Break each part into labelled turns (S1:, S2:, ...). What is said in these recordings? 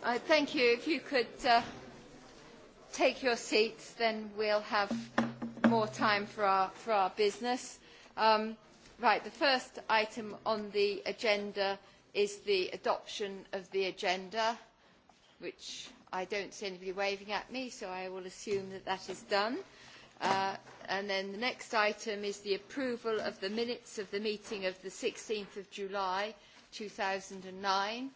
S1: Uh, thank you. If you could uh, take your seats, then we'll have more time for our, for our business. Um, right, the first item on the agenda is the adoption of the agenda, which I don't see anybody waving at me, so I will assume that that is done. Uh, and then the next item is the approval of the minutes of the meeting of the 16th of July 2009.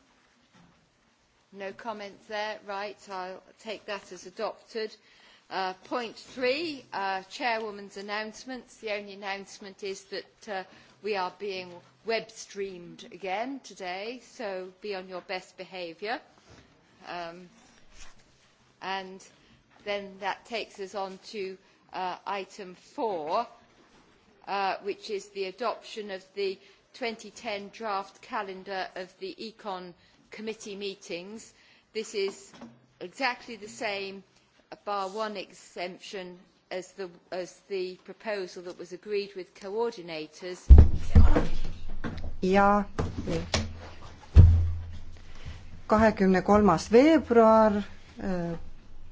S1: No comment there. Right, I'll take that as adopted. Uh, point three, uh, Chairwoman's announcements. The only announcement is that uh, we are being web streamed again today, so be on your best behaviour. Um, and then that takes us on to uh, item four, uh, which is the adoption of the 2010 draft calendar of the Econ committee meetings. This is exactly the same, bar one exemption, as the, as the proposal that was agreed with coordinators.
S2: ja kahekümne kolmas veebruar äh,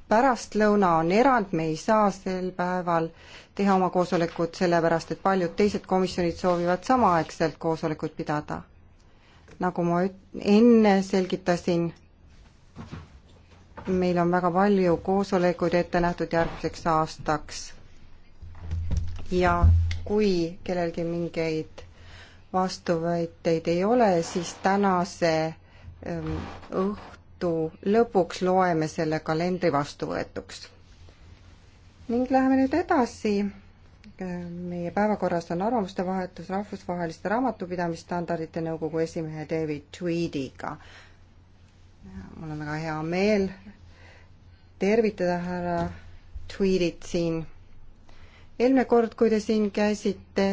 S2: pärastlõuna on erand, me ei saa sel päeval teha oma koosolekut, sellepärast et paljud teised komisjonid soovivad samaaegselt koosolekut pidada nagu ma enne selgitasin, meil on väga palju koosolekuid ette nähtud järgmiseks aastaks. ja kui kellelgi mingeid vastuväiteid ei ole, siis tänase ähm, õhtu lõpuks loeme selle kalendri vastuvõetuks. ning läheme nüüd edasi meie päevakorras on arvamuste vahetus rahvusvaheliste raamatupidamisstandardite nõukogu esimehe David Tweediga. mul on väga hea meel tervitada härra Tweedit siin. eelmine kord, kui te siin käisite,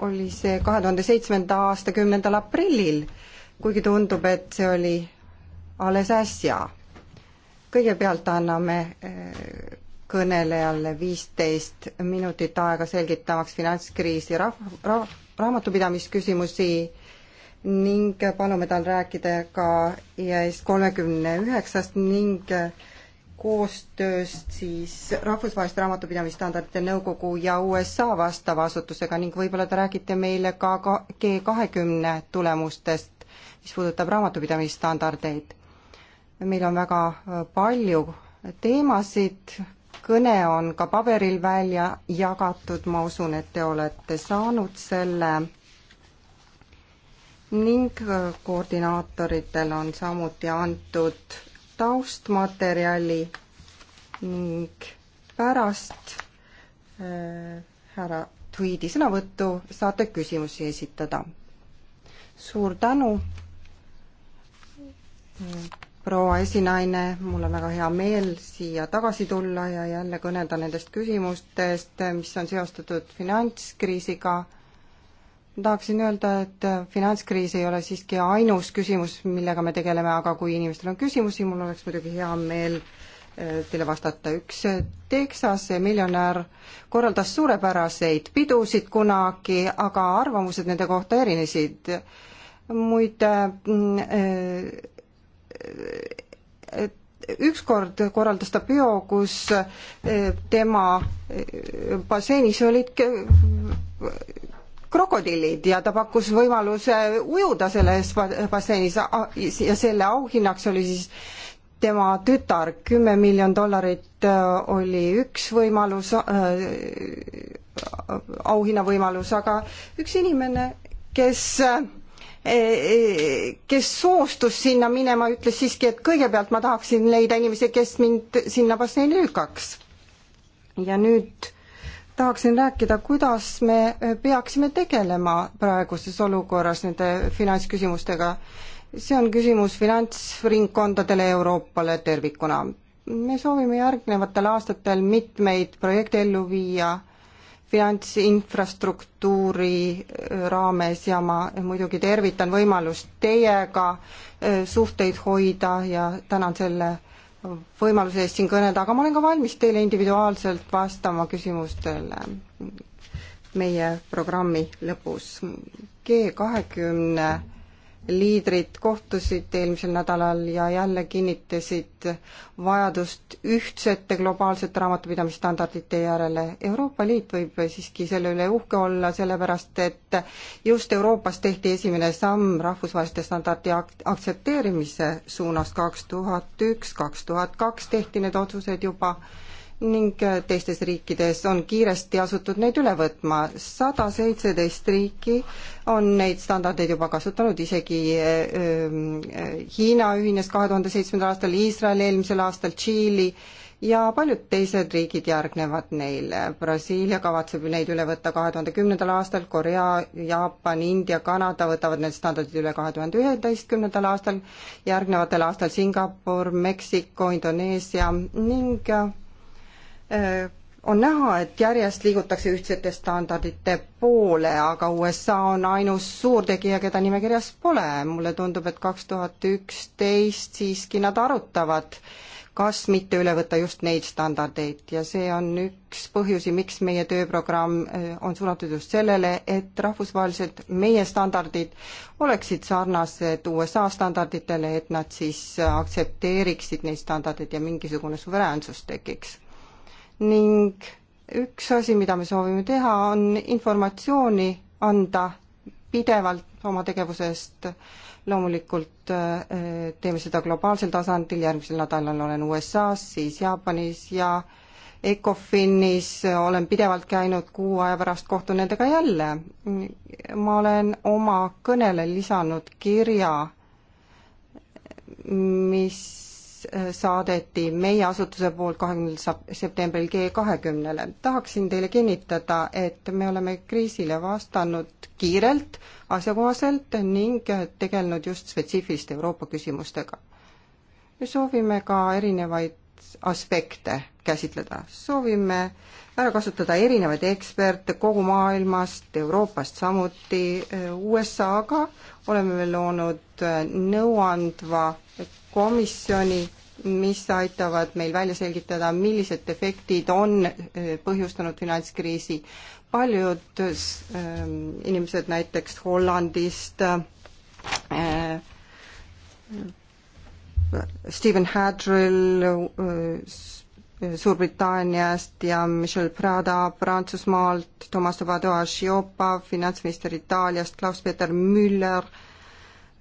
S2: oli see kahe tuhande seitsmenda aasta kümnendal aprillil, kuigi tundub, et see oli alles äsja. kõigepealt anname kõnelejale viisteist minutit aega selgitamaks finantskriisi rahv-, rahv-, raamatupidamisküsimusi ning palume tal rääkida ka IAS kolmekümne üheksast ning koostööst siis Rahvusvaheliste Raamatupidamisstandardite Nõukogu ja USA vastava asutusega ning võib-olla te räägite meile ka G kahekümne tulemustest, mis puudutab raamatupidamisstandardeid. meil on väga äh, palju teemasid, kõne on ka paberil välja jagatud, ma usun, et te olete saanud selle ning koordinaatoritele on samuti antud taustmaterjali ning pärast äh, härra Tweedi sõnavõttu saate küsimusi esitada. suur tänu proua esinaine, mul on väga hea meel siia tagasi tulla ja jälle kõnelda nendest küsimustest, mis on seostatud finantskriisiga. ma tahaksin öelda, et finantskriis ei ole siiski ainus küsimus, millega me tegeleme, aga kui inimestel on küsimusi, mul oleks muidugi hea meel eh, teile vastata. üks Texase miljonär korraldas suurepäraseid pidusid kunagi, aga arvamused nende kohta erinesid. muide äh, ükskord korraldas ta peo, kus e, tema e, basseinis olid krokodillid ja ta pakkus võimaluse ujuda selles basseinis ja selle auhinnaks oli siis tema tütar, kümme miljon dollarit e, oli üks võimalus äh,, auhinnavõimalus, aga üks inimene, kes äh, Eh, eh, kes soostus sinna minema, ütles siiski, et kõigepealt ma tahaksin leida inimesi, kes mind sinna basseini lükkaks. ja nüüd tahaksin rääkida, kuidas me eh, peaksime tegelema praeguses olukorras nende finantsküsimustega. see on küsimus finantsringkondadele Euroopale tervikuna. me soovime järgnevatel aastatel mitmeid projekte ellu viia finantsinfrastruktuuri äh, raames ja ma muidugi tervitan võimalust teiega äh, suhteid hoida ja tänan selle võimaluse eest siin kõneleda, aga ma olen ka valmis teile individuaalselt vastama küsimustele meie programmi lõpus. G kahekümne 20 liidrid kohtusid eelmisel nädalal ja jälle kinnitasid vajadust ühtsete globaalsete raamatupidamisstandardite järele. Euroopa Liit võib siiski selle üle uhke olla, sellepärast et just Euroopas tehti esimene samm rahvusvaheliste standardi aktsepteerimise suunas kaks tuhat üks, kaks tuhat kaks tehti need otsused juba ning äh, teistes riikides on kiiresti asutud neid üle võtma. sada seitseteist riiki on neid standardeid juba kasutanud, isegi äh, äh, Hiina ühines kahe tuhande seitsmendal aastal, Iisrael eelmisel aastal, Tšiili ja paljud teised riigid järgnevad neile. Brasiilia kavatseb neid üle võtta kahe tuhande kümnendal aastal, Korea, Jaapan, India, Kanada võtavad need standardid üle kahe tuhande üheteistkümnendal aastal, järgnevatel aastal Singapur, Meksiko, Indoneesia ning Äh, on näha, et järjest liigutakse ühtsete standardite poole, aga USA on ainus suurtegija, keda nimekirjas pole. mulle tundub, et kaks tuhat üksteist siiski nad arutavad, kas mitte üle võtta just neid standardeid ja see on üks põhjusi, miks meie tööprogramm äh, on suunatud just sellele, et rahvusvahelised meie standardid oleksid sarnased USA standarditele, et nad siis aktsepteeriksid neid standardeid ja mingisugune suveräänsus tekiks ning üks asi, mida me soovime teha, on informatsiooni anda pidevalt oma tegevusest. loomulikult äh, teeme seda globaalsel tasandil, järgmisel nädalal olen USA-s, siis Jaapanis ja ECOFINis olen pidevalt käinud, kuu aja pärast kohtun nendega jälle. ma olen oma kõnele lisanud kirja, mis Äh, saadeti meie asutuse poolt kahekümnendal septembril G kahekümnele. tahaksin teile kinnitada, et me oleme kriisile vastanud kiirelt, asjakohaselt ning tegelenud just spetsiifiliste Euroopa küsimustega. me soovime ka erinevaid aspekte käsitleda, soovime ära kasutada erinevaid eksperte kogu maailmast, Euroopast samuti, äh, USA-ga oleme loonud äh, nõuandva komisjoni, mis aitavad meil välja selgitada, millised efektid on eh, põhjustanud finantskriisi. paljud ehm, inimesed näiteks Hollandist äh,, Stephen Hadrill eh, Suurbritanniast ja Michel Prada Prantsusmaalt, Thomas Vadua Scioppa, finantsminister Itaaliast, Klaus-Peter Müller äh,,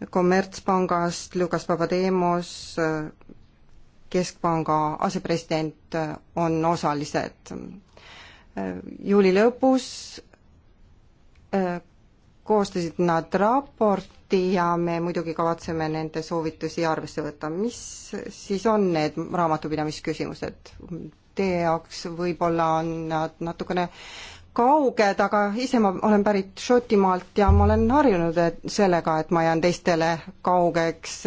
S2: kommertspangast Lukas Papademos, keskpanga asepresident on osalised. juuli lõpus eh, koostasid nad raporti ja me muidugi kavatseme nende soovitusi arvesse võtta. mis siis on need raamatupidamisküsimused? Teie jaoks võib-olla on nad natukene äh, kauged, aga ise ma olen pärit Šotimaalt ja ma olen harjunud et sellega, et ma jään teistele kaugeks.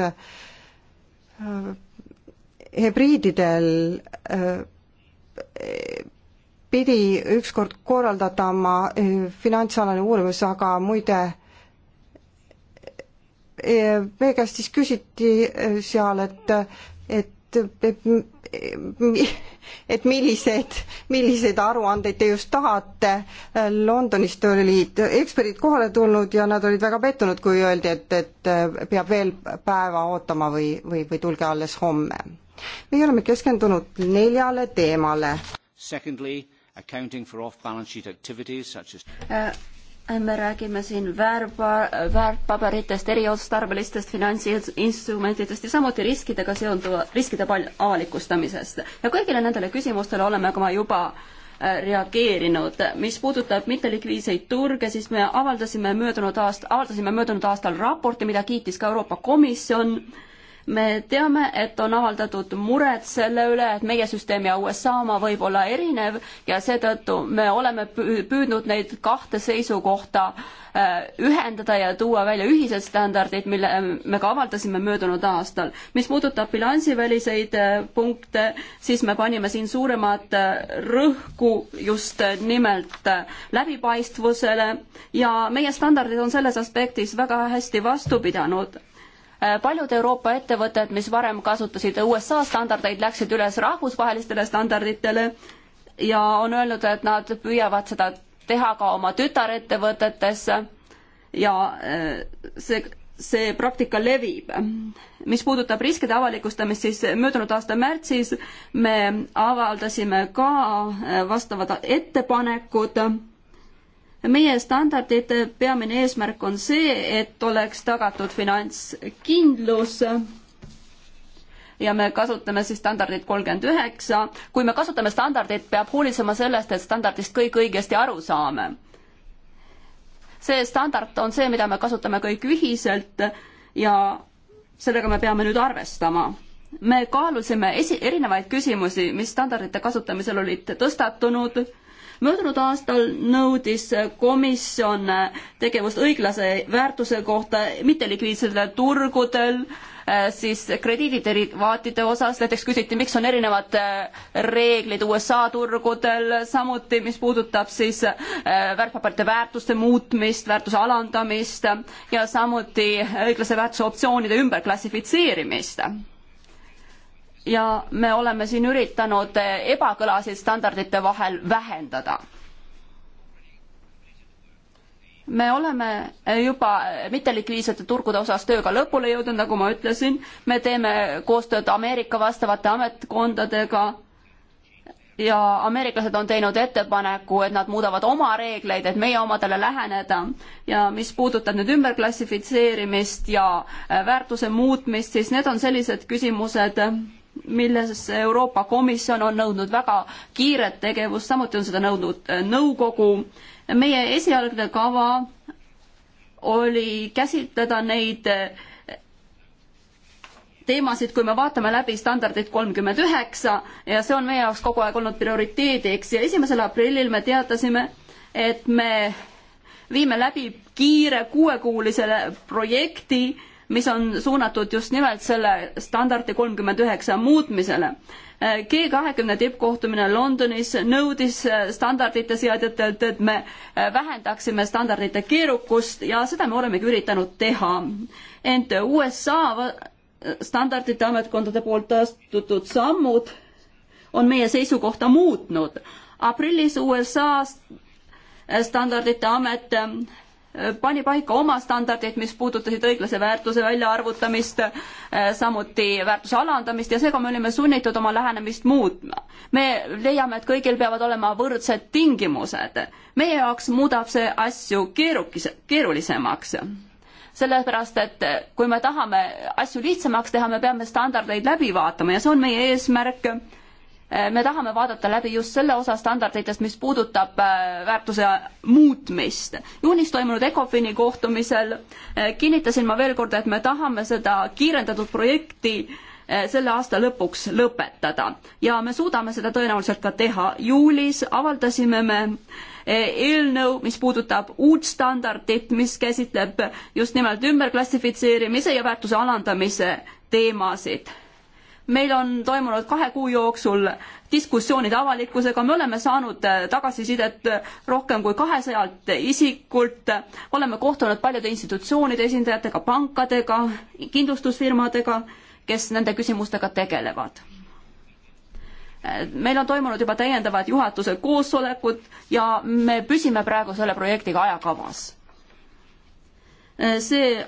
S2: hebriididel eh, pidi ükskord korraldatama eh, finantsalane uurimus, aga muide eh, meie käest siis küsiti seal, et, et, et et millised, milliseid aruandeid te just tahate. Londonist olid eksperdid kohale tulnud ja nad olid väga pettunud, kui öeldi, et, et peab veel päeva ootama või, või, või tulge alles homme. meie oleme keskendunud neljale teemale.
S1: Secondly, accounting for off-balance sheet activities such as
S3: äh, me räägime siin väärpa-, väärtpaberitest, eriotstarbelistest finantsinstrumentidest ja samuti riskidega seonduva, riskide pal-, avalikustamisest. ja kõigile nendele küsimustele oleme ka juba äh, reageerinud. mis puudutab mittelikviidseid turge, siis me avaldasime möödunud aast-, avaldasime möödunud aastal raporti, mida kiitis ka Euroopa Komisjon äh, me teame, et on avaldatud muret selle üle, et meie süsteem ja USA oma võib olla erinev ja seetõttu me oleme püüdnud neid kahte seisukohta äh, ühendada ja tuua välja ühised standardid, mille me ka avaldasime möödunud aastal. mis puudutab bilansiväliseid äh, punkte, siis me panime siin suuremat äh, rõhku just nimelt läbipaistvusele ja meie standardid on selles aspektis väga hästi vastu pidanud paljud Euroopa ettevõtted, mis varem kasutasid USA standardeid, läksid üles rahvusvahelistele standarditele ja on öelnud, et nad püüavad seda teha ka oma tütarettevõtetes ja äh, see see praktika levib. mis puudutab riskide avalikustamist, siis möödunud aasta märtsis me avaldasime ka äh, vastavad ettepanekud meie standardite peamine eesmärk on see, et oleks tagatud finantskindlus ja me kasutame siis standardit kolmkümmend üheksa. kui me kasutame standardit, peab hoolitsema sellest, et standardist kõik õigesti aru saame. see standard on see, mida me kasutame kõik ühiselt ja sellega me peame nüüd arvestama. me kaalusime esi-, erinevaid küsimusi, mis standardite kasutamisel olid tõstatunud möödunud aastal nõudis komisjon tegevust õiglase väärtuse kohta mittelikviidsetel turgudel, äh, siis krediididerivaatide osas näiteks küsiti, miks on erinevad äh, reeglid USA turgudel, samuti mis puudutab siis äh, väärtpaberite väärtuste muutmist, väärtuse alandamist ja samuti õiglase väärtuse optsioonide ümberklassifitseerimist ja me oleme siin üritanud ebakõlasid standardite vahel vähendada. me oleme juba mittelikviidsete turgude osas tööga lõpule jõudnud, nagu ma ütlesin, me teeme koostööd Ameerika vastavate ametkondadega ja ameeriklased on teinud ettepaneku, et nad muudavad oma reegleid, et meie omadele läheneda ja mis puudutab nüüd ümberklassifitseerimist ja väärtuse muutmist, siis need on sellised küsimused, milles Euroopa Komisjon on nõudnud väga kiiret tegevust, samuti on seda nõudnud äh, nõukogu. meie esialgne kava oli käsitleda neid äh, teemasid, kui me vaatame läbi standardit kolmkümmend üheksa ja see on meie jaoks kogu aeg olnud prioriteediks ja esimesel aprillil me teatasime, et me viime läbi kiire kuuekuulisele projekti mis on suunatud just nimelt selle standardi kolmkümmend üheksa muutmisele. G kahekümne tippkohtumine Londonis nõudis standardite seadjatelt, et me vähendaksime standardite keerukust ja seda me olemegi üritanud teha. ent USA standardite ametkondade poolt astutud sammud on meie seisukohta muutnud. aprillis USA standardite amet pani paika oma standardid, mis puudutasid õiglase väärtuse väljaarvutamist, eh, samuti väärtuse alandamist ja seega me olime sunnitud oma lähenemist muutma. me leiame, et kõigil peavad olema võrdsed tingimused. meie jaoks muudab see asju keerukis-, keerulisemaks. sellepärast, et kui me tahame asju lihtsamaks teha, me peame standardeid läbi vaatama ja see on meie eesmärk Äh, me tahame vaadata läbi just selle osa standarditest, mis puudutab äh, väärtuse muutmist. juunis toimunud ECOFIN-i kohtumisel äh, kinnitasin ma veel kord, et me tahame seda kiirendatud projekti selle aasta lõpuks lõpetada ja me suudame seda tõenäoliselt ka teha. juulis avaldasime me eelnõu, mis puudutab uut standardit, mis käsitleb just nimelt ümberklassifitseerimise ja väärtuse alandamise teemasid meil on toimunud kahe kuu jooksul diskussioonid avalikkusega, me oleme saanud äh, tagasisidet äh, rohkem kui kahesajalt isikult, oleme kohtunud paljude institutsioonide esindajatega, pankadega, kindlustusfirmadega, kes nende küsimustega tegelevad äh, meil on toimunud juba täiendavad juhatuse koosolekud ja me püsime praegu selle projektiga ajakavas. see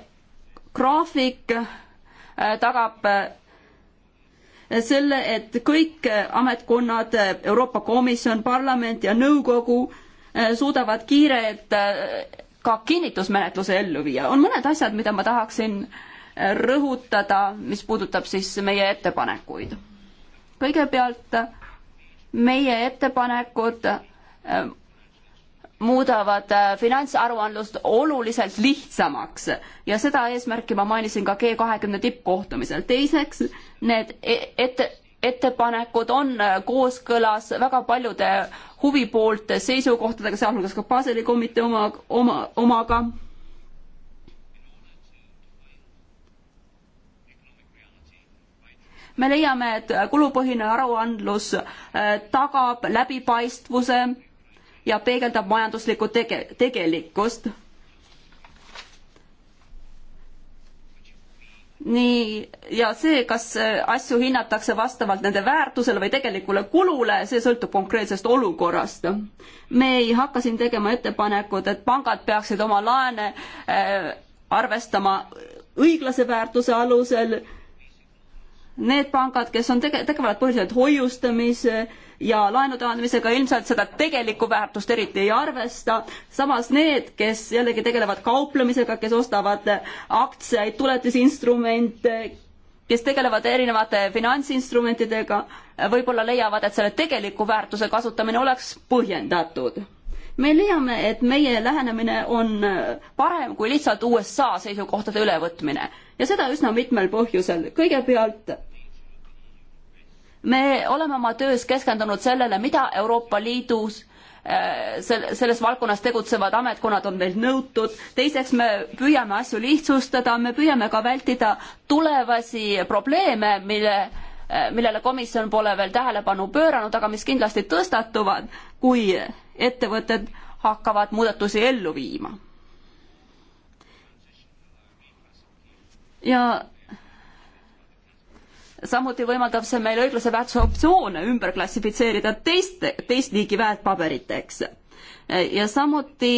S3: graafik tagab selle, et kõik ametkonnad, Euroopa Komisjon, parlament ja nõukogu eh, suudavad kiirelt eh, ka kinnitusmenetluse ellu viia. on mõned asjad, mida ma tahaksin eh, rõhutada, mis puudutab siis meie ettepanekuid. kõigepealt meie ettepanekud muudavad äh, finantsaruandlust oluliselt lihtsamaks ja seda eesmärki ma mainisin ka G kahekümne tippkohtumisel. teiseks, need e-, ette, ettepanekud on äh, kooskõlas väga paljude huvipoolte seisukohtadega, sealhulgas ka Baseli komitee oma, oma, omaga. me leiame, et kulupõhine aruandlus äh, tagab läbipaistvuse ja peegeldab majanduslikku tege-, tegelikkust. nii, ja see, kas asju hinnatakse vastavalt nende väärtusele või tegelikule kulule, see sõltub konkreetsest olukorrast. me ei hakka siin tegema ettepanekut, et pangad peaksid oma laene äh, arvestama õiglase väärtuse alusel äh, Need pangad, kes on tege-, tegevad põhiliselt hoiustamise ja laenude andmisega, ilmselt seda tegelikku väärtust eriti ei arvesta, samas need, kes jällegi tegelevad kauplemisega, kes ostavad aktsiaid, tuletisinstrumente, kes tegelevad erinevate finantsinstrumentidega, võib-olla leiavad, et selle tegeliku väärtuse kasutamine oleks põhjendatud me leiame, et meie lähenemine on parem kui lihtsalt USA seisukohtade ülevõtmine ja seda üsna mitmel põhjusel. kõigepealt me oleme oma töös keskendunud sellele, mida Euroopa Liidus äh, sel-, selles valdkonnas tegutsevad ametkonnad on meilt nõutud, teiseks me püüame asju lihtsustada, me püüame ka vältida tulevasi probleeme, mille, äh, millele komisjon pole veel tähelepanu pööranud, aga mis kindlasti tõstatuvad, kui ettevõtted hakkavad muudatusi ellu viima ja samuti võimaldab see meil õiglase väärtuse optsioone ümber klassifitseerida teiste, teist liiki väärtpaberiteks. ja samuti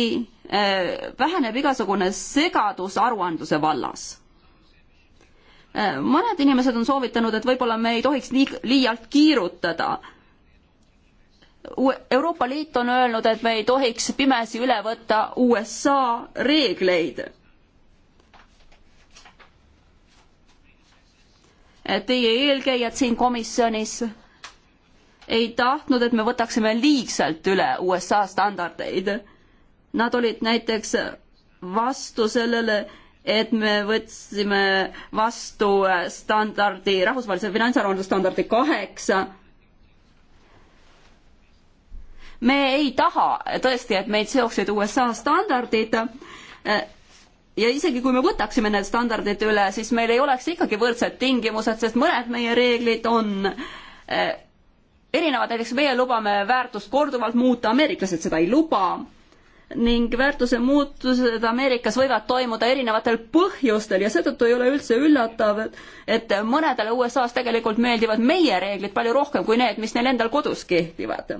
S3: eh, väheneb igasugune segadus aruandluse vallas eh, mõned inimesed on soovitanud, et võib-olla me ei tohiks liig-, liialt kiirutada. Euroopa Liit on öelnud, et me ei tohiks pimesi üle võtta USA reegleid Eh, teie eelkäijad siin komisjonis ei tahtnud, et me võtaksime liigselt üle USA standardeid. Nad olid näiteks vastu sellele, et me võtsime vastu eh, standardi, rahvusvahelise finantsaruandluse standardi kaheksa. me ei taha tõesti, et meid seoksid USA standardid eh, ja isegi kui me võtaksime need standardid üle, siis meil ei oleks ikkagi võrdsed tingimused, sest mõned meie reeglid on eh, erinevad, näiteks meie lubame väärtust korduvalt muuta, ameeriklased seda ei luba ning väärtuse muutused Ameerikas võivad toimuda erinevatel põhjustel ja seetõttu ei ole üldse üllatav, et mõnedele USA-s tegelikult meeldivad meie reeglid palju rohkem kui need, mis neil endal kodus kehtivad.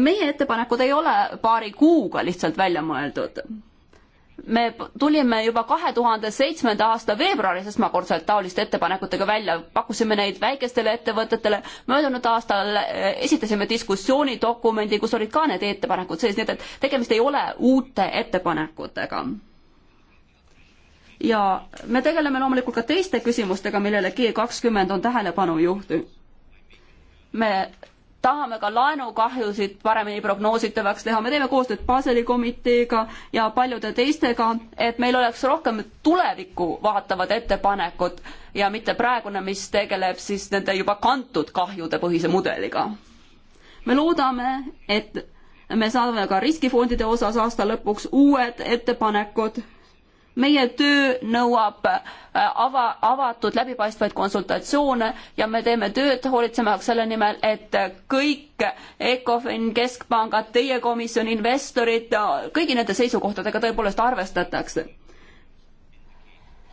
S3: meie ettepanekud ei ole paari kuuga lihtsalt välja mõeldud me tulime juba kahe tuhande seitsmenda aasta veebruaris esmakordselt taoliste ettepanekutega välja, pakkusime neid väikestele ettevõtetele, möödunud aastal äh, esitasime diskussioonidokumendi, kus olid ka need ettepanekud sees, nii et, et tegemist ei ole uute ettepanekutega. ja me tegeleme loomulikult ka teiste küsimustega, millele G kakskümmend on tähelepanu juhtinud. me tahame ka laenukahjusid paremini prognoositavaks teha, me teeme koostööd Baseli komiteega ja paljude teistega, et meil oleks rohkem tulevikku vaatavad ettepanekud ja mitte praegune, mis tegeleb siis nende juba kantud kahjude põhise mudeliga. me loodame, et me saame ka riskifondide osas aasta lõpuks uued ettepanekud meie töö nõuab äh, ava, avatud läbipaistvaid konsultatsioone ja me teeme tööd hoolitsemaks selle nimel, et kõik ECOFIN, keskpangad, teie komisjon, investorid, kõigi nende seisukohtadega tõepoolest arvestatakse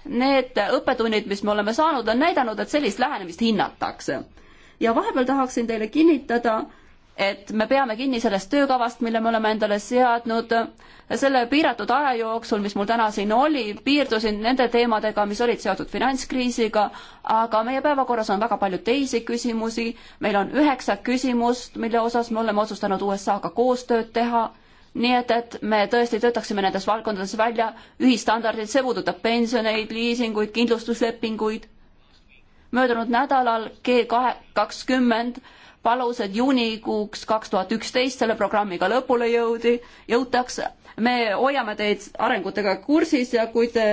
S3: need õppetunnid, mis me oleme saanud, on näidanud, et sellist lähenemist hinnatakse. ja vahepeal tahaksin teile kinnitada, et me peame kinni sellest töökavast, mille me oleme endale seadnud. selle piiratud aja jooksul, mis mul täna siin oli, piirdusin nende teemadega, mis olid seotud finantskriisiga, aga meie päevakorras on väga palju teisi küsimusi. meil on üheksa küsimust, mille osas me oleme otsustanud USA-ga koostööd teha nii et, et me tõesti töötaksime nendes valdkondades välja ühistandardid, see puudutab pensioneid, liisinguid, kindlustuslepinguid. möödunud nädalal G kahe, kakskümmend palus, et juunikuuks kaks tuhat üksteist selle programmiga lõpule jõudi, jõutakse. me hoiame teid arengutega kursis ja kui te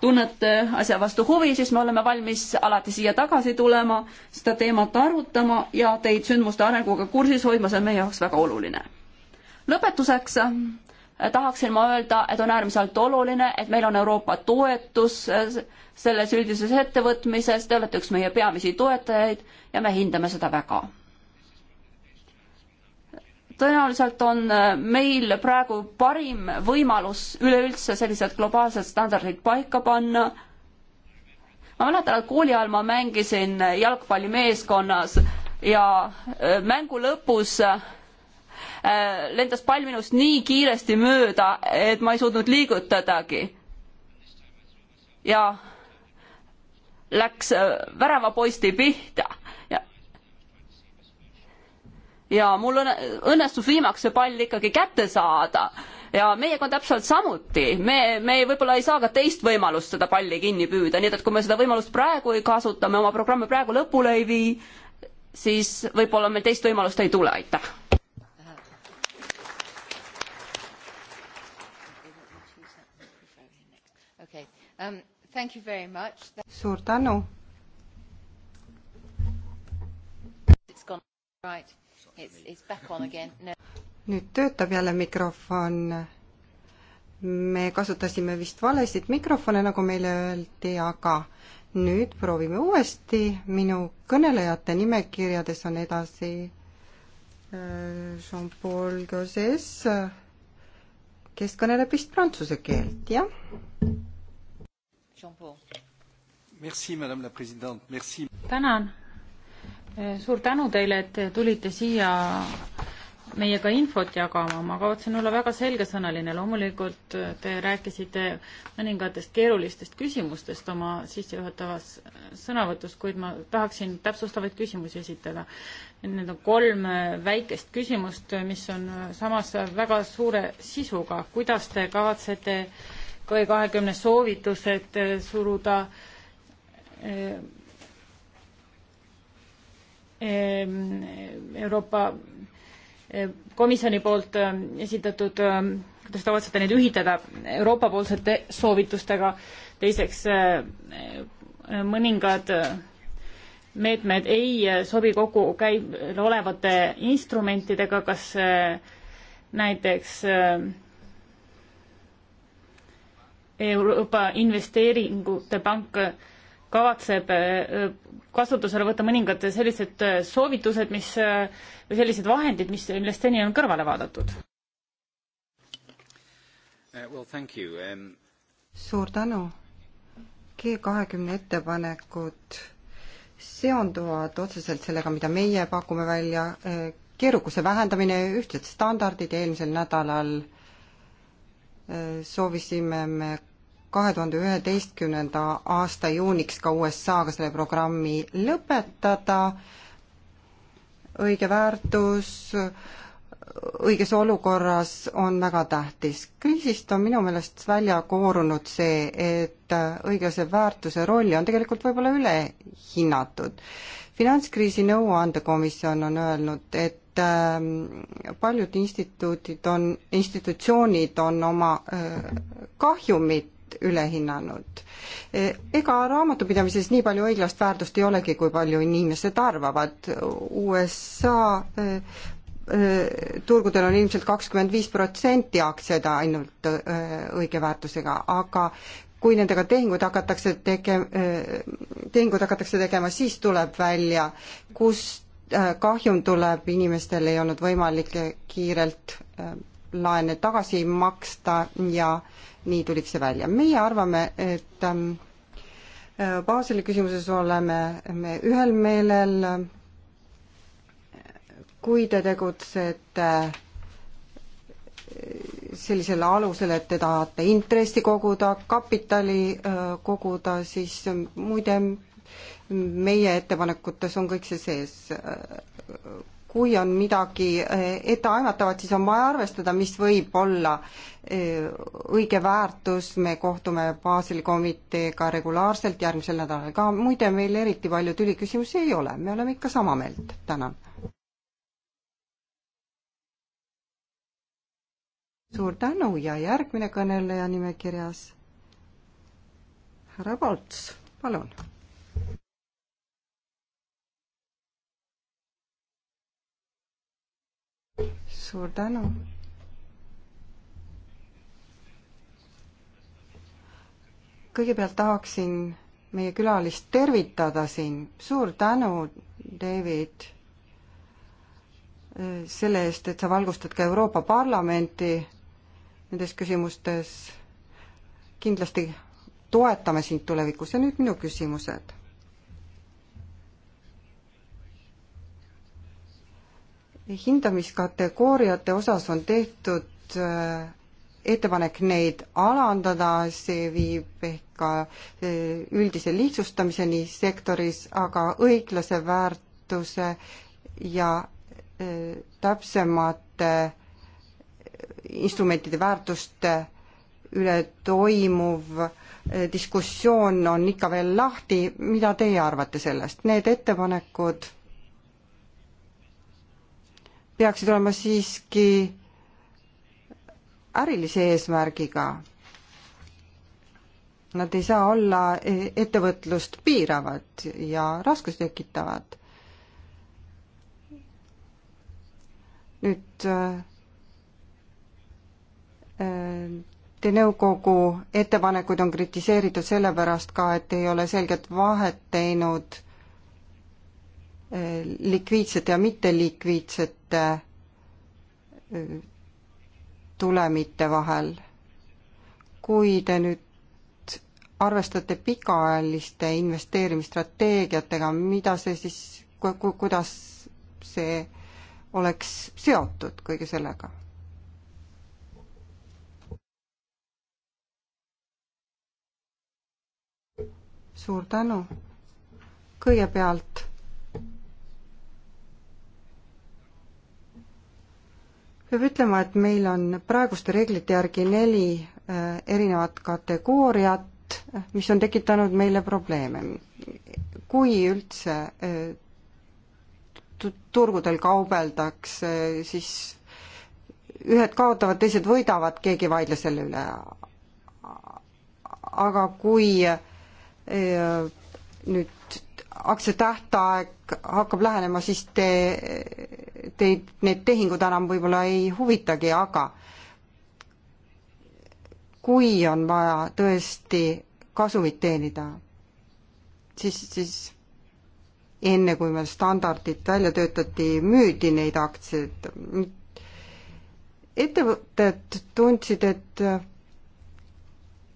S3: tunnete asja vastu huvi, siis me oleme valmis alati siia tagasi tulema, seda teemat arutama ja teid sündmuste arenguga kursis hoidma, see on meie jaoks väga oluline. lõpetuseks äh, tahaksin ma öelda, et on äärmiselt oluline, et meil on Euroopa toetus äh, selles üldises ettevõtmises, te olete üks meie peamisi toetajaid ja me hindame seda väga tõenäoliselt on äh, meil praegu parim võimalus üleüldse sellised globaalsed standardid paika panna. ma mäletan, et kooli ajal ma mängisin jalgpallimeeskonnas ja äh, mängu lõpus äh, lendas pall minust nii kiiresti mööda, et ma ei suutnud liigutadagi. ja läks väravapoisti pihta ja mul on, õnnestus viimaks see pall ikkagi kätte saada. ja meiega on täpselt samuti, me, me võib-olla ei saa ka teist võimalust seda palli kinni püüda, nii et kui me seda võimalust praegu ei kasuta, me oma programmi praegu lõpule ei vii, siis võib-olla meil teist võimalust ei tule, aitäh.
S1: Um,
S2: suur tänu. Right nüüd töötab jälle mikrofon. me kasutasime vist valesid mikrofone, nagu meile öeldi, aga nüüd proovime uuesti. minu kõnelejate nimekirjades on edasi äh, Jean-Paul Gauzes, kes kõneleb vist prantsuse keelt, jah?
S4: tänan Eh, suur tänu teile, et tulite siia meiega infot jagama, ma kavatsen olla väga selgesõnaline, loomulikult eh, te rääkisite mõningatest keerulistest küsimustest oma sissejuhatavas eh, sõnavõtus, kuid ma tahaksin täpsustavaid küsimusi esitada. Need on kolm väikest küsimust, mis on samas väga suure sisuga, kuidas te kavatsete G kahekümne soovitused suruda Ehm, Euroopa ehm, Komisjoni poolt ehm, esitatud, kuidas te kavatsete neid ühitada Euroopa-poolsete soovitustega, teiseks mõningad meetmed ei sobi kokku käibel olevate instrumentidega, kas näiteks Euroopa Investeeringute Pank kavatseb äh, kasutusele võtta mõningad sellised äh, soovitused, mis, äh, või sellised vahendid, mis, millest seni on kõrvale vaadatud? Uh, well, um...
S2: suur tänu. G kahekümne ettepanekud seonduvad otseselt sellega, mida meie pakume välja, uh, keerukuse vähendamine, ühtsed standardid, eelmisel nädalal uh, soovisime me kahe tuhande üheteistkümnenda aasta juuniks ka USA-ga selle programmi lõpetada, õige väärtus õiges olukorras on väga tähtis. kriisist on minu meelest välja koorunud see, et õiglase väärtuse rolli on tegelikult võib-olla üle hinnatud. finantskriisi nõuandekomisjon on öelnud, et ähm, paljud instituudid on, institutsioonid on oma äh, kahjumit liigselt üle hinnanud. ega raamatupidamises nii palju õiglast väärtust ei olegi, kui palju inimesed arvavad. USA eh, eh, turgudel on ilmselt kakskümmend viis protsenti aktsiaid ainult eh, õige väärtusega, aga kui nendega tehinguid hakatakse tege-, tehinguid hakatakse tegema, siis tuleb välja, kust kahjum tuleb, inimestel ei olnud võimalik kiirelt laene tagasi maksta ja nii tulid see välja. meie arvame, et ähm, Baseli küsimuses oleme me ühel meelel, kui te tegutsete äh, sellisele alusele, et te tahate intressi koguda, kapitali äh, koguda, siis äh, muide meie ettepanekutes on kõik see sees. kui on midagi etteaimatavat, siis on vaja arvestada, mis võib olla õige väärtus, me kohtume Baseli komiteega regulaarselt, järgmisel nädalal ka, muide meil eriti palju tüliküsimusi ei ole, me oleme ikka sama meelt, tänan. suur tänu ja järgmine kõneleja nimekirjas, härra Palts, palun suur tänu. kõigepealt tahaksin meie külalist tervitada siin. suur tänu, David, äh, selle eest, et sa valgustad ka Euroopa Parlamenti nendes küsimustes. kindlasti toetame sind tulevikus ja nüüd minu küsimused. hindamiskategooriate osas on tehtud äh, ettepanek neid alandada, see viib ehk ka e, üldise lihtsustamiseni sektoris, aga õiglase väärtuse ja e, täpsemate instrumentide väärtuste üle toimuv e, diskussioon on ikka veel lahti, mida teie arvate sellest, need ettepanekud peaksid olema siiski ärilise eesmärgiga. Nad ei saa olla e-, ettevõtlust piiravad ja raskusi tekitavad. nüüd Te äh, äh, nõukogu ettepanekuid on kritiseeritud sellepärast ka, et ei ole selget vahet teinud äh, likviidsete ja mitteliikviidsete tulemite vahel. kui te nüüd arvestate pikaajaliste investeerimisstrateegiatega, mida see siis ku,, ku, kuidas see oleks seotud kõige sellega? suur tänu. kõigepealt peab ütlema, et meil on praeguste reeglite järgi neli äh, erinevat kategooriat, äh, mis on tekitanud meile probleeme. kui üldse äh, turgudel kaubeldakse, siis ühed kaotavad, teised võidavad, keegi ei vaidle selle üle. aga kui nüüd aktsia tähtaeg hakkab lähenema, siis te teid need tehingud enam võib-olla ei huvitagi, aga kui on vaja tõesti kasumit teenida, siis, siis enne, kui meil standardid välja töötati, müüdi neid aktsiaid. ettevõtted tundsid, et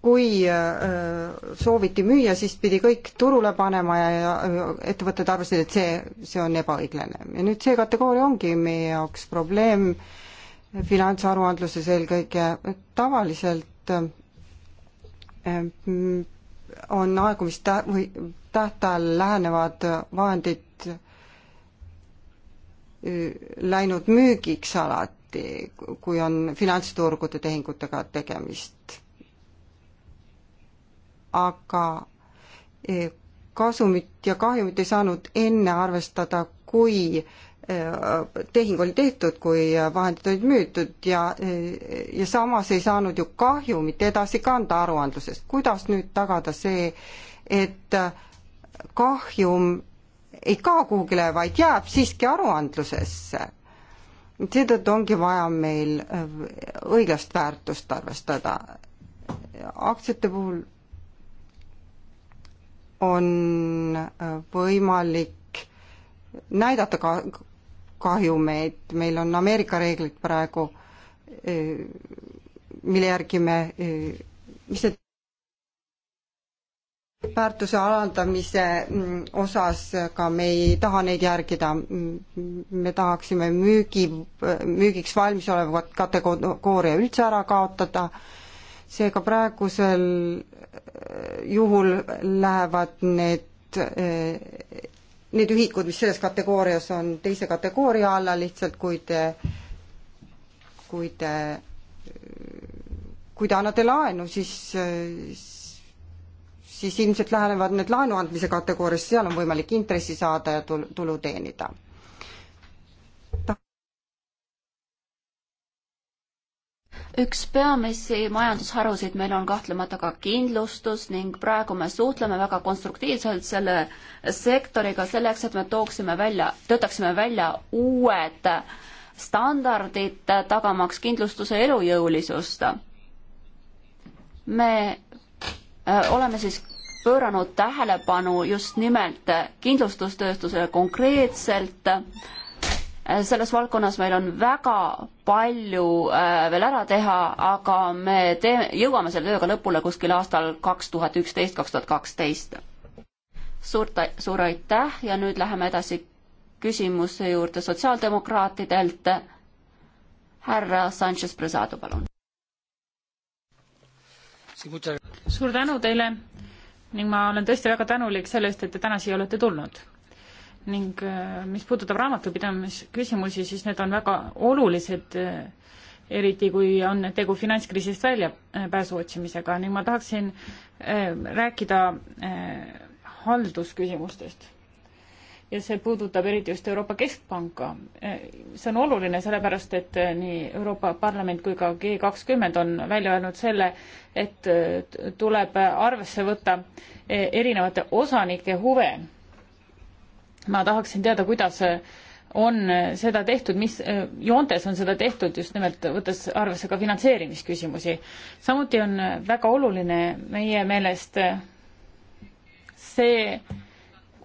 S2: kui äh, äh, sooviti müüa, siis pidi kõik turule panema ja ettevõtted arvasid, et see, see on ebaõiglane. ja nüüd see kategooria ongi meie jaoks probleem finantsaruandluses eelkõige, tavaliselt äh, on aegumista- või tähtajal lähenevad vahendid läinud müügiks alati, kui on finantsturgude tehingutega tegemist aga e, kasumit ja kahjumit ei saanud enne arvestada, kui e, tehing oli tehtud, kui vahendid olid müütud ja, e, ja samas ei saanud ju kahjumit edasi kanda aruandlusest. kuidas nüüd tagada see, et kahjum ei kao kuhugile, vaid jääb siiski aruandlusesse? seetõttu ongi vaja meil õiglast väärtust arvestada. aktsiate puhul on äh, võimalik näidata ka kahjumeid, meil on Ameerika reeglid praegu, äh, mille järgi me, äh, mis see väärtuse alandamise mm, osas ka me ei taha neid järgida. Mm, me tahaksime müügi, müügiks valmis olevat kategooria üldse ära kaotada seega praegusel äh, juhul lähevad need, äh, need ühikud, mis selles kategoorias on, teise kategooria alla lihtsalt, kui te, kui te, kui te annate laenu, siis äh, siis ilmselt lähenevad need laenu andmise kategooriasse, seal on võimalik intressi saada ja tulu teenida
S3: üks peamisi majandusharusid meil on kahtlemata ka kindlustus ning praegu me suhtleme väga konstruktiivselt selle sektoriga selleks, et me tooksime välja, töötaksime välja uued standardid, tagamaks kindlustuse elujõulisust. me äh, oleme siis pööranud tähelepanu just nimelt kindlustustööstusele konkreetselt selles valdkonnas meil on väga palju äh, veel ära teha, aga me teeme, jõuame selle tööga lõpule kuskil aastal kaks tuhat üksteist, kaks tuhat kaksteist. suurt, suur aitäh ja nüüd läheme edasi küsimuse juurde sotsiaaldemokraatidelt.
S4: härra Sanchez Presado, palun. suur tänu teile ning ma olen tõesti väga tänulik selle eest, et te täna siia olete tulnud ning äh, mis puudutab raamatupidamisküsimusi, siis need on väga olulised, äh, eriti kui on tegu finantskriisist väljapääsu otsimisega ning ma tahaksin äh, rääkida haldusküsimustest. ja see puudutab eriti just Euroopa Keskpanka. see on oluline sellepärast, et nii Euroopa Parlament kui ka G kakskümmend on välja öelnud selle, et tuleb arvesse võtta erinevate osanike huve ma tahaksin teada, kuidas on seda tehtud, mis joontes on seda tehtud, just nimelt võttes arvesse ka finantseerimisküsimusi. samuti on väga oluline meie meelest see,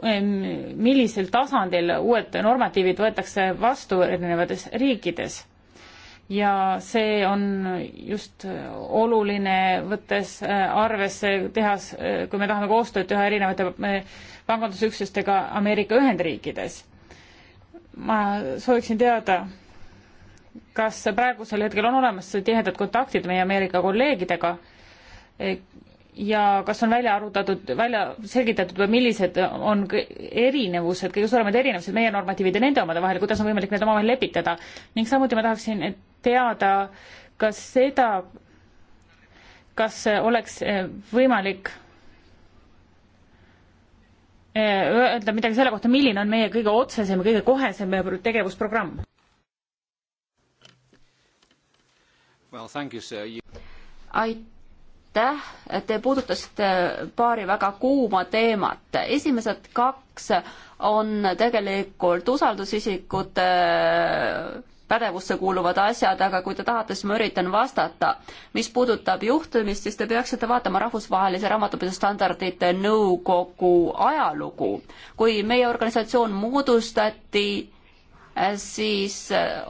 S4: millisel tasandil uued normatiivid võetakse vastu erinevates riikides ja see on just oluline, võttes äh, arvesse tehas, äh, kui me tahame koostööd teha erinevate äh, pangandusüksustega Ameerika Ühendriikides. ma sooviksin teada, kas praegusel hetkel on olemas tihedad kontaktid meie Ameerika kolleegidega ja kas on välja arvutatud, välja selgitatud või millised on erinevused, kõige suuremad erinevused meie normatiivide ja nende omade vahel, kuidas on võimalik need omavahel lepitada ning samuti ma tahaksin teada ka seda, kas oleks eh, võimalik eh, öelda midagi selle kohta, milline on meie kõige otsesem ja kõige kohesem tegevusprogramm?
S3: aitäh aitäh, te puudutasite paari väga kuuma teemat. esimesed kaks on tegelikult usaldusisikute pädevusse kuuluvad asjad, aga kui te tahate, siis ma üritan vastata. mis puudutab juhtumist, siis te peaksite vaatama Rahvusvahelise Raamatupidustandardite Nõukogu ajalugu. kui meie organisatsioon moodustati, siis äh,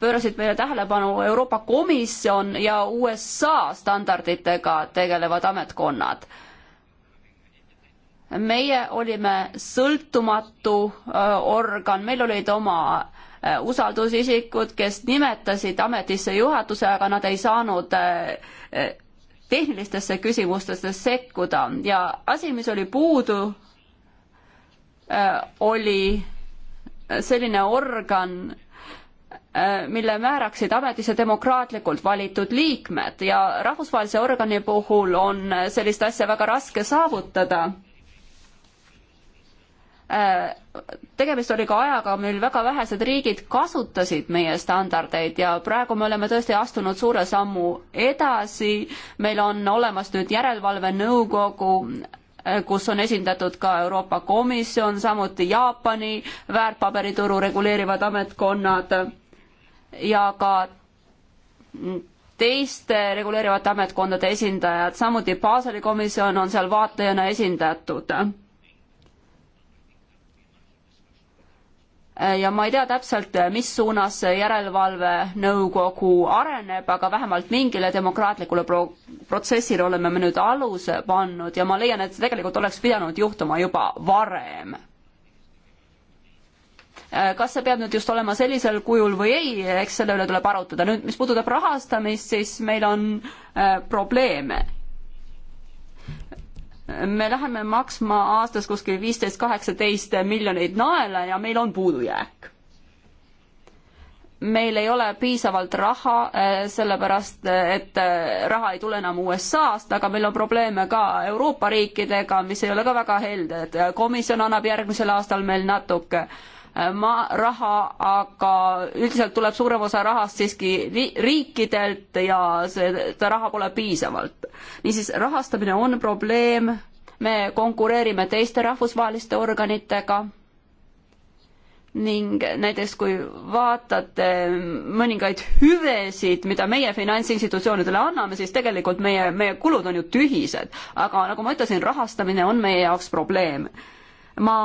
S3: pöörasid meile tähelepanu Euroopa Komisjon ja USA standarditega tegelevad ametkonnad meie olime sõltumatu äh, organ, meil olid oma äh, usaldusisikud, kes nimetasid ametisse juhatuse, aga nad ei saanud äh, tehnilistesse küsimustesse sekkuda ja asi, mis oli puudu, oli selline organ, Äh, mille määraksid ametisse demokraatlikult valitud liikmed ja rahvusvahelise organi puhul on sellist asja väga raske saavutada. Äh, tegemist oli ka ajaga, mil väga vähesed riigid kasutasid meie standardeid ja praegu me oleme tõesti astunud suure sammu edasi. meil on olemas nüüd järelevalvenõukogu, äh, kus on esindatud ka Euroopa Komisjon, samuti Jaapani väärtpaberituru reguleerivad ametkonnad ja ka teiste reguleerivate ametkondade esindajad, samuti Baseli komisjon on seal vaatlejana esindatud. ja ma ei tea täpselt, mis suunas see järelevalvenõukogu areneb, aga vähemalt mingile demokraatlikule pro-, protsessile oleme me nüüd aluse pannud ja ma leian, et see tegelikult oleks pidanud juhtuma juba varem Äh, kas see peab nüüd just olema sellisel kujul või ei, eks selle üle tuleb arutada. nüüd, mis puudutab rahastamist, siis meil on äh, probleeme. me läheme maksma aastas kuskil viisteist, kaheksateist miljoneid naela ja meil on puudujääk meil ei ole piisavalt raha, äh, sellepärast äh, et raha ei tule enam USA-st, aga meil on probleeme ka Euroopa riikidega, mis ei ole ka väga helded. komisjon annab järgmisel aastal meil natuke äh, ma-, raha, aga üldiselt tuleb suurem osa rahast siiski riikidelt ja seda raha pole piisavalt. niisiis, rahastamine on probleem, me konkureerime teiste rahvusvaheliste organitega ning näiteks kui vaatate mõningaid hüvesid, mida meie finantsinstitutsioonidele anname, siis tegelikult meie, meie kulud on ju tühised. aga nagu ma ütlesin, rahastamine on meie jaoks probleem. ma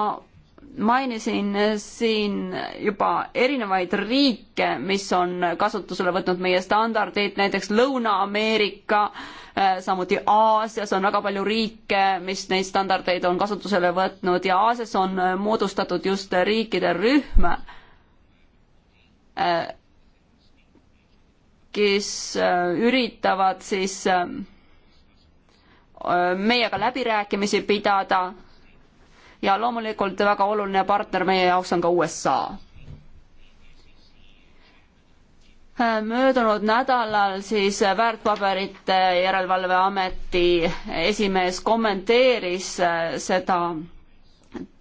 S3: mainisin siin juba erinevaid riike, mis on kasutusele võtnud meie standardid, näiteks Lõuna-Ameerika, äh, samuti Aasias on väga palju riike, mis neid standardeid on kasutusele võtnud ja Aasias on moodustatud just riikide rühm, äh, kes äh, üritavad siis meiega läbirääkimisi pidada ja loomulikult väga oluline partner meie jaoks on ka USA möödunud nädalal siis Väärtpaberite Järelevalveameti esimees kommenteeris äh, seda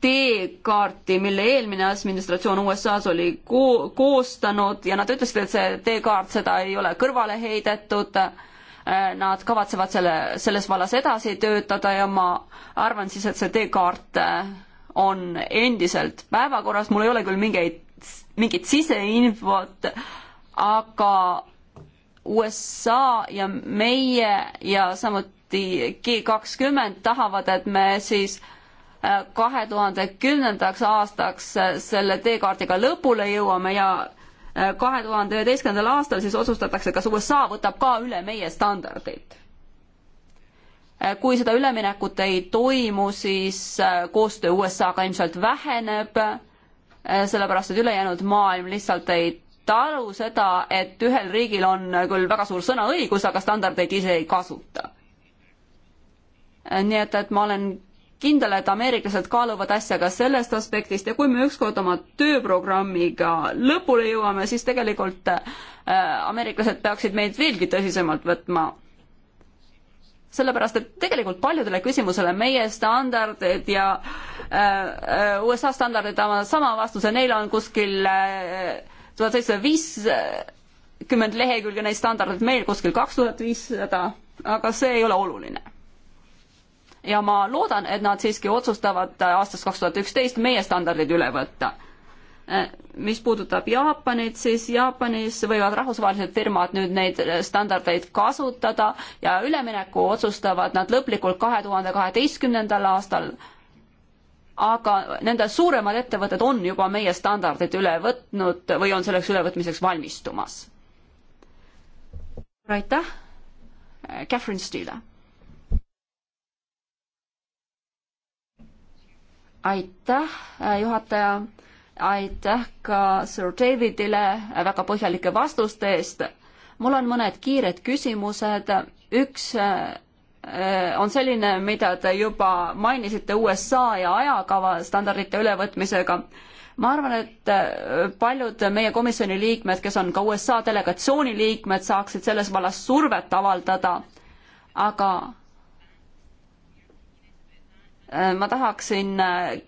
S3: teekaarti, mille eelmine administratsioon USA-s oli ko koostanud ja nad ütlesid, et see teekaart, seda ei ole kõrvale heidetud äh, Äh, nad kavatsevad selle, selles vallas edasi töötada ja ma arvan siis, et see teekaart äh, on endiselt päevakorras, mul ei ole küll mingeid, mingit siseinfot, aga USA ja meie ja samuti G kakskümmend tahavad, et me siis äh, kahe tuhande kümnendaks aastaks selle teekaardiga lõpule jõuame ja kahe tuhande üheteistkümnendal aastal siis otsustatakse, kas USA võtab ka üle meie standardid. kui seda üleminekut ei toimu, siis äh, koostöö USA-ga ilmselt väheneb, äh, sellepärast et ülejäänud maailm lihtsalt ei aru seda, et ühel riigil on küll väga suur sõnaõigus, aga standardeid ise ei kasuta. Äh, nii et, et ma olen kindel, et ameeriklased kaaluvad asja ka sellest aspektist ja kui me ükskord oma tööprogrammiga lõpule jõuame, siis tegelikult äh, ameeriklased peaksid meid veelgi tõsisemalt võtma. sellepärast, et tegelikult paljudele küsimusele meie standardid ja äh, äh USA standardid annavad sama vastuse, neil on kuskil äh, tuhat seitsesada viiskümmend lehekülge neid standardeid, meil kuskil kaks tuhat viissada, aga see ei ole oluline ja ma loodan, et nad siiski otsustavad äh, aastast kaks tuhat üksteist meie standardid üle võtta. Äh, mis puudutab Jaapanit, siis Jaapanis võivad rahvusvahelised firmad nüüd neid äh, standardeid kasutada ja ülemineku otsustavad nad lõplikult kahe tuhande kaheteistkümnendal aastal aga nende suuremad ettevõtted on juba meie standardid üle võtnud või on selleks ülevõtmiseks valmistumas. aitäh, Catherine Steele. aitäh, juhataja, aitäh ka Sir Davidile väga põhjalike vastuste eest. mul on mõned kiired küsimused, üks äh, äh, on selline, mida te juba mainisite USA ja ajakava standardite ülevõtmisega. ma arvan, et äh, paljud meie komisjoni liikmed, kes on ka USA delegatsiooni liikmed, saaksid selles vallas survet avaldada, aga Äh, ma tahaksin äh,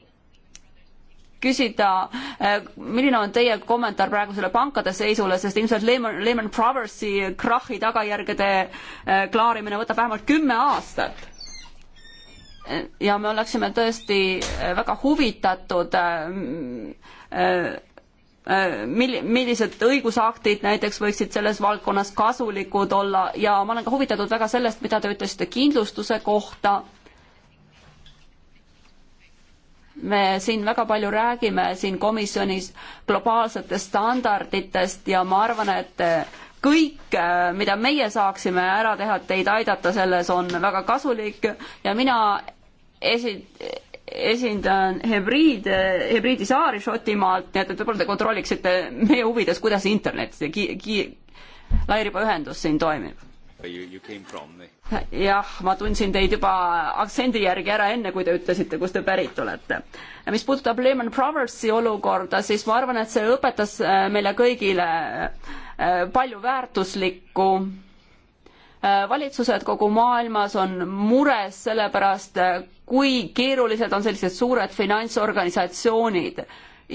S3: küsida, äh, milline on teie kommentaar praegusele pankade seisule, sest ilmselt Lehman, Lehman Brothersi krahhi tagajärgede klaarimine võtab vähemalt kümme aastat. ja me oleksime tõesti väga huvitatud mil-, millised õigusaktid näiteks võiksid selles valdkonnas kasulikud olla ja ma olen ka huvitatud väga sellest, mida te ütlesite kindlustuse kohta me siin väga palju räägime siin komisjonis globaalsetest standarditest ja ma arvan, et kõik, mida meie saaksime ära teha, et teid aidata selles, on väga kasulik ja mina esi-, esindan hübriid, hübriidi saari Šotimaalt, nii et, et võib-olla te kontrolliksite meie huvides, kuidas internet, ki-, ki-, lairibaühendus siin toimib
S4: Eh?
S3: jah, ma tundsin teid juba aktsendi järgi ära enne, kui te ütlesite, kust te pärit olete. mis puudutab Lehman Brothersi olukorda, siis ma arvan, et see õpetas äh, meile kõigile äh, palju väärtuslikku. Äh, valitsused kogu maailmas on mures selle pärast, kui keerulised on sellised suured finantsorganisatsioonid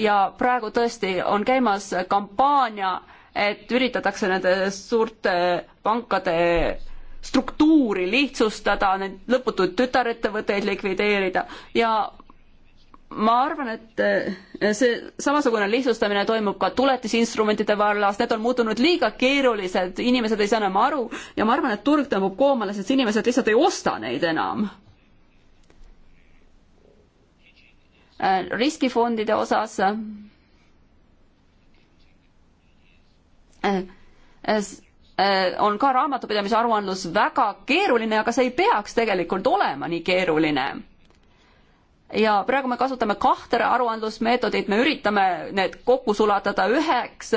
S3: ja praegu tõesti on käimas kampaania et üritatakse nende suurte pankade struktuuri lihtsustada, neid lõputuid tütarettevõtteid likvideerida ja ma arvan, et äh, see samasugune lihtsustamine toimub ka tuletisinstrumentide vallas, need on muutunud liiga keerulised, inimesed ei saa enam aru ja ma arvan, et turg tõmbub koomale, sest inimesed lihtsalt ei osta neid enam. Äh, riskifondide osas Eh, on ka raamatupidamise aruandlus väga keeruline, aga see ei peaks tegelikult olema nii keeruline. ja praegu me kasutame kahte aruandlusmeetodit, me üritame need kokku sulatada üheks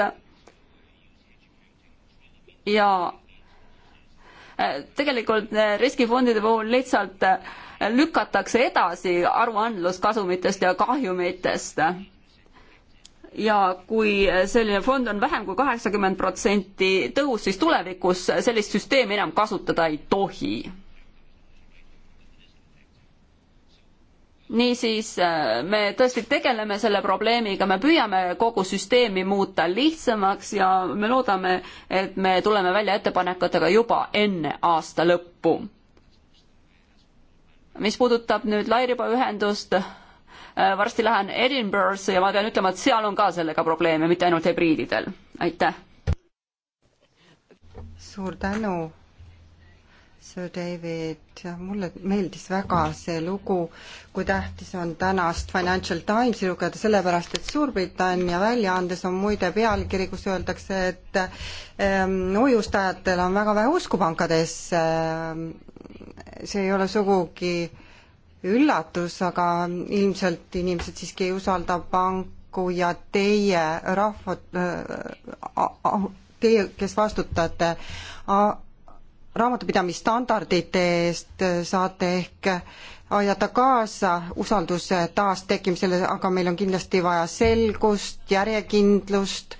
S3: ja eh, tegelikult eh, riskifondide puhul lihtsalt lükatakse edasi aruandlus kasumitest ja kahjumitest ja kui selline fond on vähem kui kaheksakümmend protsenti tõhus, siis tulevikus sellist süsteemi enam kasutada ei tohi. niisiis, me tõesti tegeleme selle probleemiga, me püüame kogu süsteemi muuta lihtsamaks ja me loodame, et me tuleme välja ettepanekutega juba enne aasta lõppu. mis puudutab nüüd lairibaühendust, Äh, varsti lähen Edinburgh'sse ja ma pean ütlema, et seal on ka sellega probleeme, mitte ainult hübriididel. aitäh!
S2: suur tänu, Sir David, mulle meeldis väga see lugu, kui tähtis on tänast Financial Timesi lugeda, sellepärast et Suurbritannia väljaandes on muide pealkiri, kus öeldakse, et ähm, hoiustajatel on väga vähe usku pankadesse ähm,. see ei ole sugugi äh, üllatus, aga ilmselt inimesed siiski ei usalda panku ja teie rahva, äh, teie, kes vastutate raamatupidamisstandardite eest, äh, saate ehk aidata kaasa usalduse taastekkimisele, aga meil on kindlasti vaja selgust, järjekindlust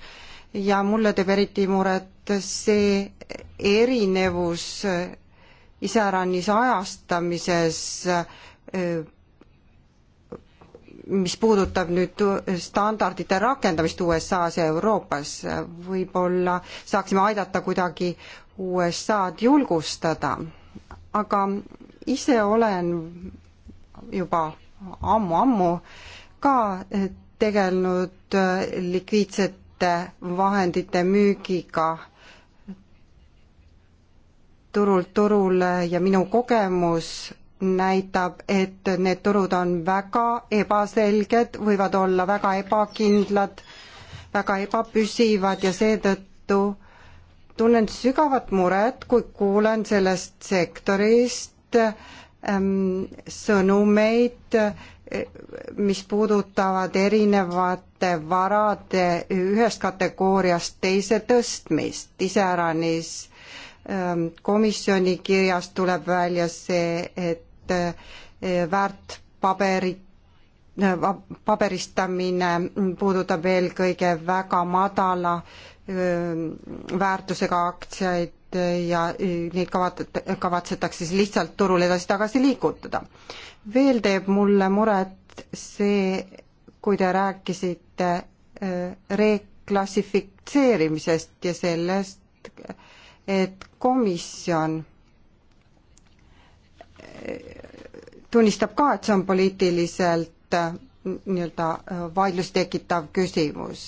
S2: ja mulle teeb eriti muret see erinevus äh, iseäranis ajastamises äh, Äh, mis puudutab nüüd standardite rakendamist USA-s ja Euroopas, võib-olla saaksime aidata kuidagi USA-d julgustada, aga ise olen juba ammu-ammu ka tegelenud äh, likviidsete vahendite müügiga turult turule ja minu kogemus näitab, et need turud on väga ebaselged, võivad olla väga ebakindlad, väga ebapüsivad ja seetõttu tunnen sügavat muret, kui kuulen sellest sektorist ähm, sõnumeid, äh, mis puudutavad erinevate varade ühest kategooriast teise tõstmist, iseäranis ähm, komisjoni kirjas tuleb välja see, et ettevõtete eh, väärtpaberit eh, paberistamine puudutab eelkõige väga madala eh, väärtusega aktsiaid ja neid kavat-, kavatsetakse siis lihtsalt turul edasi-tagasi liigutada. veel teeb mulle muret see, kui te rääkisite reklassifitseerimisest ja sellest, et komisjon tunnistab ka, et see on poliitiliselt äh, nii-öelda äh, vaidlust tekitav küsimus.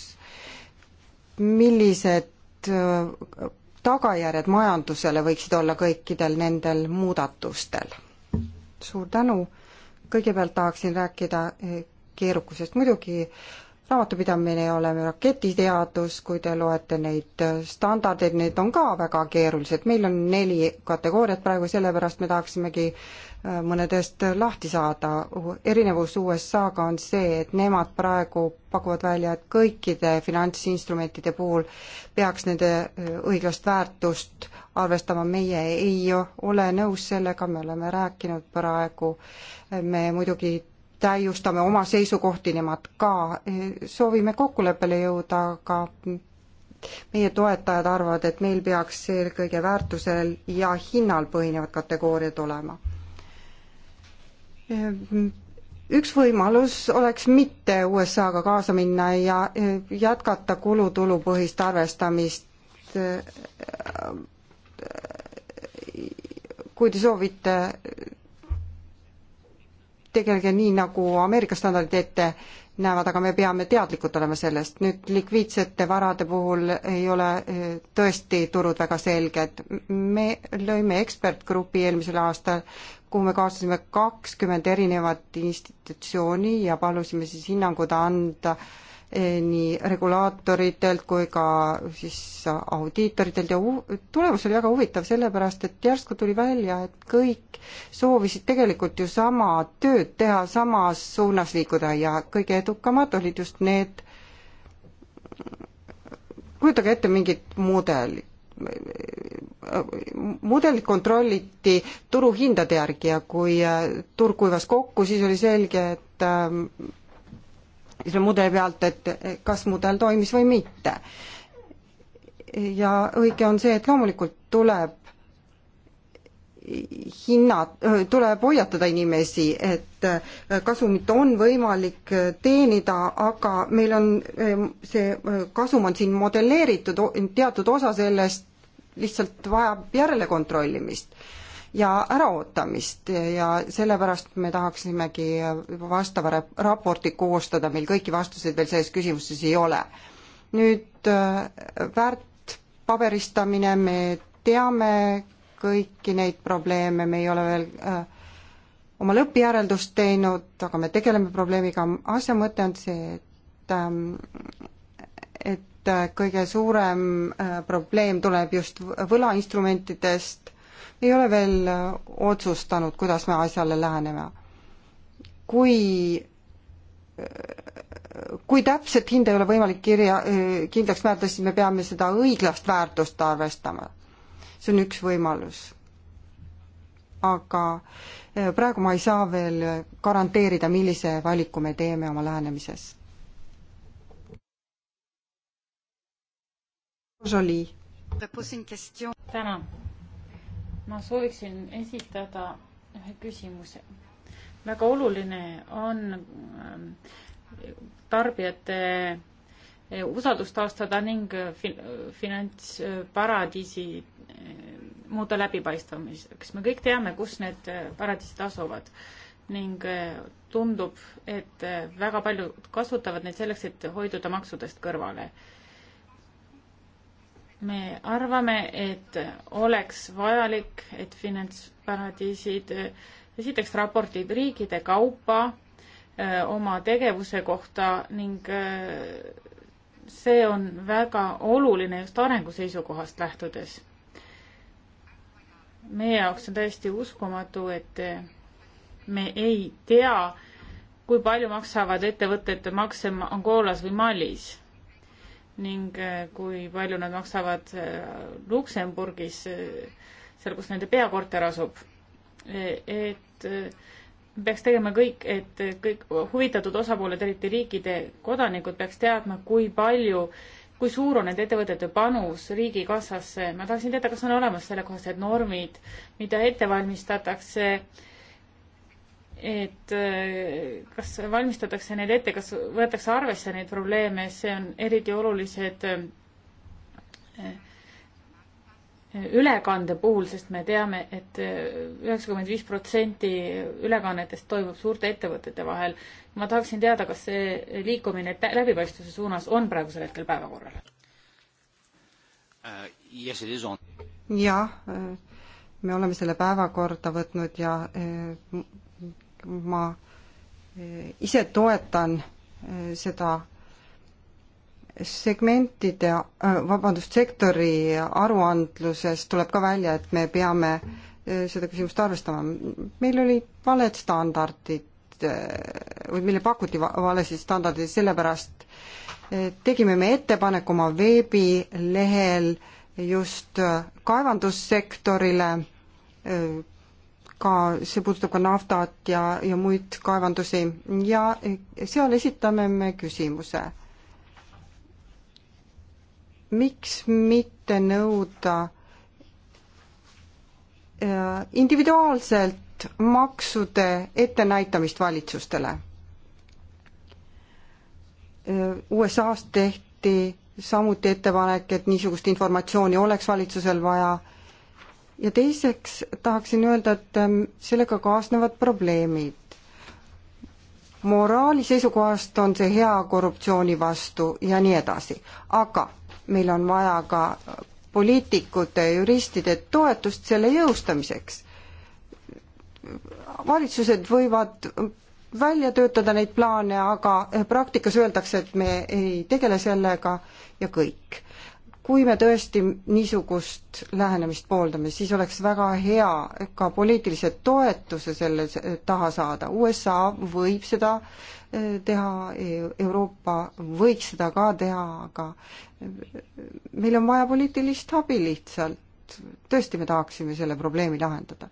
S2: millised äh, tagajärjed majandusele võiksid olla kõikidel nendel muudatustel? suur tänu, kõigepealt tahaksin rääkida keerukusest, muidugi raamatupidamine ja oleme raketiteadus, kui te loete neid standardeid, need on ka väga keerulised, meil on neli kategooriat praegu, sellepärast me tahaksimegi äh, mõnedest lahti saada. erinevus USA-ga on see, et nemad praegu pakuvad välja, et kõikide finantsinstrumentide puhul peaks nende äh, õiglast väärtust arvestama, meie ei ole nõus sellega, me oleme rääkinud praegu, äh, me muidugi täiustame oma seisukohti, nemad ka. soovime kokkuleppele jõuda, aga meie toetajad arvavad, et meil peaks eelkõige väärtusel ja hinnal põhinevad kategooriad olema. üks võimalus oleks mitte USA-ga kaasa minna ja jätkata kulutulupõhist arvestamist kui te soovite tegelge nii, nagu Ameerika standardid ette näevad, aga me peame teadlikud olema sellest. nüüd likviidsete varade puhul ei ole eh, tõesti turud väga selged. me lõime ekspertgrupi eelmisel aastal, kuhu me kaasasime kakskümmend erinevat institutsiooni ja palusime siis hinnangud anda äh, Eh, nii regulaatoritelt kui ka siis audiitoritelt ja tulemus oli väga huvitav, sellepärast et järsku tuli välja, et kõik soovisid tegelikult ju sama tööd teha, samas suunas liikuda ja kõige edukamad olid just need, kujutage ette mingit mudelit, mudelit kontrolliti turuhindade järgi ja kui eh, turg kuivas kokku, siis oli selge, et ähm, selle mudeli pealt, et kas mudel toimis või mitte. ja õige on see, et loomulikult tuleb hinnad, tuleb hoiatada inimesi, et kasumit on võimalik teenida, aga meil on see kasum on siin modelleeritud, teatud osa sellest lihtsalt vajab järelekontrollimist ja äraootamist ja sellepärast me tahaksimegi vastava raporti koostada, meil kõiki vastuseid veel selles küsimuses ei ole. nüüd äh, väärtpaberistamine, me teame kõiki neid probleeme, me ei ole veel äh, oma lõppjäreldust teinud, aga me tegeleme probleemiga, asja mõte on see, et ähm, et äh, kõige suurem probleem tuleb just võlainstrumentidest ei ole veel otsustanud, kuidas me asjale läheneme. kui, kui täpset hinda ei ole võimalik kirja, kindlaks määrata, siis me peame seda õiglast väärtust arvestama. see on üks võimalus. aga eh, praegu ma ei saa veel garanteerida, millise valiku me teeme oma lähenemises. tänan
S4: ma sooviksin esitada ühe küsimuse. väga oluline on ähm, tarbijate äh, usaldust taastada ning äh, fin-, äh, finantsparadiisi muuta läbipaistvamiseks. me kõik teame, kus need paradiisid asuvad ning tundub, et väga paljud kasutavad neid selleks, et hoiduda maksudest kõrvale me arvame, et oleks vajalik, et finantsparadiisid esitaks raportid riikide kaupa öö, oma tegevuse kohta ning öö, see on väga oluline just arengu seisukohast lähtudes. meie jaoks on täiesti uskumatu, et me ei tea, kui palju maksavad ettevõtted makse Angolas või Malis ning äh, kui palju nad maksavad äh, Luksemburgis, äh, seal, kus nende peakorter asub. E, et peaks tegema kõik, et kõik huvitatud osapooled, eriti riikide kodanikud, peaks teadma, kui palju, kui suur on nende ettevõtete panus riigikassasse. ma tahaksin teada, kas on olemas sellekohased normid, mida ette valmistatakse äh, et eh, kas valmistatakse neid ette, kas võetakse arvesse neid probleeme, see on eriti olulised eh, ülekande puhul, sest me teame et, et eh, üheksakümmend viis protsenti ülekannetest toimub suurte ettevõtete vahel. ma tahaksin teada, kas see liikumine läbipaistvuse suunas on praegusel hetkel päevakorral uh,? Yes,
S2: jah, me oleme selle päevakorda võtnud ja uh, ma e, ise toetan e, seda segmentide, e, vabandust, sektori aruandluses tuleb ka välja, et me peame seda küsimust arvestama. meil olid valed standardid või meile pakuti valesid standardeid, sellepärast tegime me ettepaneku oma veebilehel just kaevandussektorile ka, see puudutab ka naftat ja, ja muid kaevandusi ja seal esitame me küsimuse. miks mitte nõuda äh, individuaalselt maksude ettenäitamist valitsustele? Äh, USA-s tehti samuti ettepanek, et niisugust informatsiooni oleks valitsusel vaja ja teiseks tahaksin öelda, et ähm, sellega kaasnevad probleemid. moraali seisukohast on see hea korruptsiooni vastu ja nii edasi, aga meil on vaja ka poliitikute ja juristide toetust selle jõustamiseks. valitsused võivad välja töötada neid plaane, aga praktikas öeldakse, et me ei tegele sellega ja kõik kui me tõesti niisugust lähenemist pooldame, siis oleks väga hea ka poliitilise toetuse selle taha saada. USA võib seda eh, teha, e-, Euroopa võiks seda ka teha, aga eh, meil on vaja poliitilist abi lihtsalt. tõesti, me tahaksime selle probleemi lahendada.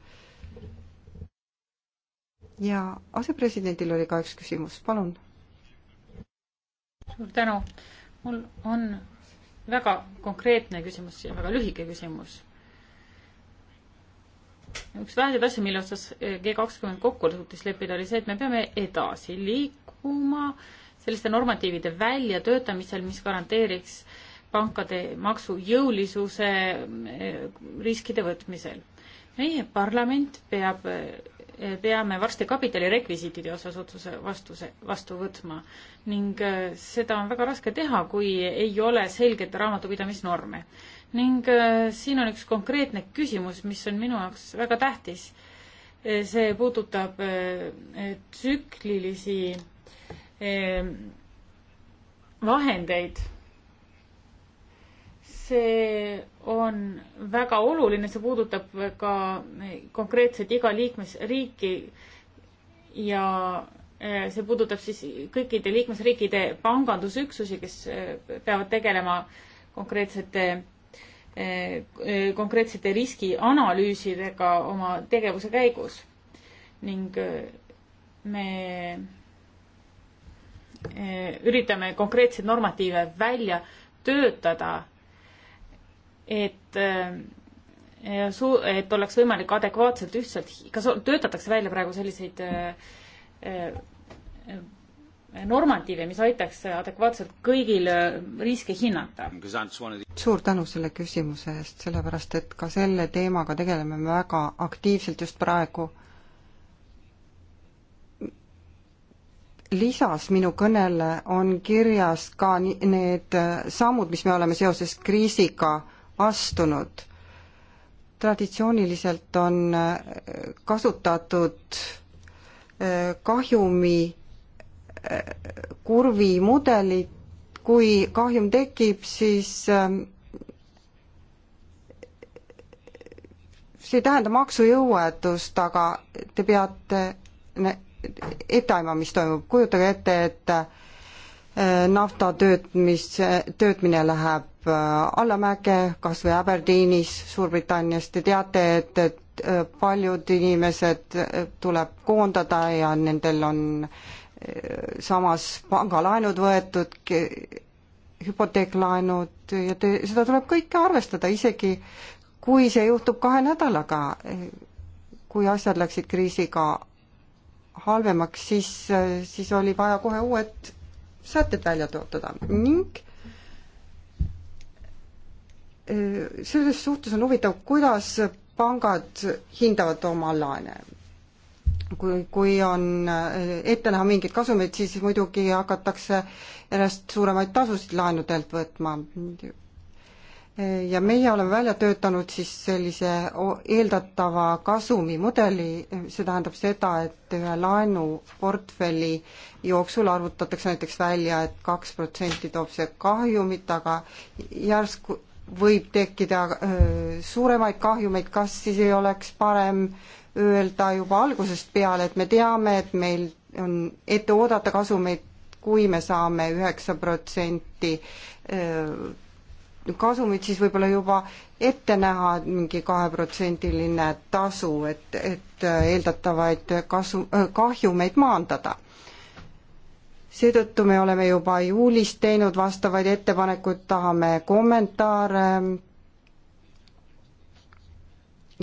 S2: ja asepresidendil oli ka üks küsimus, palun.
S4: suur tänu. mul on väga konkreetne küsimus ja väga lühike küsimus. üks väheseid asju, mille osas eh, G kakskümmend kokku suutis leppida, oli see, et me peame edasi liikuma selliste normatiivide väljatöötamisel, mis garanteeriks pankade maksujõulisuse eh, riskide võtmisel. meie parlament peab eh, peame varsti kapitalirekvisiitide osas otsuse vastuse, vastu võtma ning äh, seda on väga raske teha, kui ei ole selget raamatupidamisnorme. ning äh, siin on üks konkreetne küsimus, mis on minu jaoks väga tähtis. Äh, see puudutab tsüklilisi vahendeid see on väga oluline, see puudutab ka konkreetselt iga liikmesriiki ja eh, see puudutab siis kõikide liikmesriikide pangandusüksusi, kes eh, peavad tegelema konkreetsete, eh, konkreetsete riskianalüüsidega oma tegevuse käigus. ning me üritame konkreetseid normatiive välja töötada et äh, su-, et oleks võimalik adekvaatselt ühtselt, kas töötatakse välja praegu selliseid äh, äh, normatiive, mis aitaks adekvaatselt kõigil riske hinnata?
S2: suur tänu selle küsimuse eest, sellepärast et ka selle teemaga tegeleme me väga aktiivselt just praegu. lisas minu kõnele on kirjas ka need sammud, mis me oleme seoses kriisiga äh, astunud. traditsiooniliselt on äh, kasutatud äh, kahjumi äh, kurvi mudelit, kui kahjum tekib, siis ähm, see ei tähenda maksujõuetust, aga te peate ette aimama, mis toimub, kujutage ette, et nafta töötmis, töötmine läheb Äh, allamäge, kas või Aberdeenis Suurbritannias, te teate, et, et äh, paljud inimesed äh, tuleb koondada ja nendel on samas pangalaenud võetud, hüpoteeklaenud ja te, seda tuleb kõike arvestada, isegi kui see juhtub kahe nädalaga, kui asjad läksid kriisiga halvemaks, siis, siis oli vaja kohe uued sätted välja töötada ning selles suhtes on huvitav, kuidas pangad hindavad oma laene. kui, kui on äh, ette näha mingeid kasumeid, siis muidugi hakatakse järjest suuremaid tasusid laenudelt võtma. ja meie oleme välja töötanud siis sellise eeldatava kasumimudeli, see tähendab seda, et ühe laenuportfelli jooksul arvutatakse näiteks välja et, et kaks protsenti toob see kahjumit, aga järsku võib tekkida äh, suuremaid kahjumeid, kas siis ei oleks parem öelda juba algusest peale, et me teame, et meil on ette oodata kasumeid, kui me saame üheksa protsenti äh, kasumit, siis võib-olla juba ette näha mingi kaheprotsendiline tasu, et, et äh, eeldatavaid kasu, kahjumeid maandada seetõttu me oleme juba juulis teinud vastavaid ettepanekuid, tahame kommentaare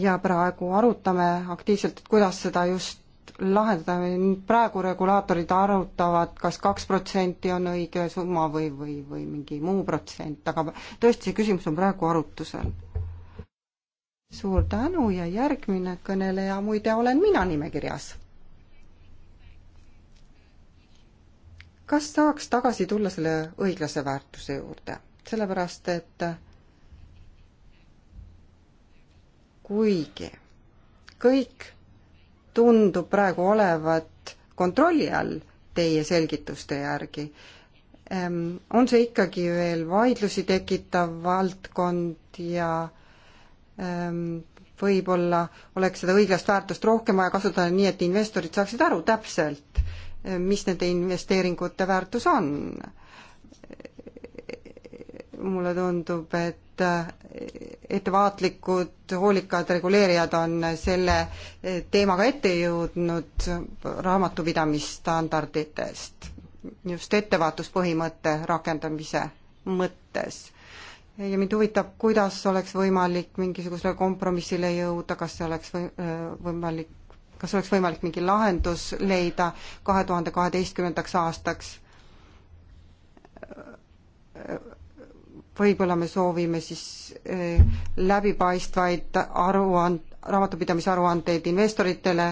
S2: ja praegu arutame aktiivselt, et kuidas seda just lahendada, praegu regulaatorid arutavad, kas kaks protsenti on õige summa või, või, või mingi muu protsent, aga tõesti, see küsimus on praegu arutusel. suur tänu ja järgmine kõneleja, muide, olen mina nimekirjas kas saaks tagasi tulla selle õiglase väärtuse juurde, sellepärast et kuigi kõik tundub praegu olevat kontrolli all teie selgituste järgi, ehm, on see ikkagi veel vaidlusi tekitav valdkond ja ehm, võib-olla oleks seda õiglast väärtust rohkem vaja kasutada nii, et investorid saaksid aru täpselt, mis nende investeeringute väärtus on. mulle tundub, et ettevaatlikud, hoolikad reguleerijad on selle teemaga ette jõudnud raamatupidamisstandarditest, just ettevaatuspõhimõtte rakendamise mõttes ja mind huvitab, kuidas oleks võimalik mingisugusele kompromissile jõuda, kas see oleks või, võimalik kas oleks võimalik mingi lahendus leida kahe tuhande kaheteistkümnendaks aastaks? võib-olla me soovime siis eh, läbipaistvaid aruand-, raamatupidamisaruandeid investoritele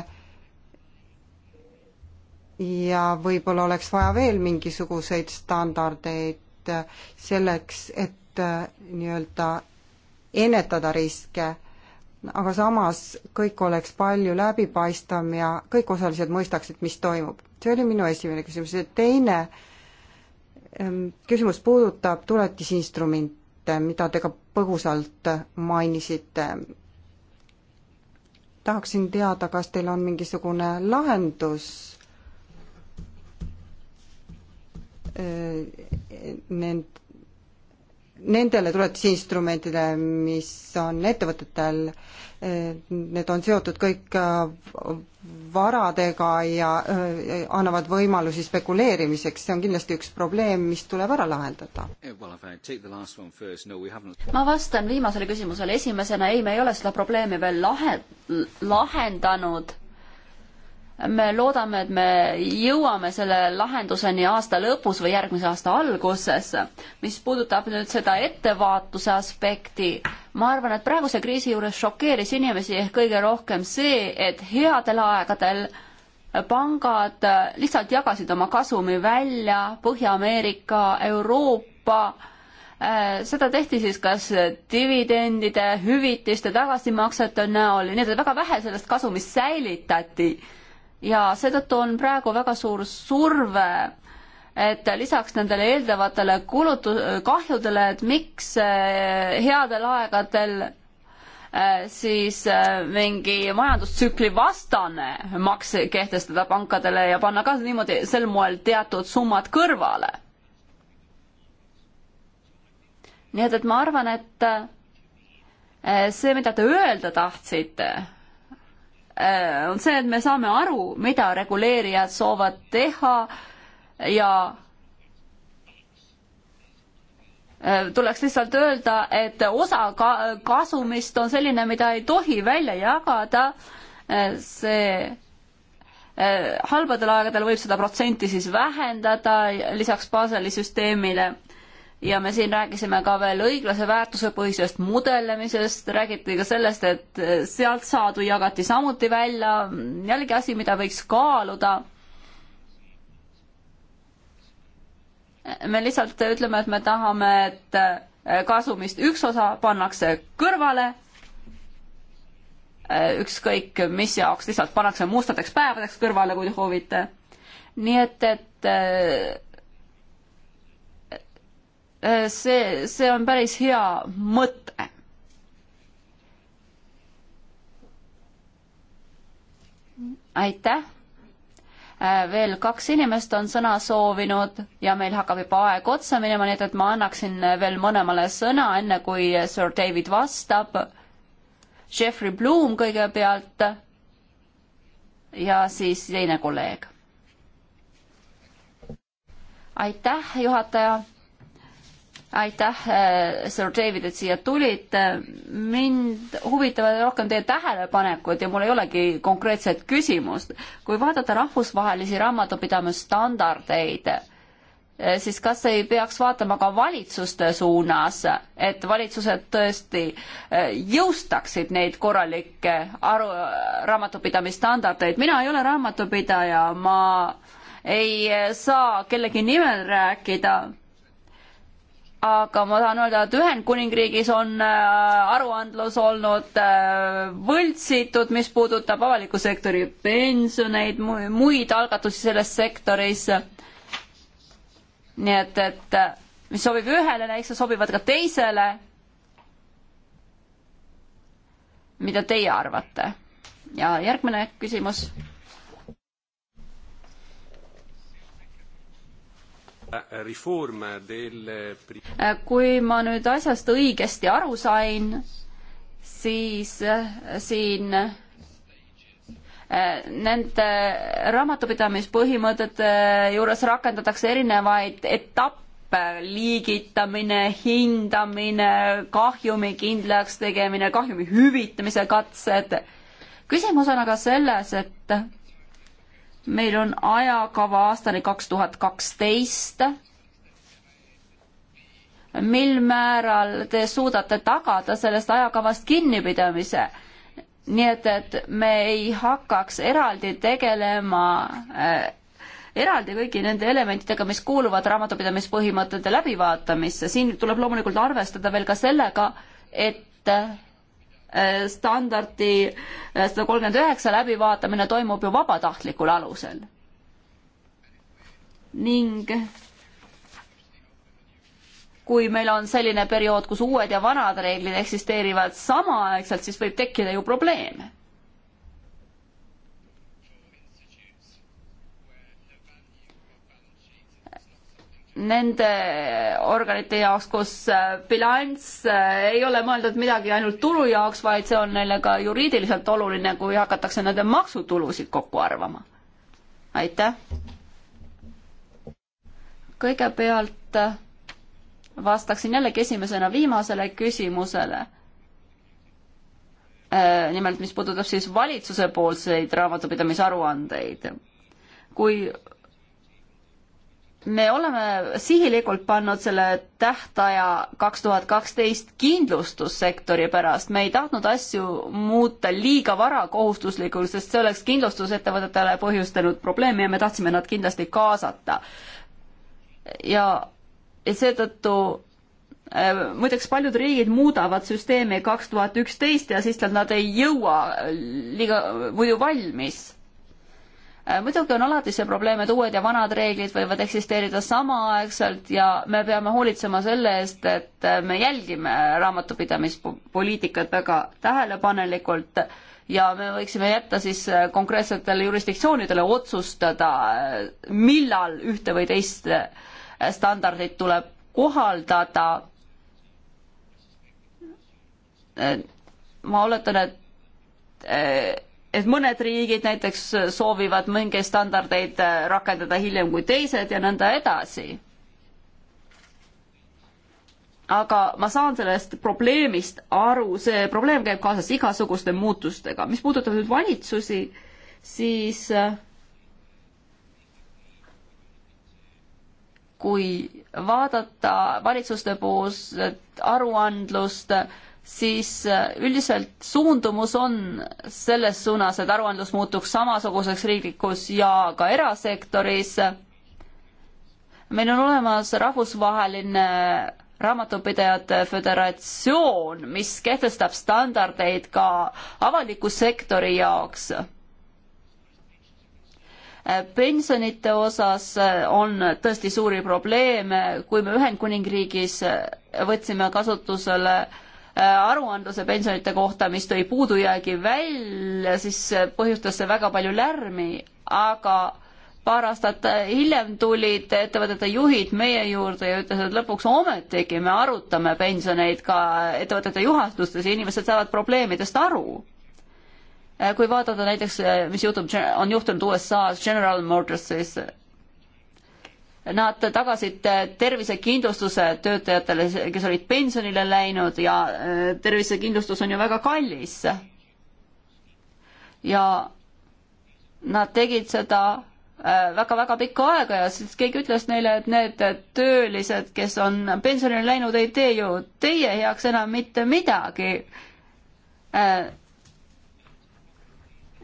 S2: ja võib-olla oleks vaja veel mingisuguseid standardeid selleks, et eh, nii-öelda ennetada riske aga samas kõik oleks palju läbipaistvam ja kõik osalised mõistaksid, mis toimub. see oli minu esimene küsimus ja teine ähm, küsimus puudutab tuletisinstrumente, mida te ka põgusalt mainisite. tahaksin teada, kas teil on mingisugune lahendus äh, need nendele tuletisinstrumentidele, mis on ettevõtetel, eh, need on seotud kõik eh, varadega ja eh, annavad võimalusi spekuleerimiseks, see on kindlasti üks probleem, mis tuleb ära lahendada. ma vastan viimasele küsimusele esimesena, ei, me ei ole seda probleemi veel lahe,
S3: lahendanud me loodame, et me jõuame selle lahenduseni aasta lõpus või järgmise aasta alguses. mis puudutab nüüd seda ettevaatuse aspekti, ma arvan, et praeguse kriisi juures šokeeris inimesi ehk kõige rohkem see, et headel aegadel pangad lihtsalt jagasid oma kasumi välja Põhja-Ameerika, Euroopa, seda tehti siis kas dividendide, hüvitiste, tagasimaksete näol, nii et väga vähe sellest kasumist säilitati ja seetõttu on praegu väga suur surve, et lisaks nendele eeldavatele kulutu-, kahjudele, et miks eh, headel aegadel eh, siis eh, mingi majandustsükli vastane maks kehtestada pankadele ja panna ka niimoodi sel moel teatud summad kõrvale. nii et, et ma arvan, et see, mida te öelda tahtsite, Äh, on see, et me saame aru, mida reguleerijad soovivad teha ja äh, tuleks lihtsalt öelda, et osa ka-, kasumist on selline, mida ei tohi välja jagada, äh, see halbadel aegadel võib seda protsenti siis vähendada lisaks Baseli süsteemile ja me siin rääkisime ka veel õiglase väärtusepõhisest mudelemisest, räägiti ka sellest, et eh, sealt saadu jagati samuti välja, jällegi asi, mida võiks kaaluda. me lihtsalt ütleme, et me tahame, et eh, kasumist üks osa pannakse kõrvale, eh, ükskõik mis jaoks, lihtsalt pannakse mustadeks päevadeks kõrvale, kui te hoovite. nii et, et Äh, see, see on päris hea mõte. aitäh. Äh, veel kaks inimest on sõna soovinud ja meil hakkab juba aeg otsa minema, nii et, et ma annaksin veel mõlemale sõna, enne kui Sir David vastab. Jeffrey Bloom kõigepealt ja siis teine kolleeg. aitäh, juhataja aitäh, äh, Sir David, et siia tulid. mind huvitavad rohkem teie tähelepanekud ja mul ei olegi konkreetset küsimust. kui vaadata rahvusvahelisi raamatupidamisstandardeid, äh, siis kas ei peaks vaatama ka valitsuste suunas, et valitsused tõesti äh, jõustaksid neid korralikke aru, raamatupidamisstandardeid. mina ei ole raamatupidaja, ma ei saa kellegi nimel rääkida aga ma tahan öelda, et Ühendkuningriigis on äh, aruandlus olnud äh, võltsitud, mis puudutab avaliku sektori pensioneid, muid algatusi selles sektoris. nii et, et äh, mis sobib ühele, eks nad sobivad ka teisele. mida teie arvate? ja järgmine küsimus
S1: Eh, eh, kui
S3: ma nüüd asjast õigesti aru sain, siis eh, siin nende raamatupidamispõhimõtete juures rakendatakse erinevaid etappe, liigitamine, hindamine, kahjumi kindlaks tegemine, kahjumi hüvitamise katsed. küsimus on aga selles, et meil on ajakava aastani kaks tuhat kaksteist. mil määral te suudate tagada sellest ajakavast kinnipidamise? nii et, et me ei hakkaks eraldi tegelema äh, eraldi kõigi nende elementidega, mis kuuluvad raamatupidamispõhimõtete läbivaatamisse, siin tuleb loomulikult arvestada veel ka sellega, et Eh, standardi eh, sada kolmkümmend üheksa läbivaatamine toimub ju vabatahtlikul alusel. ning kui meil on selline periood, kus uued ja vanad reeglid eksisteerivad samaaegselt, siis võib tekkida ju probleeme nende organite jaoks, kus äh, bilanss äh, ei ole mõeldud midagi ainult tulu jaoks, vaid see on neile ka juriidiliselt oluline, kui hakatakse nende maksutulusid kokku arvama. aitäh! kõigepealt äh, vastaksin jällegi esimesena viimasele küsimusele. nimelt, mis puudutab siis valitsuse poolseid raamatupidamisaruandeid. kui me oleme sihilikult pannud selle tähtaja kaks tuhat kaksteist kindlustussektori pärast, me ei tahtnud asju muuta liiga vara kohustuslikuks, sest see oleks kindlustusettevõtetele põhjustanud probleemi ja me tahtsime nad kindlasti kaasata. ja, ja seetõttu äh, muideks paljud riigid muudavad süsteemi kaks tuhat üksteist ja siis nad ei jõua liiga muidu valmis Äh, muidugi on alati see probleem, et uued ja vanad reeglid võivad eksisteerida samaaegselt ja me peame hoolitsema selle eest, et äh, me jälgime raamatupidamispoliitikat väga tähelepanelikult ja me võiksime jätta siis äh, konkreetsetele jurisdiktsioonidele otsustada, millal ühte või teist standardit tuleb kohaldada. ma oletan, et et mõned riigid näiteks soovivad mingeid standardeid äh, rakendada hiljem kui teised ja nõnda edasi. aga ma saan sellest probleemist aru, see probleem käib kaasas igasuguste muutustega. mis puudutab nüüd valitsusi, siis äh, kui vaadata valitsuste poolt aruandlust, siis äh, üldiselt suundumus on selles suunas, et aruandlus muutuks samasuguseks riiklikus ja ka erasektoris. meil on olemas rahvusvaheline raamatupidajate föderatsioon, mis kehtestab standardeid ka avaliku sektori jaoks. Äh, pensionite osas äh, on tõesti suuri probleeme, kui me Ühendkuningriigis võtsime kasutusele aruandluse pensionite kohta, mis tõi puudujäägi välja, siis põhjustas see väga palju lärmi, aga paar aastat hiljem tulid ettevõtete juhid meie juurde ja ütlesid, et lõpuks ometigi me arutame pensioneid ka ettevõtete juhatustes ja inimesed saavad probleemidest aru. kui vaadata näiteks, mis juhtub, on juhtunud USA-s General Motorsis Nad tagasid tervisekindlustuse töötajatele, kes olid pensionile läinud ja äh, tervisekindlustus on ju väga kallis. ja nad tegid seda väga-väga äh, pikka aega ja siis keegi ütles neile, et need töölised, kes on pensionile läinud, ei tee ju teie heaks enam mitte midagi. Äh,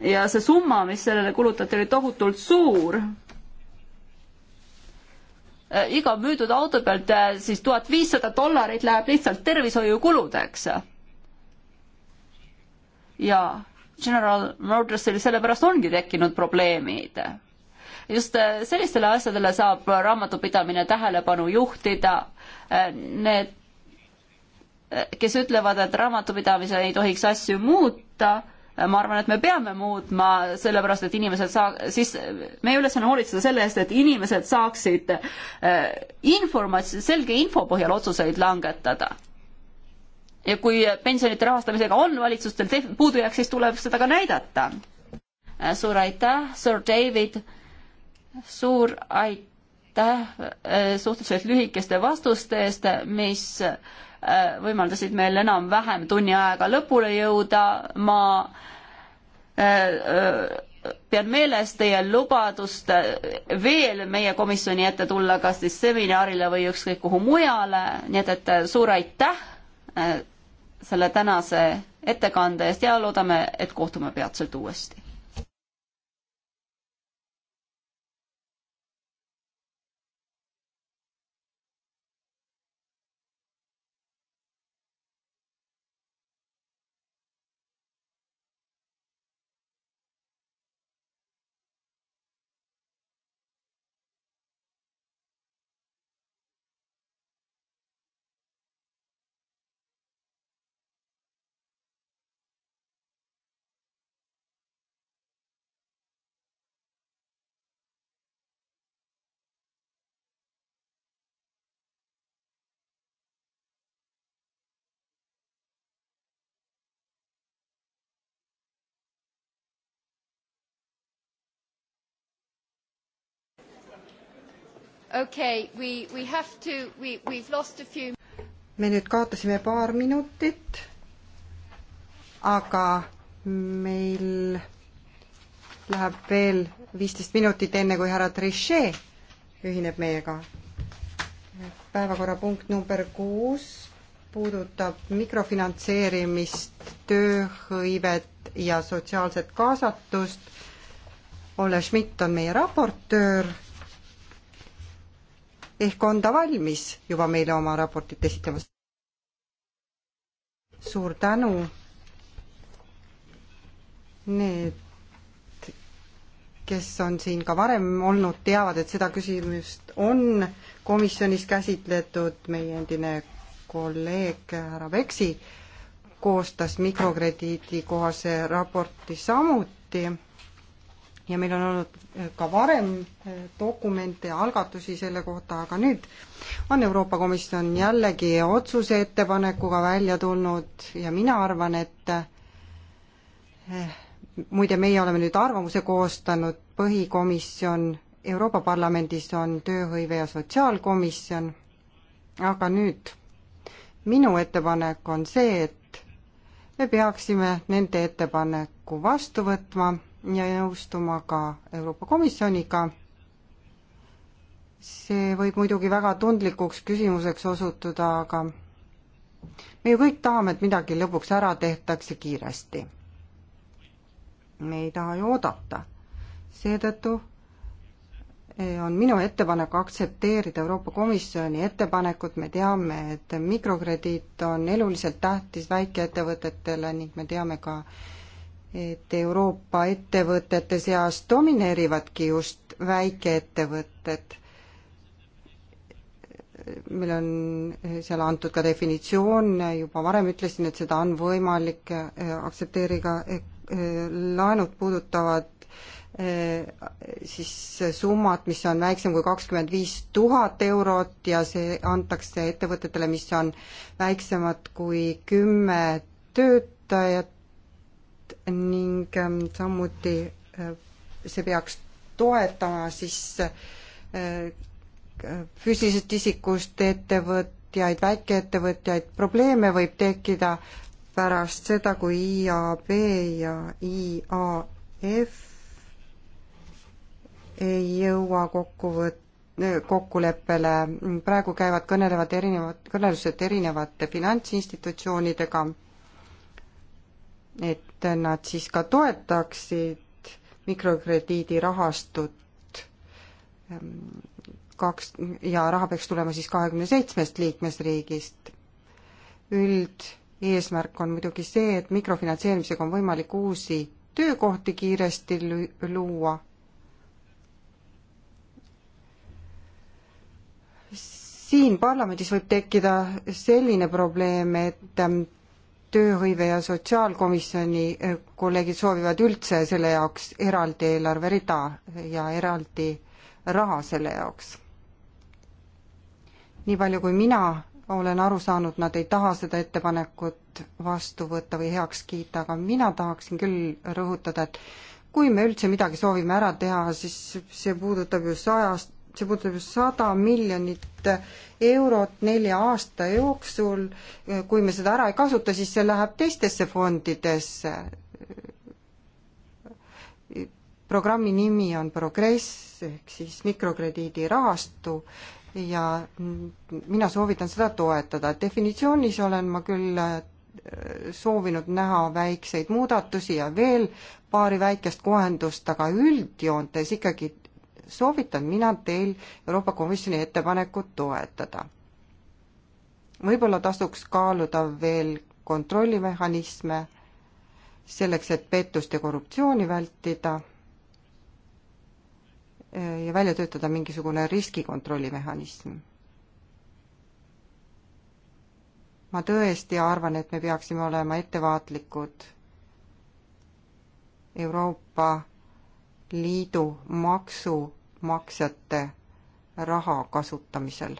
S3: ja see summa, mis sellele kulutati, oli tohutult suur Äh, iga müüdud auto pealt äh, siis tuhat viissada dollarit läheb lihtsalt tervishoiukuludeks. ja General Motorsil sellepärast ongi tekkinud probleemid. just äh, sellistele asjadele saab raamatupidamine tähelepanu juhtida. Need, kes ütlevad, et raamatupidamise ei tohiks asju muuta ma arvan, et me peame muutma, sellepärast et inimesed saa-, siis meie ülesanne on hoolitseda selle eest, et inimesed saaksid äh, informats-, selge info põhjal otsuseid langetada. ja kui pensionite rahastamisega on valitsustel tef-, puudujääk, siis tuleb seda ka näidata. Äh, suur aitäh, Sir David, suur aitäh äh, suhteliselt lühikeste vastuste eest, mis Äh, võimaldasid meil enam-vähem tunni ajaga lõpule jõuda, ma äh, äh, pean meeles teie lubadust veel meie komisjoni ette tulla, kas siis seminarile või ükskõik kuhu mujale, nii et, et suur aitäh selle tänase ettekande eest ja loodame, et kohtume
S1: peatselt uuesti. Okay, we, we have to, we, we've lost a few.
S2: me nüüd kaotasime paar minutit, aga meil läheb veel viisteist minutit, enne kui härra Trichet ühineb meiega. päevakorrapunkt number kuus puudutab mikrofinantseerimist, tööhõivet ja sotsiaalset kaasatust. Olle Schmidt on meie raportöör ehk on ta valmis juba meile oma raportit esitama? suur tänu. Need, kes on siin ka varem olnud, teavad, et seda küsimust on komisjonis käsitletud, meie endine kolleeg härra Veksi koostas mikrokrediidi kohase raporti samuti ja meil on olnud äh, ka varem äh, dokumente ja algatusi selle kohta, aga nüüd on Euroopa Komisjon jällegi otsuse ettepanekuga välja tulnud ja mina arvan, et äh, muide, meie oleme nüüd arvamuse koostanud, põhikomisjon Euroopa Parlamendis on tööhõive ja sotsiaalkomisjon, aga nüüd minu ettepanek on see, et me peaksime nende ettepaneku vastu võtma ja nõustuma ka Euroopa Komisjoniga. see võib muidugi väga tundlikuks küsimuseks osutuda, aga me ju kõik tahame, et midagi lõpuks ära tehtakse kiiresti. me ei taha ju oodata. seetõttu on minu ettepanek aktsepteerida Euroopa Komisjoni ettepanekut, me teame, et mikrokrediit on eluliselt tähtis väikeettevõtetele ning me teame ka, et Euroopa ettevõtete seas domineerivadki just väikeettevõtted. meil on seal antud ka definitsioon, juba varem ütlesin, et seda on võimalik äh, aktsepteerida, äh, laenud puudutavad äh, siis summad, mis on väiksem kui kakskümmend viis tuhat eurot ja see antakse ettevõtetele, mis on väiksemad kui kümme töötajat, ning ähm, samuti äh, see peaks toetama siis äh, äh, füüsilisest isikust ettevõtjaid, väikeettevõtjaid, probleeme võib tekkida pärast seda, kui IAB ja IAF ei jõua kokkuvõtte kokkuleppele, praegu käivad, kõnelevad erinevad, kõnelused erinevate finantsinstitutsioonidega et nad siis ka toetaksid mikrokrediidirahastut ähm, kaks ja raha peaks tulema siis kahekümne seitsmest liikmesriigist. üldeesmärk on muidugi see, et mikrofinantseerimisega on võimalik uusi töökohti kiiresti luua. siin parlamendis võib tekkida selline probleem, et ähm, tööhõive ja sotsiaalkomisjoni eh, kolleegid soovivad üldse selle jaoks eraldi eelarverida ja eraldi raha selle jaoks. nii palju, kui mina olen aru saanud, nad ei taha seda ettepanekut vastu võtta või heaks kiita, aga mina tahaksin küll rõhutada, et kui me üldse midagi soovime ära teha, siis see puudutab ju sajast, see puudutab just sada miljonit eurot nelja aasta jooksul, kui me seda ära ei kasuta, siis see läheb teistesse fondidesse. programmi nimi on Progress ehk siis mikrokrediidirahastu ja mina soovitan seda toetada, definitsioonis olen ma küll äh, soovinud näha väikseid muudatusi ja veel paari väikest kohendust, aga üldjoontes ikkagi soovitan mina teil Euroopa Komisjoni ettepanekut toetada. võib-olla tasuks kaaluda veel kontrollimehhanisme selleks, et pettust ja korruptsiooni vältida ja välja töötada mingisugune riskikontrollimehhanism. ma tõesti arvan, et me peaksime olema ettevaatlikud Euroopa Liidu maksu maksumaksjate raha kasutamisel.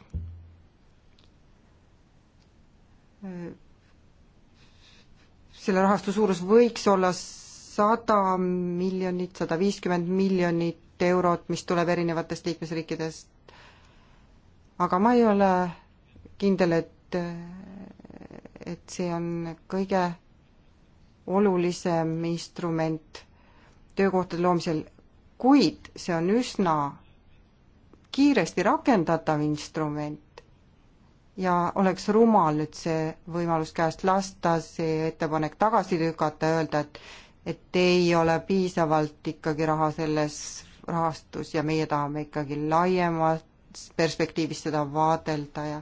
S2: selle rahastu suurus võiks olla sada miljonit, sada viiskümmend miljonit eurot, mis tuleb erinevatest liikmesriikidest. aga ma ei ole kindel, et, et see on kõige olulisem instrument töökohtade loomisel kuid see on üsna kiiresti rakendatav instrument ja oleks rumal nüüd see võimalus käest lasta, see ettepanek tagasi lükata, öelda, et et ei ole piisavalt ikkagi raha selles rahastus ja meie tahame ikkagi laiemas perspektiivis seda vaadelda ja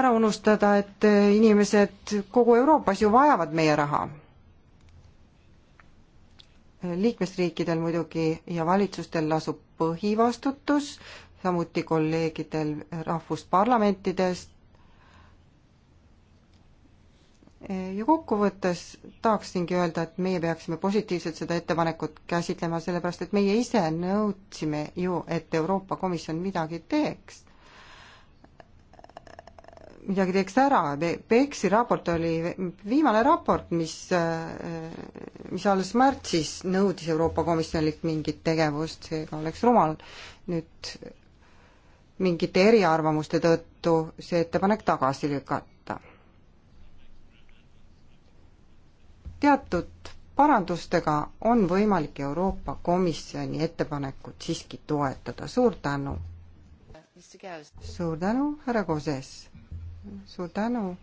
S2: ära unustada, et inimesed kogu Euroopas ju vajavad meie raha liikmesriikidel muidugi ja valitsustel lasub põhivastutus, samuti kolleegidel rahvusparlamentidest. ja kokkuvõttes tahaksingi öelda, et meie peaksime positiivselt seda ettepanekut käsitlema, sellepärast et meie ise nõudsime ju, et Euroopa Komisjon midagi teeks midagi teeks ära, PEX-i raport oli viimane raport, mis, mis alles märtsis nõudis Euroopa Komisjonilt mingit tegevust, seega oleks rumal nüüd mingite eriarvamuste tõttu see ettepanek tagasi lükata. teatud parandustega on võimalik Euroopa Komisjoni ettepanekut siiski toetada, suur tänu! suur tänu, härra Koses! suur tänu.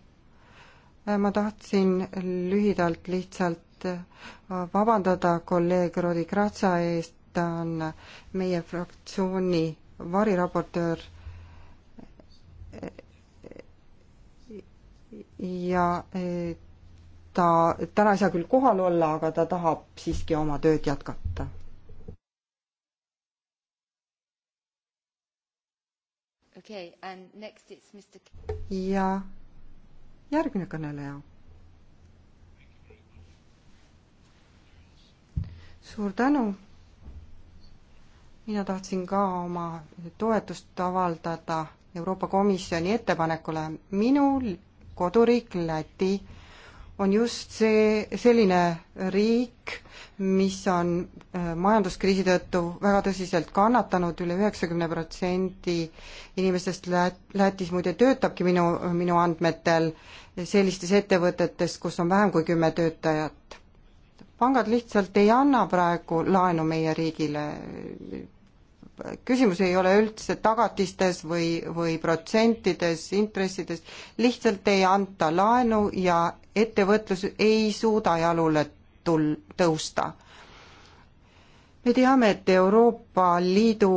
S2: Äh, ma tahtsin lühidalt lihtsalt äh, vabandada kolleeg Rodi Kratsa eest, ta on meie fraktsiooni variraportöör ja äh, ta täna ei saa küll kohal olla, aga ta tahab siiski oma tööd jätkata
S1: okay, and next it's Mr.
S2: ja järgmine kõneleja. suur tänu. mina tahtsin ka oma toetust avaldada Euroopa Komisjoni ettepanekule. minu koduriik Läti on just see, selline riik, mis on äh, majanduskriisi tõttu väga tõsiselt kannatanud üle, üle üheksakümne protsendi inimestest Läät-, Lätis muide töötabki minu, minu andmetel sellistes ettevõtetes, kus on vähem kui kümme töötajat. pangad lihtsalt ei anna praegu laenu meie riigile, küsimus ei ole üldse tagatistes või, või protsentides, intressides, lihtsalt ei anta laenu ja ettevõtlus ei suuda jalule tul-, tõusta. me teame, et Euroopa Liidu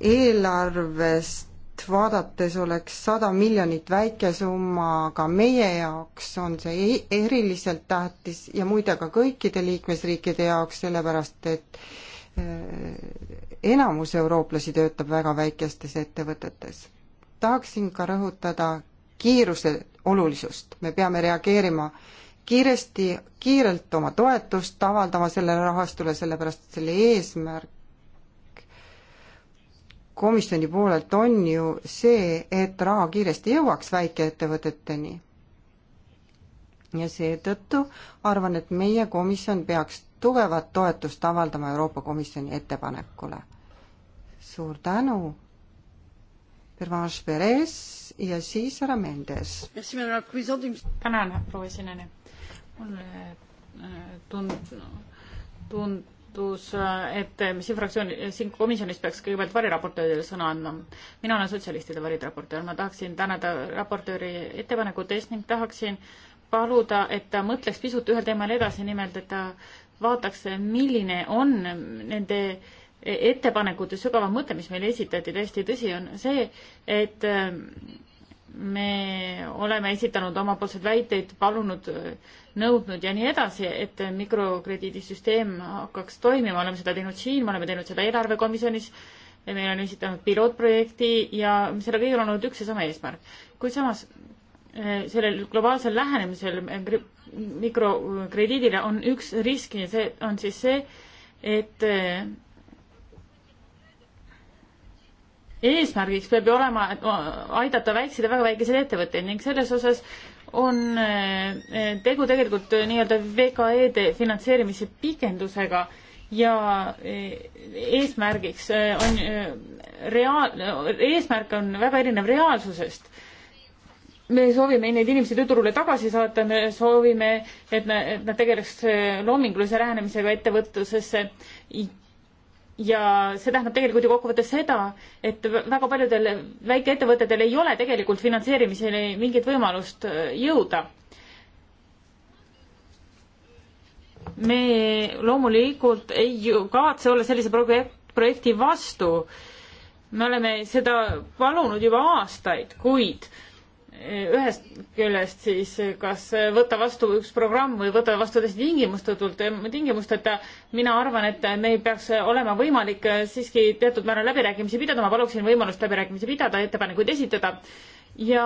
S2: eelarvest vaadates oleks sada miljonit väike summa, aga meie jaoks on see e-, eriliselt tähtis ja muide ka kõikide liikmesriikide jaoks, sellepärast et äh, enamus eurooplasi töötab väga väikestes ettevõtetes. tahaksin ka rõhutada kiiruse olulisust, me peame reageerima kiiresti, kiirelt oma toetust avaldama sellele rahastule, sellepärast et selle eesmärk komisjoni poolelt on ju see, et raha kiiresti jõuaks väikeettevõteteni. ja seetõttu arvan, et meie komisjon peaks tugevat toetust avaldama Euroopa Komisjoni ettepanekule suur tänu, Pervanche Perez ja siis härra Mendes.
S4: tänan, proua esineja. mulle äh, tund-, tundus, äh, et äh, siin fraktsiooni, siin komisjonis peaks kõigepealt variraportööridele sõna andma. mina olen sotsialistide variraportöör, ma tahaksin tänada raportööri ettepanekute eest ning tahaksin paluda, et ta mõtleks pisut ühel teemal edasi, nimelt et ta vaataks, milline on nende äh, ettepanekute sügavam mõte, mis meile esitati, täiesti tõsi on see, et ähm, me oleme esitanud omapoolseid väiteid, palunud, nõudnud ja nii edasi, et mikrokrediidisüsteem hakkaks toimima, oleme seda teinud siin, me oleme teinud seda eelarvekomisjonis, meil on esitanud pilootprojekti ja selle kõigil on olnud üks ja sama eesmärk. kuid samas äh, sellel globaalsel lähenemisel äh, mikrokrediidile on üks risk ja see on siis see, et äh, eesmärgiks peab ju olema aidata väikseid ja väga väikeseid ettevõtteid ning selles osas on eh, eh, tegu tegelikult eh, nii-öelda VKE-de finantseerimise pikendusega ja eesmärgiks on reaal-, eesmärk on väga erinev reaalsusest. me soovime neid inimesi tööturule tagasi saata, me soovime, et nad, et nad tegeleks loomingulise lähenemisega ettevõtlusesse ja see tähendab tegelikult ju kokkuvõttes seda, et väga paljudel väikeettevõtetel ei ole tegelikult finantseerimiseni mingit võimalust äh, jõuda. me loomulikult ei kavatse olla sellise projekt, projekti vastu. me oleme seda palunud juba aastaid, kuid ühest küljest siis kas võtta vastu üks programm või võtta vastu täiesti tingimustetult, eh, tingimusteta, mina arvan, et meil peaks olema võimalik siiski teatud määral läbirääkimisi pidada, ma paluksin võimalust läbirääkimisi pidada, ettepanekuid esitada ja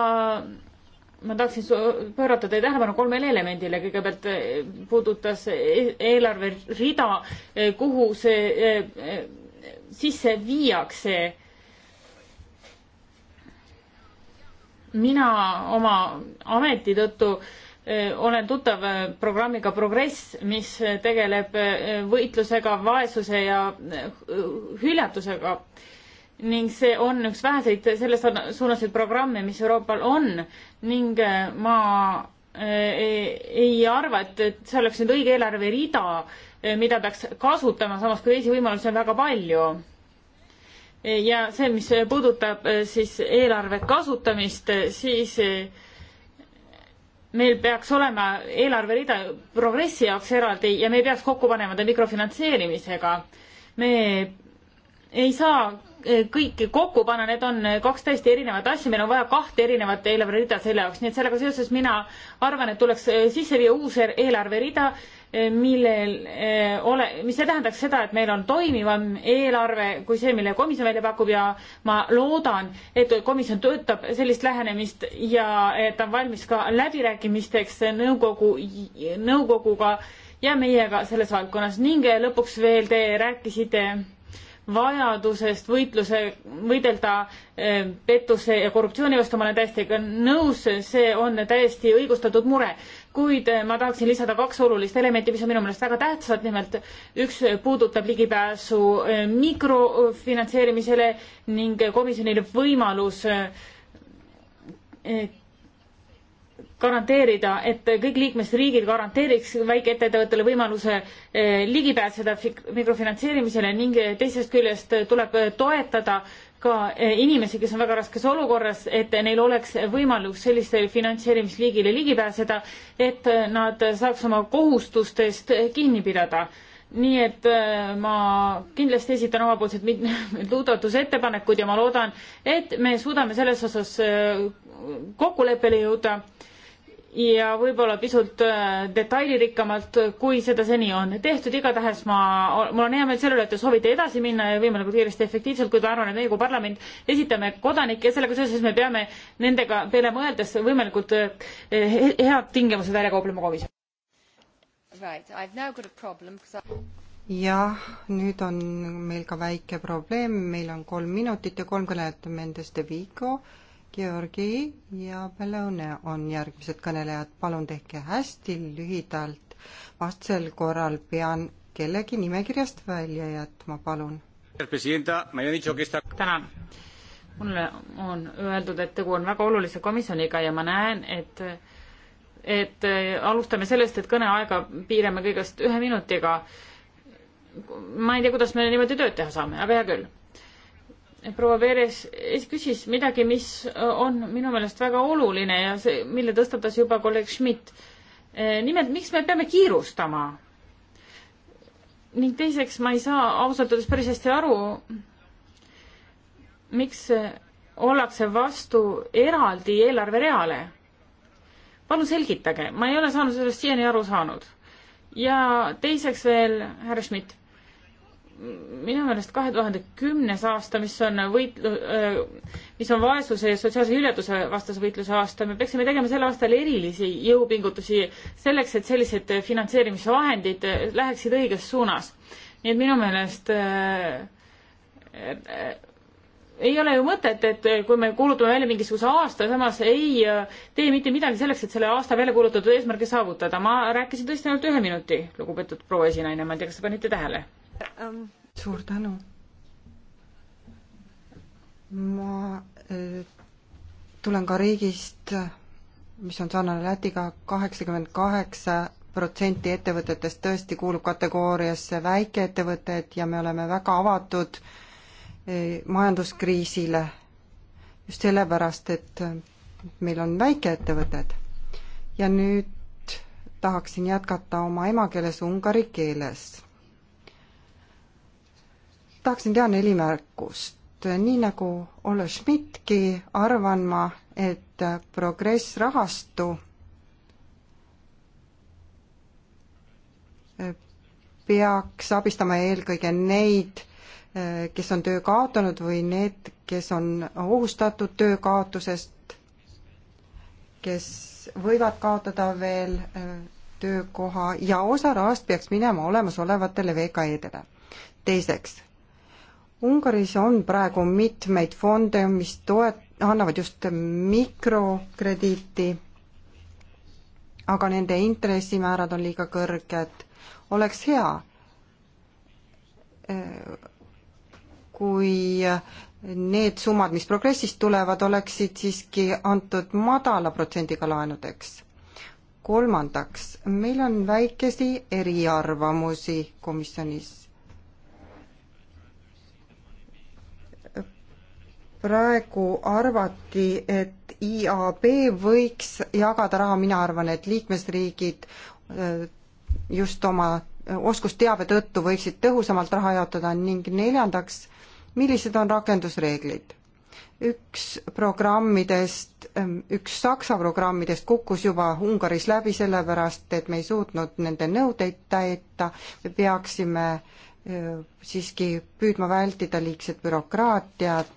S4: ma tahaksin pöörata teie tähelepanu kolmele elemendile, kõigepealt eh, puudutas eelarverida, eh, kuhu see sisse viiakse mina oma ameti tõttu e, olen tuttav e, programmiga Progress, mis e, tegeleb võitlusega vaesuse ja hüljatusega ning see on üks väheseid selles suunaseid programme, mis Euroopal on ning ma ei arva, et, et see oleks nüüd õige eelarverida, mida peaks kasutama, samas kui teisi võimalusi on väga palju ja see, mis puudutab eh, siis eelarve kasutamist, eh, siis eh, meil peaks olema eelarverida progressi jaoks eraldi ja me ei peaks kokku panema ta mikrofinantseerimisega. me ei saa kõiki kokku panna, need on kaks täiesti erinevat asja, meil on vaja kahte erinevat eelarverida selle jaoks, nii et sellega seoses mina arvan, et tuleks sisse viia uus er-, eelarverida millel eh, ole, mis see tähendaks seda, et meil on toimivam eelarve kui see, mille komisjon välja pakub ja ma loodan, et komisjon töötab sellist lähenemist ja et ta on valmis ka läbirääkimisteks nõukogu, nõukoguga ja meiega selles valdkonnas ning lõpuks veel te rääkisite vajadusest võitluse, võidelda eh, pettuse ja korruptsiooni vastu, ma olen täiesti nõus, see on täiesti õigustatud mure kuid eh, ma tahaksin lisada kaks olulist elementi, mis on minu meelest väga tähtsad, nimelt üks puudutab ligipääsu eh, mikrofinantseerimisele ning komisjonile võimalus eh, garanteerida, et kõik liikmesriigid garanteeriks väikeettevõttele võimaluse ligi pääseda mikrofinantseerimisele ning teisest küljest tuleb toetada ka eh, inimesi, kes on väga raskes olukorras, et neil oleks võimalik sellisele finantseerimisliigile ligi pääseda, et eh, nad saaks oma kohustustest kinni pidada. nii et eh, ma kindlasti esitan omapoolsed mitmed muudatusettepanekud ja ma loodan, et me suudame selles osas kokkuleppele jõuda ja võib-olla pisut äh, detailirikkamalt, kui seda seni on tehtud, igatahes ma, mul on hea meel selle üle, et te soovite edasi minna ja võimalikult kiiresti efektiivselt, kuid ma arvan, et meie kui parlament esitame kodanikke ja sellega seoses me peame nendega peale mõeldes võimalikult äh, head
S2: tingimused välja kauplema komisjoni. jah, nüüd on meil ka väike probleem, meil on kolm minutit ja kolm kõnet, Mendes de Vigo Georgi ja Bellone on järgmised kõnelejad, palun tehke hästi lühidalt, vastasel korral pean kellegi nimekirjast välja jätma, palun.
S4: tänan. mulle on öeldud, et tegu on väga olulise komisjoniga ja ma näen, et et äh, alustame sellest, et kõneaega piirame kõigest ühe minutiga. ma ei tea, kuidas me niimoodi tööd teha saame, aga hea küll proua Veres küsis midagi, mis on minu meelest väga oluline ja see, mille tõstatas juba kolleeg Schmidt. Eh, nimelt, miks me peame kiirustama? ning teiseks, ma ei saa ausalt öeldes päris hästi aru, miks ollakse vastu eraldi eelarvereale. palun selgitage, ma ei ole saanud sellest siiani aru saanud. ja teiseks veel, härra Schmidt minu meelest kahe tuhande kümnes aasta, mis on võit-, mis on vaesuse ja sotsiaalse hüljatuse vastase võitluse aasta, me peaksime tegema sel aastal erilisi jõupingutusi selleks, et sellised finantseerimisvahendid läheksid õiges suunas. nii et minu meelest äh, ei ole ju mõtet, et kui me kuulutame välja mingisuguse aasta, samas ei tee mitte midagi selleks, et selle aasta välja kuulutatud eesmärke saavutada. ma rääkisin tõesti ainult ühe minuti, lugupeetud proua esinaine, ma ei tea, kas te panite tähele
S2: um.? suur tänu. ma eh, tulen ka riigist, mis on sarnane Lätiga, kaheksakümmend kaheksa protsenti ettevõtetest tõesti kuulub kategooriasse väikeettevõtted ja me oleme väga avatud eh, majanduskriisile just sellepärast, et meil on väikeettevõtted. ja nüüd tahaksin jätkata oma emakeeles ungari keeles tahaksin teha neli märkust. nii nagu Olle Schmidtki, arvan ma, et progress rahastu eh, peaks abistama eelkõige neid, eh, kes on töö kaotanud või need, kes on ohustatud töö kaotusest, kes võivad kaotada veel eh, töökoha ja osa rahast peaks minema olemasolevatele VKE-dele. teiseks, Ungaris on praegu mitmeid fonde, mis toet-, annavad just mikrokrediiti, aga nende intressimäärad on liiga kõrged. oleks hea, eh, kui need summad, mis progressist tulevad, oleksid siiski antud madala protsendiga laenudeks. kolmandaks, meil on väikesi eriarvamusi komisjonis praegu arvati, et IAB võiks jagada raha, mina arvan, et liikmesriigid äh, just oma äh, oskusteabe tõttu võiksid tõhusamalt raha jaotada ning neljandaks, millised on rakendusreeglid? üks programmidest, ähm, üks Saksa programmidest kukkus juba Ungaris läbi, sellepärast et me ei suutnud nende nõudeid täita, me peaksime äh, siiski püüdma vältida liigset bürokraatiat,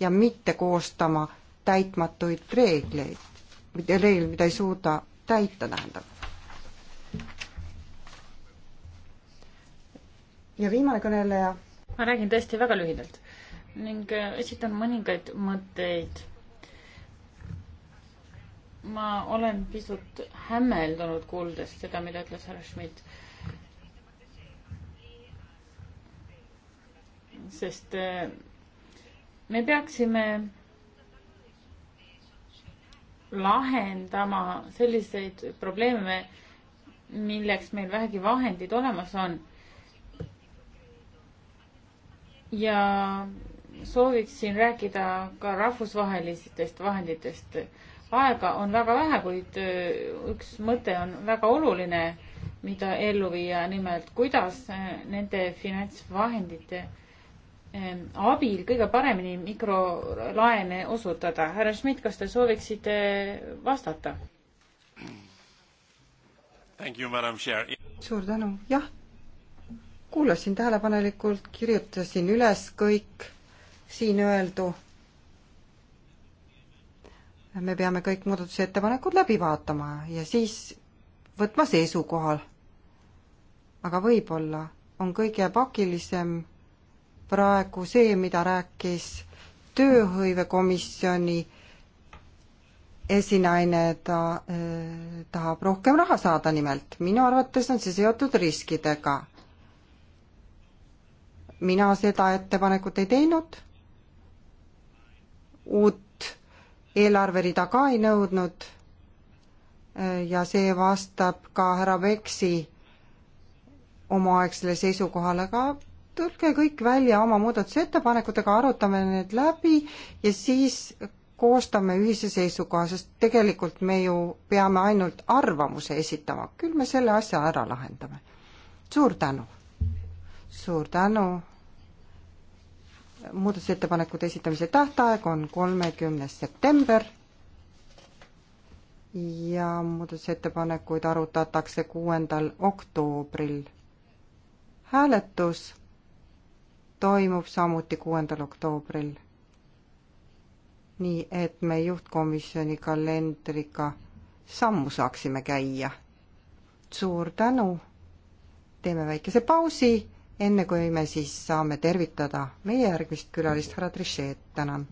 S2: ja mitte koostama täitmatuid reegleid, reegleid, mida ei suuda täita, tähendab. ja viimane kõneleja.
S4: ma räägin tõesti väga lühidalt ning äh, esitan mõningaid mõtteid. ma olen pisut hämmeldunud, kuuldes seda, mida ütles härra Schmidt sest äh, me peaksime lahendama selliseid probleeme, milleks meil vähegi vahendid olemas on. ja sooviksin rääkida ka rahvusvahelistest vahenditest. aega on väga vähe, kuid äh, üks mõte on väga oluline, mida ellu viia, nimelt kuidas äh, nende finantsvahendite Ähm, abil kõige paremini mikrolaene osutada. härra Schmidt, kas te sooviksite vastata?
S2: suur tänu, jah. kuulasin tähelepanelikult, kirjutasin üles kõik siin öeldu. me peame kõik muudatusettepanekud läbi vaatama ja siis võtma seisukohal. aga võib-olla on kõige pakilisem praegu see, mida rääkis tööhõivekomisjoni esinaine, ta äh, tahab rohkem raha saada nimelt. minu arvates on see seotud riskidega. mina seda ettepanekut ei teinud, uut eelarverida ka ei nõudnud äh, ja see vastab ka härra Peksi omaaegsele seisukohale ka tulge kõik välja oma muudatusettepanekutega, arutame need läbi ja siis koostame ühise seisukoha, sest tegelikult me ju peame ainult arvamuse esitama, küll me selle asja ära lahendame. suur tänu! suur tänu! muudatusettepanekute esitamise tähtaeg on kolmekümnes september ja muudatusettepanekuid arutatakse kuuendal oktoobril. hääletus toimub samuti kuuendal oktoobril. nii et me juhtkomisjoni kalendriga sammu saaksime käia. suur tänu, teeme väikese pausi, enne kui me siis saame tervitada meie järgmist külalist, härra Trichet, tänan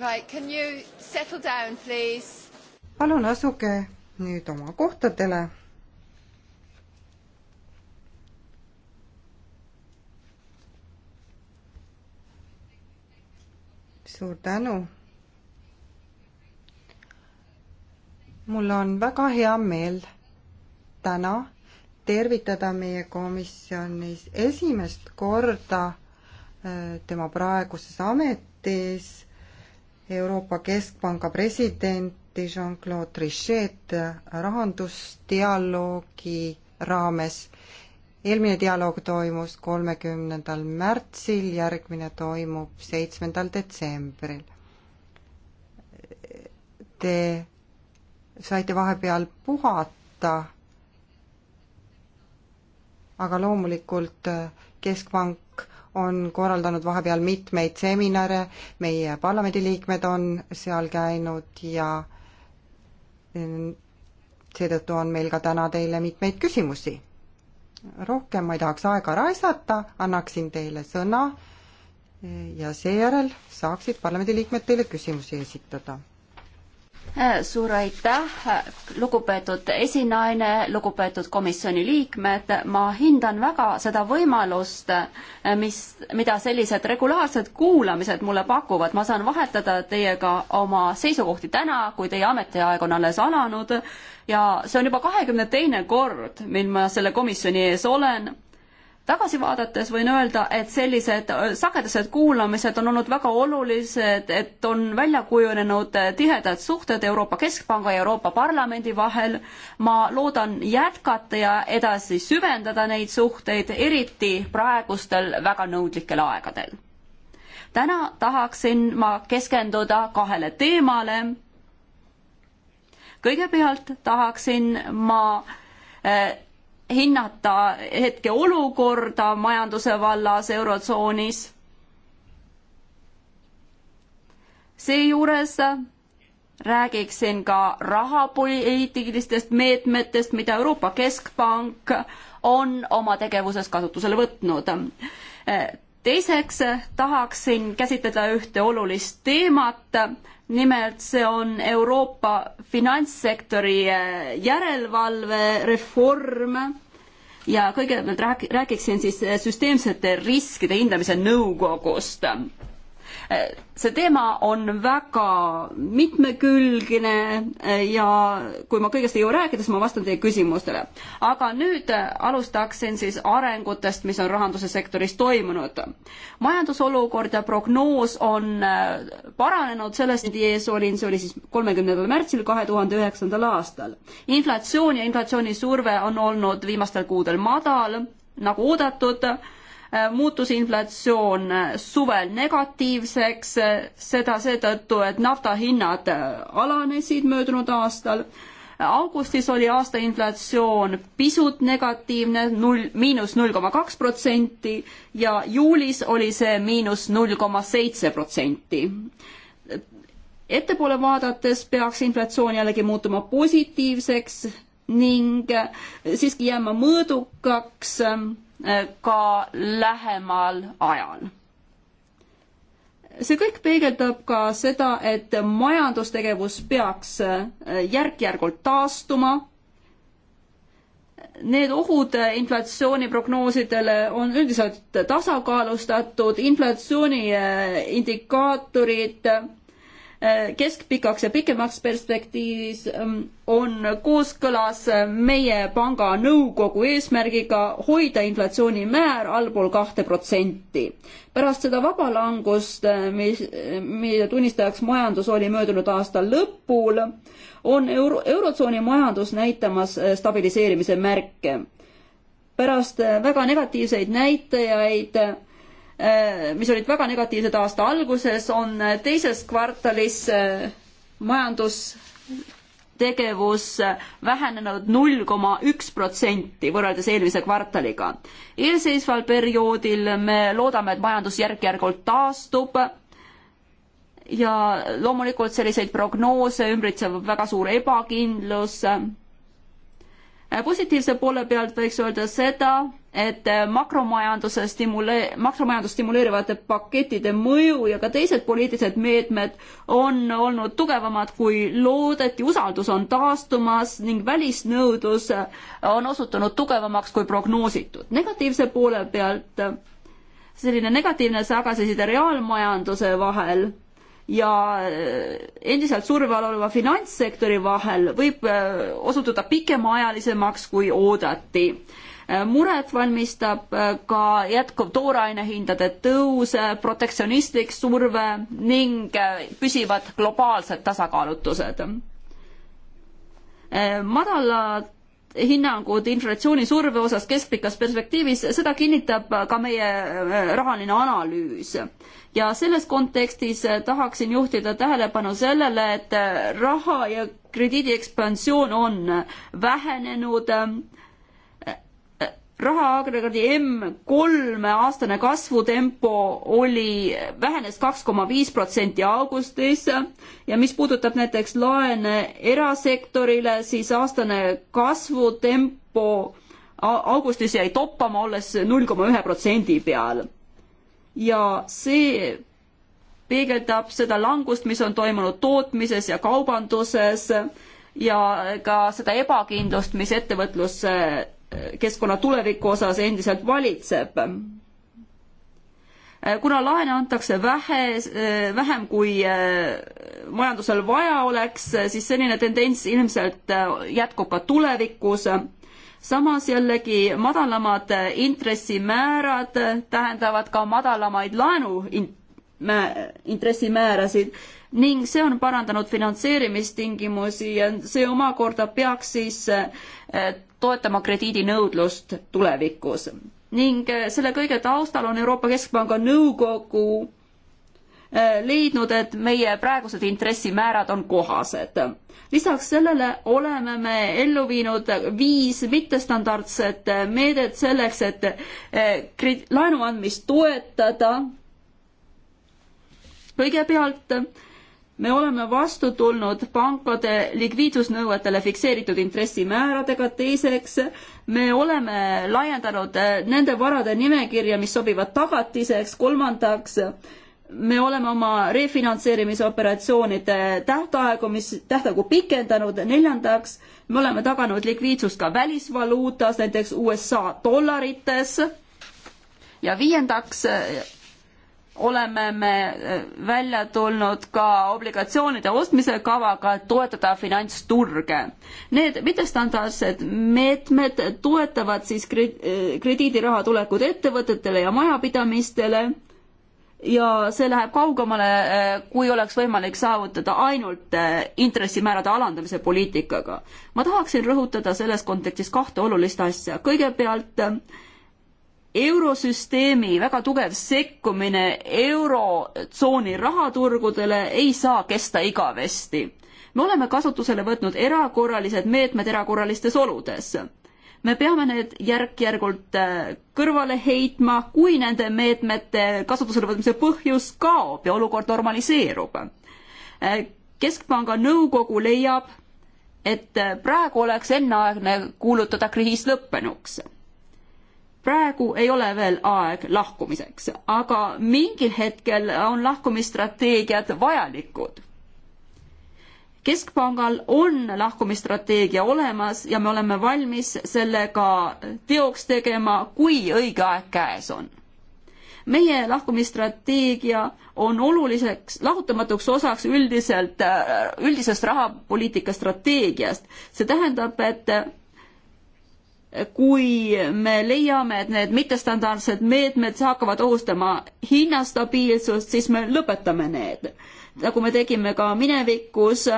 S1: Right, can you settle down, please?
S2: palun asuge nüüd oma kohtadele. suur tänu. mul on väga hea meel täna tervitada meie komisjonis esimest korda äh, tema praeguses ametis Euroopa Keskpanga presidenti Jean-Claude Trichet rahandusdialoogi raames. eelmine dialoog toimus kolmekümnendal märtsil, järgmine toimub seitsmendal detsembril. Te saite vahepeal puhata, aga loomulikult äh, keskpank on korraldanud vahepeal mitmeid seminare, meie parlamendiliikmed on seal käinud ja mm, seetõttu on meil ka täna teile mitmeid küsimusi. rohkem ma ei tahaks aega raisata, annaksin teile sõna ja seejärel saaksid parlamendiliikmed teile küsimusi esitada
S3: suur aitäh, lugupeetud esinaine, lugupeetud komisjoni liikmed, ma hindan väga seda võimalust, mis, mida sellised regulaarsed kuulamised mulle pakuvad, ma saan vahetada teiega oma seisukohti täna, kui teie ametiaeg on alles alanud ja see on juba kahekümne teine kord, mil ma selle komisjoni ees olen tagasi vaadates võin öelda, et sellised äh, sagedased kuulamised on olnud väga olulised, et on välja kujunenud äh, tihedad suhted Euroopa Keskpanga ja Euroopa Parlamendi vahel. ma loodan jätkata ja edasi süvendada neid suhteid, eriti praegustel väga nõudlikel aegadel. täna tahaksin ma keskenduda kahele teemale. kõigepealt tahaksin ma äh, hinnata hetkeolukorda majanduse vallas Eurotsoonis. seejuures räägiksin ka rahapoliitilistest meetmetest, mida Euroopa Keskpank on oma tegevuses kasutusele võtnud teiseks tahaksin käsitleda ühte olulist teemat, nimelt see on Euroopa finantssektori eh, järelevalvereform ja kõigepealt rääk-, räägiksin siis eh, süsteemsete riskide hindamise nõukogust see teema on väga mitmekülgne eh, ja kui ma kõigest ei jõua rääkida, siis ma vastan teie küsimustele. aga nüüd eh, alustaksin siis arengutest, mis on rahanduse sektoris toimunud. majandusolukord ja prognoos on eh, paranenud, sellest ees olin, see oli siis kolmekümnendal märtsil kahe tuhande üheksandal aastal. inflatsioon ja inflatsioonisurve on olnud viimastel kuudel madal, nagu oodatud Äh, muutus inflatsioon äh, suvel negatiivseks, äh, seda seetõttu, et naftahinnad alanesid möödunud aastal. augustis oli aasta inflatsioon pisut negatiivne, null, miinus null koma kaks protsenti ja juulis oli see miinus null koma seitse protsenti ettepoole vaadates peaks inflatsioon jällegi muutuma positiivseks ning siiski jääma mõõdukaks Äh, ka lähemal ajal. see kõik peegeldab ka seda, et majandustegevus peaks äh, järk-järgult taastuma. Need ohud inflatsiooniprognoosidele on üldiselt tasakaalustatud, inflatsiooni äh, indikaatorid keskpikaks ja pikemaks perspektiivis ähm, on kooskõlas äh, meie panga nõukogu eesmärgiga hoida inflatsiooni määr allpool kahte protsenti. pärast seda vabalangust, äh, mis, mille tunnistajaks majandus oli möödunud aasta lõpul, on euro, eurotsooni majandus näitamas äh, stabiliseerimise märke. pärast väga negatiivseid näitajaid Äh, mis olid väga negatiivsed aasta alguses, on teises kvartalis äh, majandustegevus äh, vähenenud null koma üks protsenti võrreldes eelmise kvartaliga. eelseisval perioodil me loodame, et majandus järk-järgult taastub ja loomulikult selliseid prognoose ümbritseb väga suur ebakindlus Äh, positiivse poole pealt võiks öelda seda, et äh, makromajanduse stimule-, makromajandust stimuleerivate pakettide mõju ja ka teised poliitilised meetmed on olnud tugevamad, kui loodeti, usaldus on taastumas ning välisnõudlus äh, on osutunud tugevamaks kui prognoositud. negatiivse poole pealt selline negatiivne tagasiside reaalmajanduse vahel ja äh, endiselt surve all oleva finantssektori vahel võib äh, osutuda pikemaajalisemaks, kui oodati äh, muret valmistab ka jätkuv toorainehindade tõus, protektsionistlik surve ning püsivad globaalsed tasakaalutused. madalad hinnangud inflatsiooni surve osas keskpikas perspektiivis, seda kinnitab ka meie rahaline analüüs ja selles kontekstis äh, tahaksin juhtida tähelepanu sellele, et äh, raha ja krediidi ekspansioon on äh, vähenenud ähm, rahaagregaadi M kolme aastane kasvutempo oli, vähenes kaks koma viis protsenti augustis ja mis puudutab näiteks laene erasektorile, siis aastane kasvutempo augustis jäi toppama, olles null koma ühe protsendi peal ja see peegeldab seda langust, mis on toimunud tootmises ja kaubanduses ja ka seda ebakindlust, mis ettevõtluskeskkonna eh, tuleviku osas endiselt valitseb. Eh, kuna laene antakse vähe, eh, vähem kui majandusel vaja oleks, siis selline tendents ilmselt jätkub ka tulevikus samas jällegi madalamad äh, intressimäärad äh, tähendavad ka madalamaid laenu in-, intressimäärasid ning see on parandanud finantseerimistingimusi ja see omakorda peaks siis äh, toetama krediidinõudlust tulevikus. ning selle kõige taustal on Euroopa Keskpanga nõukogu leidnud, et meie praegused intressimäärad on kohased lisaks sellele oleme me ellu viinud viis mittestandardset meedet selleks, et eh, laenu andmist toetada. kõigepealt me oleme vastu tulnud pankade likviidsusnõuetele fikseeritud intressimääradega, teiseks me oleme laiendanud eh, nende varade nimekirja, mis sobivad tagatiseks, kolmandaks me oleme oma refinantseerimisoperatsioonide tähtaegu, mis, tähtaegu pikendanud, neljandaks, me oleme taganud likviidsust ka välisvaluutas, näiteks USA dollarites ja viiendaks oleme me välja tulnud ka obligatsioonide ostmise kavaga, et toetada finantsturge. Need mittestandardsed meetmed toetavad siis krediidiraha tulekut ettevõtetele ja majapidamistele ja see läheb kaugemale, eh, kui oleks võimalik saavutada ainult eh, intressimäärade alandamise poliitikaga. ma tahaksin rõhutada selles kontekstis kahte olulist asja. kõigepealt eh, eurosüsteemi väga tugev sekkumine eurotsooni rahaturgudele ei saa kesta igavesti. me oleme kasutusele võtnud erakorralised meetmed erakorralistes oludes me peame need järk-järgult äh, kõrvale heitma, kui nende meetmete kasutusele võtmise põhjus kaob ja olukord normaliseerub. Äh, keskpanga nõukogu leiab, et äh, praegu oleks enneaegne kuulutada kriis lõppenuks. praegu ei ole veel aeg lahkumiseks, aga mingil hetkel on lahkumisstrateegiad vajalikud keskpangal on lahkumisstrateegia olemas ja me oleme valmis selle ka teoks tegema, kui õige aeg käes on. meie lahkumisstrateegia on oluliseks, lahutamatuks osaks üldiselt, üldisest rahapoliitika strateegiast. see tähendab, et kui me leiame, et need mittestandardsed meetmed hakkavad ohustama hinnastabiilsust, siis me lõpetame need nagu me tegime ka minevikus,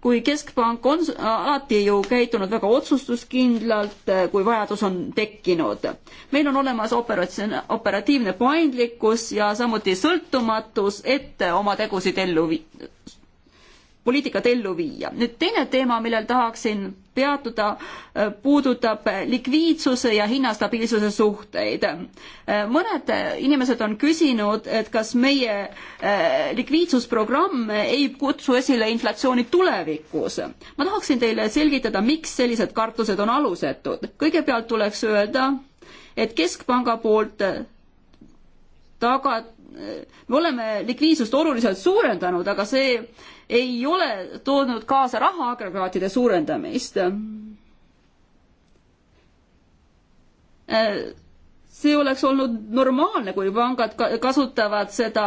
S3: kui keskpank on alati ju käitunud väga otsustuskindlalt, kui vajadus on tekkinud. meil on olemas operatsioon, operatiivne paindlikkus ja samuti sõltumatus, et oma tegusid ellu vii-, poliitikat ellu viia. nüüd teine teema, millel tahaksin peatuda, äh, puudutab likviidsuse ja hinnastabiilsuse suhteid. Äh, mõned inimesed on küsinud, et kas meie äh, likviidsusprogramm ei kutsu esile inflatsiooni tulevikus. ma tahaksin teile selgitada, miks sellised kartused on alusetud. kõigepealt tuleks öelda, et Keskpanga poolt taga, me oleme likviidsust oluliselt suurendanud, aga see ei ole toonud kaasa rahaagregaatide suurendamist. see oleks olnud normaalne, kui pangad kasutavad seda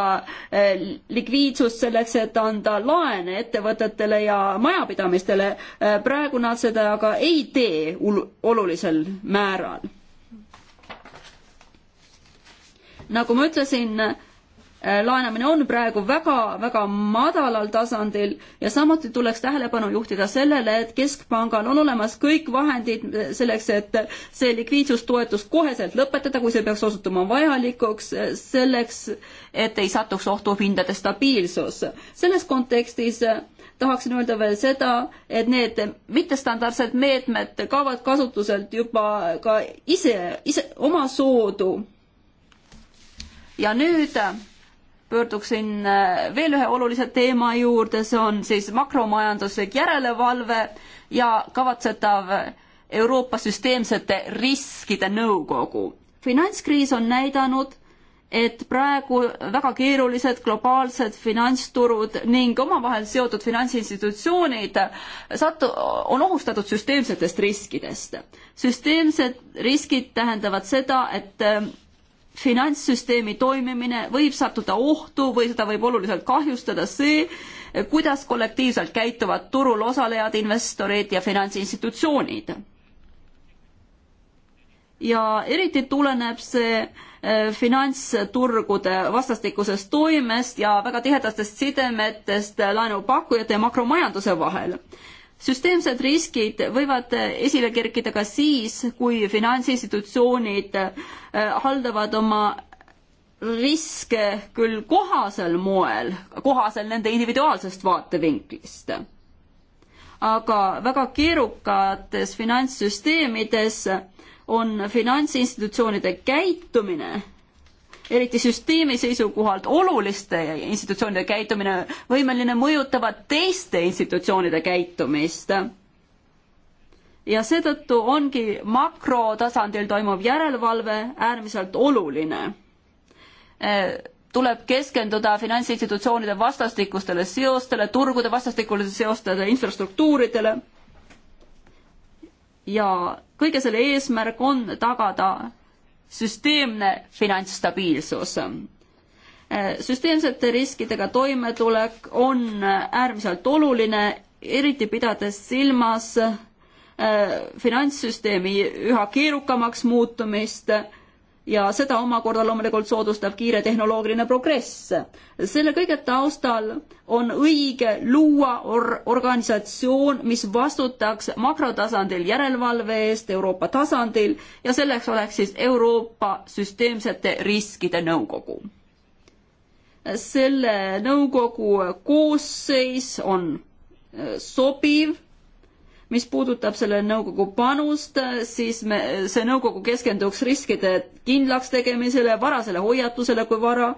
S3: eh, likviidsust selleks, et anda laene ettevõtetele ja majapidamistele. Eh, praegu nad seda aga ei tee olulisel määral nagu ma ütlesin, Äh, laenamine on praegu väga-väga madalal tasandil ja samuti tuleks tähelepanu juhtida sellele, et Keskpangal on olemas kõik vahendid selleks, et see likviidsustoetus koheselt lõpetada, kui see peaks osutuma vajalikuks, äh, selleks et ei satuks ohtu hindade stabiilsus. selles kontekstis äh, tahaksin öelda veel seda, et need mittestandardsed meetmed kaovad kasutuselt juba ka ise, ise omasoodu. ja nüüd pöörduksin äh, veel ühe olulise teema juurde, see on siis makromajanduslik järelevalve ja kavatsetav Euroopa süsteemsete riskide nõukogu. finantskriis on näidanud, et praegu väga keerulised globaalsed finantsturud ning omavahel seotud finantsinstitutsioonid satu-, on ohustatud süsteemsetest riskidest. süsteemsed riskid tähendavad seda, et äh, finantssüsteemi toimimine võib sattuda ohtu või seda võib oluliselt kahjustada see, kuidas kollektiivselt käituvad turul osalejad, investorid ja finantsinstitutsioonid. ja eriti tuleneb see eh, finantsturgude vastastikusest toimest ja väga tihedastest sidemetest laenupakkujate ja makromajanduse vahel süsteemsed riskid võivad esile kerkida ka siis, kui finantsinstitutsioonid äh, haldavad oma riske küll kohasel moel, kohasel nende individuaalsest vaatevinklist. aga väga keerukates finantssüsteemides on finantsinstitutsioonide käitumine eriti süsteemi seisukohalt oluliste institutsioonide käitumine võimeline mõjutama teiste institutsioonide käitumist. ja seetõttu ongi makrotasandil toimuv järelevalve äärmiselt oluline. Äh, tuleb keskenduda finantsinstitutsioonide vastastikustele seostele, turgude vastastikule seostele, infrastruktuuridele ja kõige selle eesmärk on tagada süsteemne finantsstabiilsus. Äh, süsteemsete riskidega toimetulek on äärmiselt oluline, eriti pidades silmas äh, finantssüsteemi üha keerukamaks muutumist ja seda omakorda loomulikult soodustab kiire tehnoloogiline progress. selle kõige taustal on õige luua or-, organisatsioon, mis vastutaks makrotasandil järelevalve eest Euroopa tasandil ja selleks oleks siis Euroopa Süsteemsete Riskide Nõukogu. selle nõukogu koosseis on sobiv mis puudutab selle nõukogu panust, siis me, see nõukogu keskenduks riskide kindlaks tegemisele, varasele hoiatusele kui vara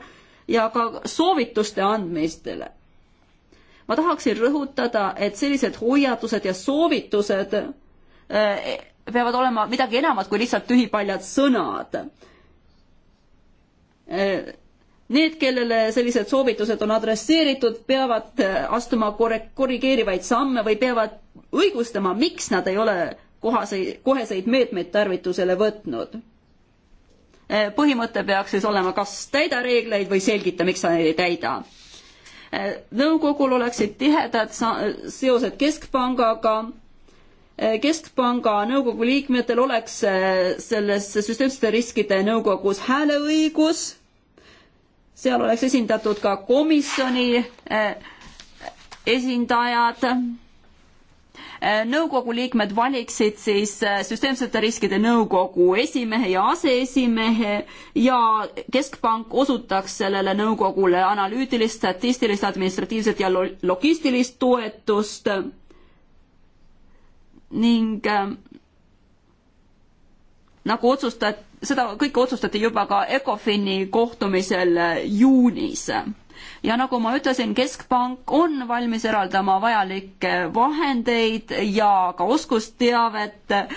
S3: ja ka soovituste andmistele. ma tahaksin rõhutada, et sellised hoiatused ja soovitused eh, peavad olema midagi enamat kui lihtsalt tühipaljad sõnad eh, Need, kellele sellised soovitused on adresseeritud, peavad äh, astuma korrigeerivaid samme või peavad õigustama, miks nad ei ole kohaseid, koheseid meetmeid tarvitusele võtnud. Äh, põhimõte peaks siis olema, kas täida reegleid või selgita, miks sa neid ei täida. Äh, nõukogul oleksid tihedad seosed keskpangaga keskpanga nõukogu liikmetel oleks selles süsteemsete riskide nõukogus hääleõigus seal oleks esindatud ka komisjoni eh, esindajad. Eh, nõukogu liikmed valiksid siis eh, süsteemsete riskide nõukogu esimehe ja aseesimehe ja Keskpank osutaks sellele nõukogule analüütilist, statistilist, administratiivset ja logistilist toetust ning nagu otsustati, seda kõike otsustati juba ka ECOFIN-i kohtumisel äh, juunis. ja nagu ma ütlesin, Keskpank on valmis eraldama vajalikke vahendeid ja ka oskusteavet äh,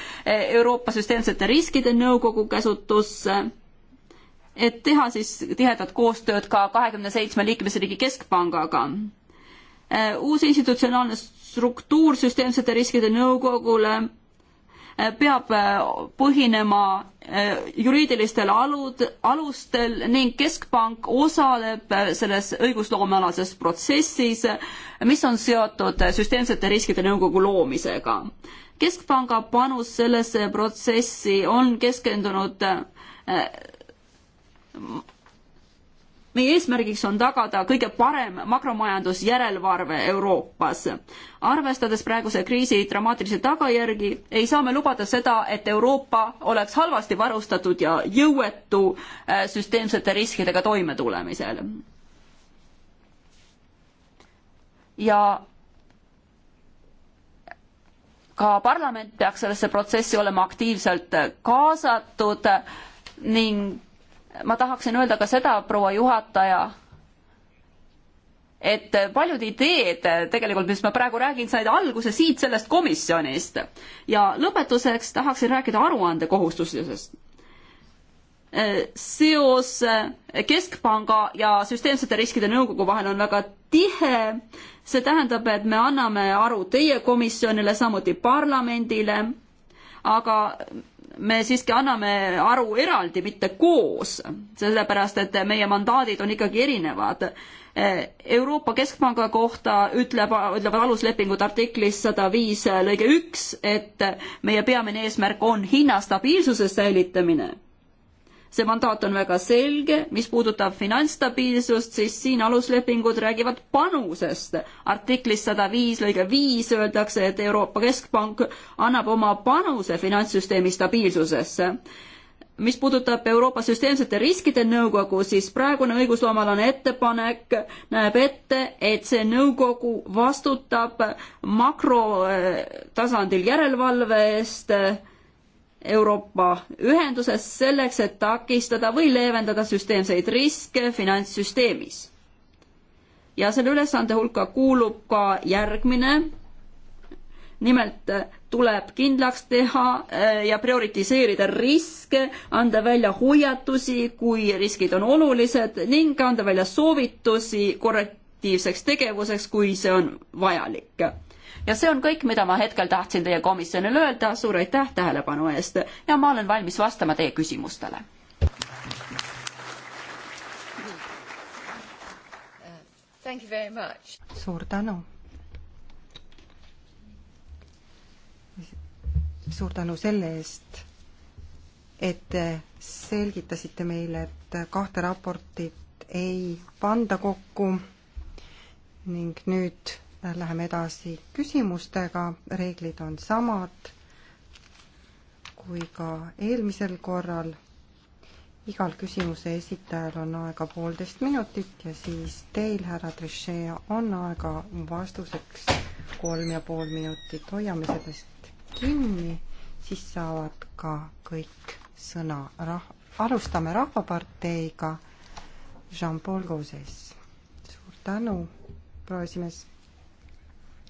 S3: Euroopa Süsteemsete Riskide Nõukogu käsutusse, et teha siis tihedat koostööd ka kahekümne seitsme liikmesriigi keskpangaga. Äh, uus institutsionaalne struktuur süsteemsete riskide nõukogule peab äh, põhinema äh, juriidilistel alud, alustel ning Keskpank osaleb äh, selles õigusloomealases protsessis, mis on seotud süsteemsete riskide nõukogu loomisega. keskpanga panus sellesse protsessi on keskendunud meie eesmärgiks on tagada kõige parem makromajandusjärelevalve Euroopas. arvestades praeguse kriisi dramaatilisi tagajärgi, ei saa me lubada seda, et Euroopa oleks halvasti varustatud ja jõuetu äh, süsteemsete riskidega toimetulemisel. ja ka parlament peaks sellesse protsessi olema aktiivselt kaasatud ning ma tahaksin öelda ka seda, proua juhataja, et paljud ideed tegelikult, mis ma praegu räägin, said alguse siit sellest komisjonist. ja lõpetuseks tahaksin rääkida aruandekohustusest. seos Keskpanga ja süsteemsete riskide nõukogu vahel on väga tihe, see tähendab, et me anname aru teie komisjonile, samuti parlamendile, aga me siiski anname aru eraldi, mitte koos, sellepärast et meie mandaadid on ikkagi erinevad. Euroopa Keskpanga kohta ütleb, ütlevad aluslepingud artiklis sada viis lõige üks, et meie peamine eesmärk on hinnastabiilsuse säilitamine see mandaat on väga selge, mis puudutab finantsstabiilsust, siis siin aluslepingud räägivad panusest. artiklis sada viis lõige viis öeldakse, et Euroopa Keskpank annab oma panuse finantssüsteemi stabiilsusesse mis puudutab Euroopa Süsteemsete Riskide Nõukogu, siis praegune õigusloomalane ettepanek näeb ette, et see nõukogu vastutab makrotasandil järelevalve eest äh, Euroopa ühenduses selleks, et takistada või leevendada süsteemseid riske finantssüsteemis. ja selle ülesande hulka kuulub ka järgmine, nimelt tuleb kindlaks teha eh, ja prioritiseerida riske, anda välja hoiatusi, kui riskid on olulised ning anda välja soovitusi korrektiivseks tegevuseks, kui see on vajalik ja see on kõik, mida ma hetkel tahtsin teie komisjonile öelda, suur aitäh tähelepanu eest ja ma olen valmis vastama teie küsimustele.
S2: suur tänu. suur tänu selle eest, et te selgitasite meile, et kahte raportit ei panda kokku ning nüüd läheme edasi küsimustega, reeglid on samad kui ka eelmisel korral. igal küsimuse esitajal on aega poolteist minutit ja siis teil, härra Trichet, on aega vastuseks kolm ja pool minutit. hoiame sellest kinni, siis saavad ka kõik sõna. Rah-, alustame Rahvaparteiga. Jean-Paul Gauzes, suur tänu, proua esimees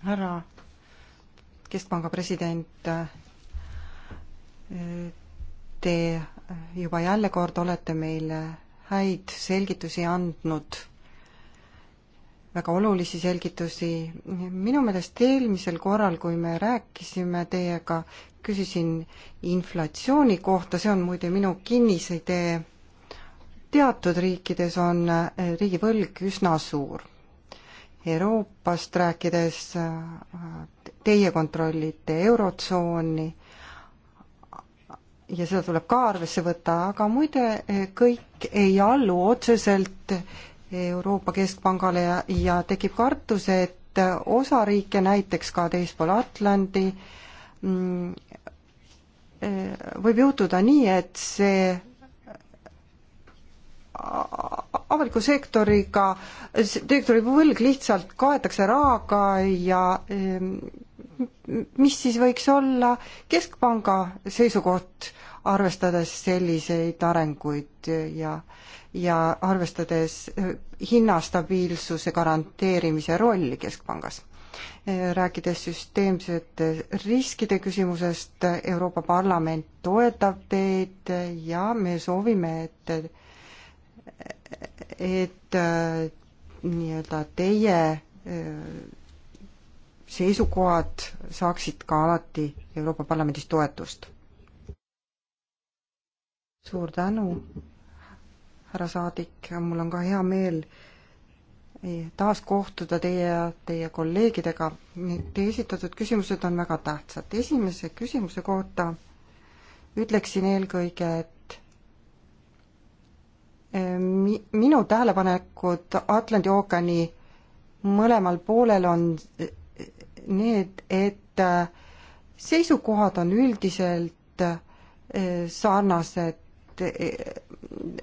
S2: härra Keskpanga president, te juba jälle kord olete meile häid selgitusi andnud väga olulisi selgitusi. minu meelest eelmisel korral, kui me rääkisime teiega, küsisin inflatsiooni kohta, see on muide minu kinnisidee. teatud riikides on riigivõlg üsna suur. Euroopast rääkides, teie kontrollite Eurotsooni ja seda tuleb ka arvesse võtta, aga muide, kõik ei allu otseselt Euroopa Keskpangale ja, ja tekib kartus, et osariike, näiteks ka teispool Atlandi, mm, eh, võib juhtuda nii, et see avaliku sektoriga, direktori võlg lihtsalt kaetakse rahaga ja ehm, mis siis võiks olla Keskpanga seisukoht, arvestades selliseid arenguid ja, ja arvestades eh, hinnastabiilsuse garanteerimise rolli Keskpangas? Eh, rääkides süsteemsete riskide küsimusest, Euroopa Parlament toetab teid ja me soovime, et et äh, nii-öelda teie äh, seisukohad saaksid ka alati Euroopa Parlamendis toetust. suur tänu, härra saadik, mul on ka hea meel eh, taas kohtuda teie ja teie kolleegidega. Teie esitatud küsimused on väga tähtsad. esimese küsimuse kohta ütleksin eelkõige, et mi-, minu tähelepanekud Atlandi ookeani mõlemal poolel on need, et äh, seisukohad on üldiselt äh, sarnased.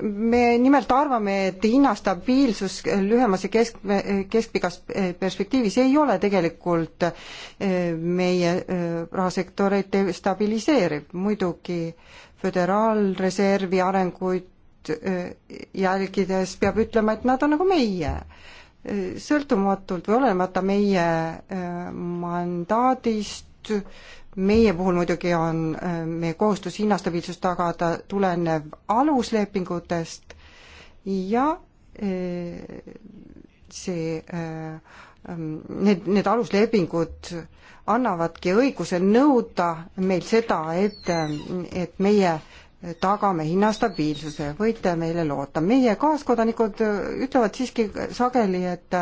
S2: me nimelt arvame, et hinnastabiilsus lühemas ja kesk, keskpikas perspektiivis ei ole tegelikult äh, meie rahasektoreid stabiliseeriv. muidugi föderaalreservi arenguid tööd e, jälgides peab ütlema, et nad on nagu meie. E, sõltumatult või olenemata meie e, mandaadist, meie puhul muidugi on meie kohustus hinnastabiilsus tagada tulenev aluslepingutest ja see, need, need aluslepingud annavadki õiguse nõuda meil seda, et, et meie tagame hinnastabiilsuse, võite meile loota. meie kaaskodanikud äh, ütlevad siiski sageli, et,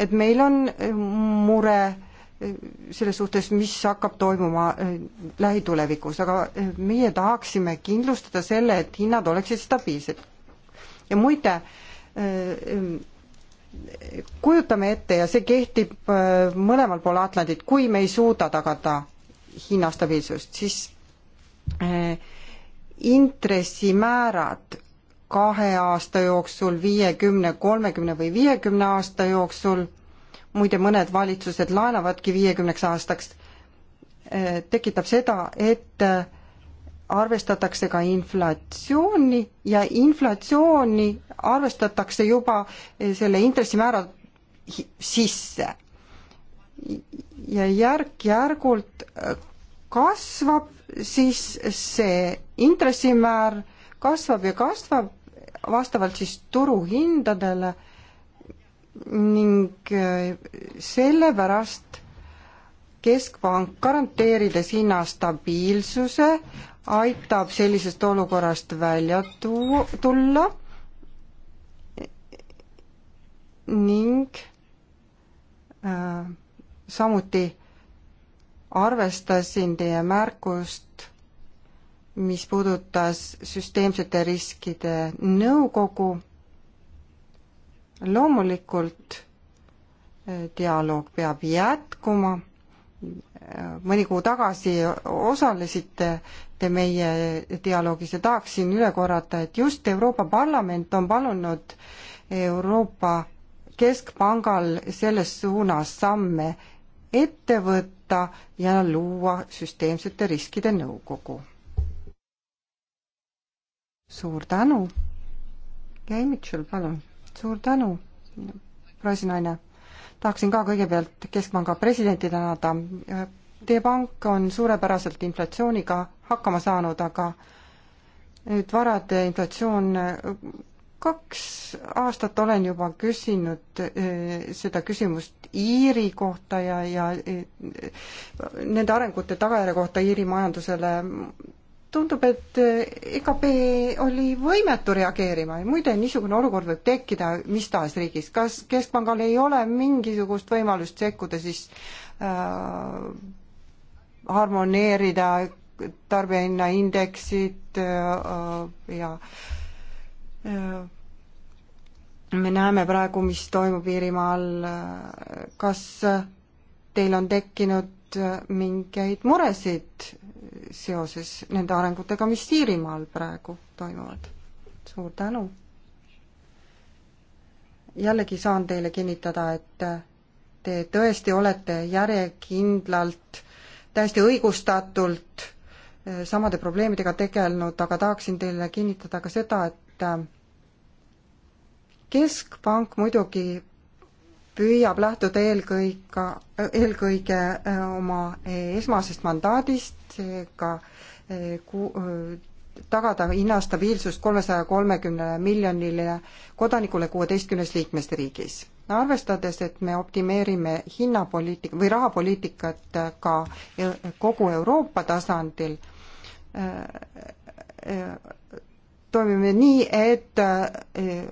S2: et meil on äh, mure äh, selles suhtes, mis hakkab toimuma lähitulevikus, aga meie tahaksime kindlustada selle, et hinnad oleksid stabiilsed. ja muide, kujutame ette ja see kehtib mõlemal pool Atlandit, kui me ei suuda tagada hinnastabiilsust, siis äh, intressimäärad kahe aasta jooksul, viiekümne, kolmekümne või viiekümne aasta jooksul, muide mõned valitsused laenavadki viiekümneks aastaks, eh, tekitab seda, et eh, arvestatakse ka inflatsiooni ja inflatsiooni arvestatakse juba eh, selle intressimäära sisse. ja järk-järgult kasvab siis see intressimäär kasvab ja kasvab vastavalt siis turuhindadele ning äh, sellepärast keskpank, garanteerides hinna stabiilsuse, aitab sellisest olukorrast välja tuu-, tulla ning äh, samuti äh, arvestasin teie märkust, mis puudutas süsteemsete riskide nõukogu. loomulikult eh, dialoog peab jätkuma. mõni kuu tagasi osalesite te meie dialoogis ja tahaksin üle korrata, et just Euroopa Parlament on palunud Euroopa Keskpangal selles suunas samme ette võtta ja luua süsteemsete riskide nõukogu. suur tänu. Gay Mitchell, palun. suur tänu, roosinaine. tahaksin ka kõigepealt Keskpanga presidenti tänada. Teie pank on suurepäraselt inflatsiooniga hakkama saanud, aga nüüd varade inflatsioon kaks aastat olen juba küsinud eh, seda küsimust Iiri kohta ja, ja eh, nende arengute tagajärje kohta Iiri majandusele. tundub, et EKP eh, e oli võimetu reageerima ja muide, niisugune olukord võib tekkida mis tahes riigis. kas Keskpangal ei ole mingisugust võimalust sekkuda siis äh, harmoneerida tarbijahinnaindeksid äh, ja äh, Äh, me näeme praegu, mis toimub Iirimaal, äh, kas äh, teil on tekkinud mingeid muresid seoses nende arengutega, mis Iirimaal praegu toimuvad? suur tänu! jällegi saan teile kinnitada, et te tõesti olete järjekindlalt, täiesti õigustatult samade probleemidega tegelenud, aga tahaksin teile kinnitada ka seda, et Äh, keskpank muidugi püüab lähtuda eelkõige, eelkõige äh, oma äh, esmasest mandaadist, seega tagada hinnastabiilsust kolmesaja kolmekümnele miljonile kodanikule kuueteistkümnes liikmesriigis. arvestades, et me optimeerime hinnapoliitika või rahapoliitikat ka kogu Euroopa tasandil, toimime nii, et eh,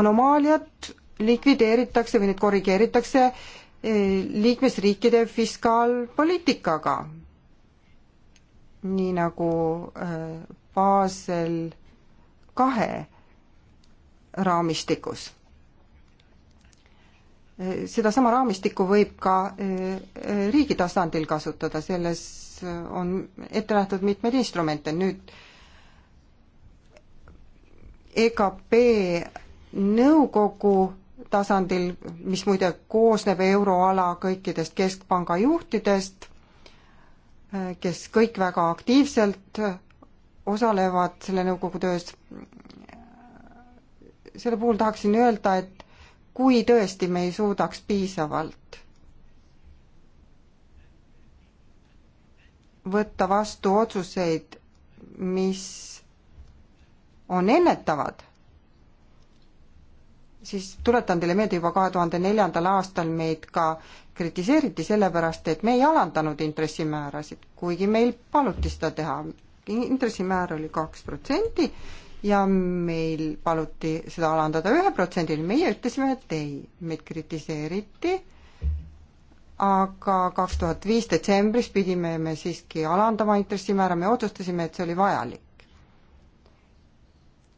S2: anomaaliad likvideeritakse või neid korrigeeritakse eh, liikmesriikide fiskaalpoliitikaga. nii nagu eh, Basel kahe raamistikus sedasama raamistikku võib ka riigi tasandil kasutada, selles on ette nähtud mitmeid instrumente, nüüd EKP nõukogu tasandil, mis muide koosneb euroala kõikidest keskpanga juhtidest, kes kõik väga aktiivselt osalevad selle nõukogu töös. selle puhul tahaksin öelda, et kui tõesti me ei suudaks piisavalt võtta vastu otsuseid, mis on ennetavad, siis tuletan teile meelde, juba kahe tuhande neljandal aastal meid ka kritiseeriti sellepärast, et me ei alandanud intressimäärasid, kuigi meil paluti seda teha. intressimäär oli kaks protsenti ja meil paluti seda alandada ühe protsendini, meie ütlesime, et ei, meid kritiseeriti, aga kaks tuhat viis detsembris pidime me siiski alandama intressimäära, me otsustasime, et see oli vajalik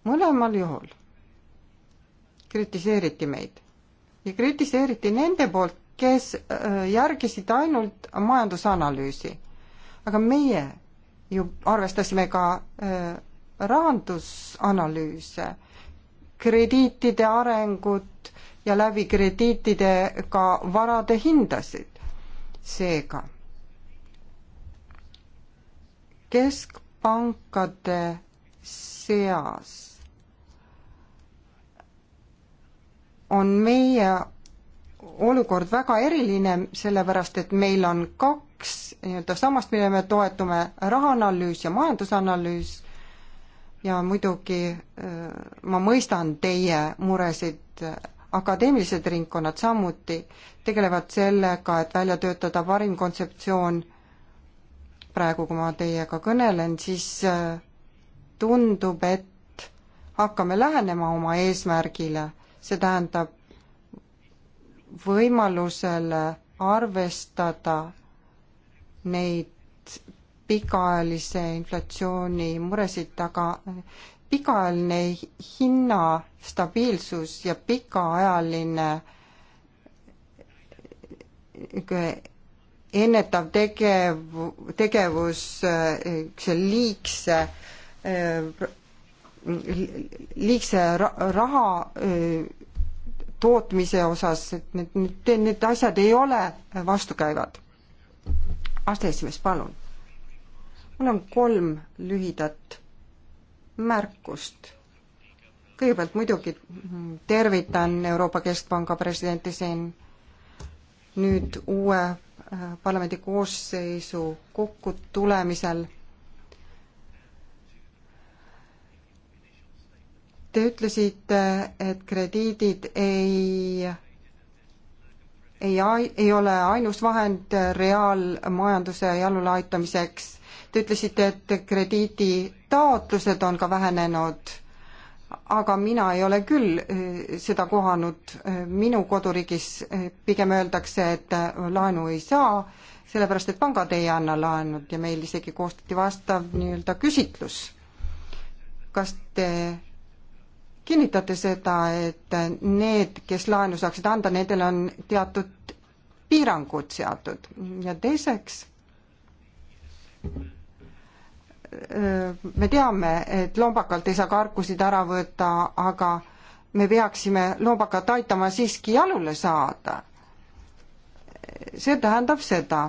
S2: mõlemal juhul kritiseeriti meid ja kritiseeriti nende poolt, kes äh, järgisid ainult majandusanalüüsi. aga meie ju arvestasime ka äh, rahandusanalüüse, krediitide arengut ja läbi krediitide ka varade hindasid. seega keskpankade seas on meie olukord väga eriline, sellepärast et meil on kaks nii-öelda sammast, millele me toetume, rahaanalüüs ja majandusanalüüs ja muidugi äh, ma mõistan teie muresid, äh, akadeemilised ringkonnad samuti tegelevad sellega, et välja töötada parim kontseptsioon. praegu, kui ma teiega kõnelen, siis äh, tundub, et hakkame lähenema oma eesmärgile see tähendab võimalusele arvestada neid pikaajalise inflatsiooni muresid, aga pikaajaline hinna stabiilsus ja pikaajaline ennetav tegev, tegevus, see liigse liigse raha tootmise osas, et need, need, need asjad ei ole vastukäivad. aseesimees, palun. mul on kolm lühidat märkust kõigepealt muidugi tervitan Euroopa Keskpanga presidenti siin nüüd uue parlamendi koosseisu kokkutulemisel Te ütlesite, et krediidid ei ei, ei ole ainus vahend reaalmajanduse jalule aitamiseks. Te ütlesite, et krediiditaotlused on ka vähenenud aga mina ei ole küll eh, seda kohanud. minu koduriigis eh, pigem öeldakse, et eh, laenu ei saa, sellepärast et pangad ei anna laenud ja meil isegi koostati vastav nii-öelda küsitlus. kas te kinnitate seda, et need, kes laenu saaksid anda, nendel on teatud piirangud seatud ja teiseks me teame, et lombakalt ei saa karkusid ära võtta, aga me peaksime lombakat aitama siiski jalule saada. see tähendab seda,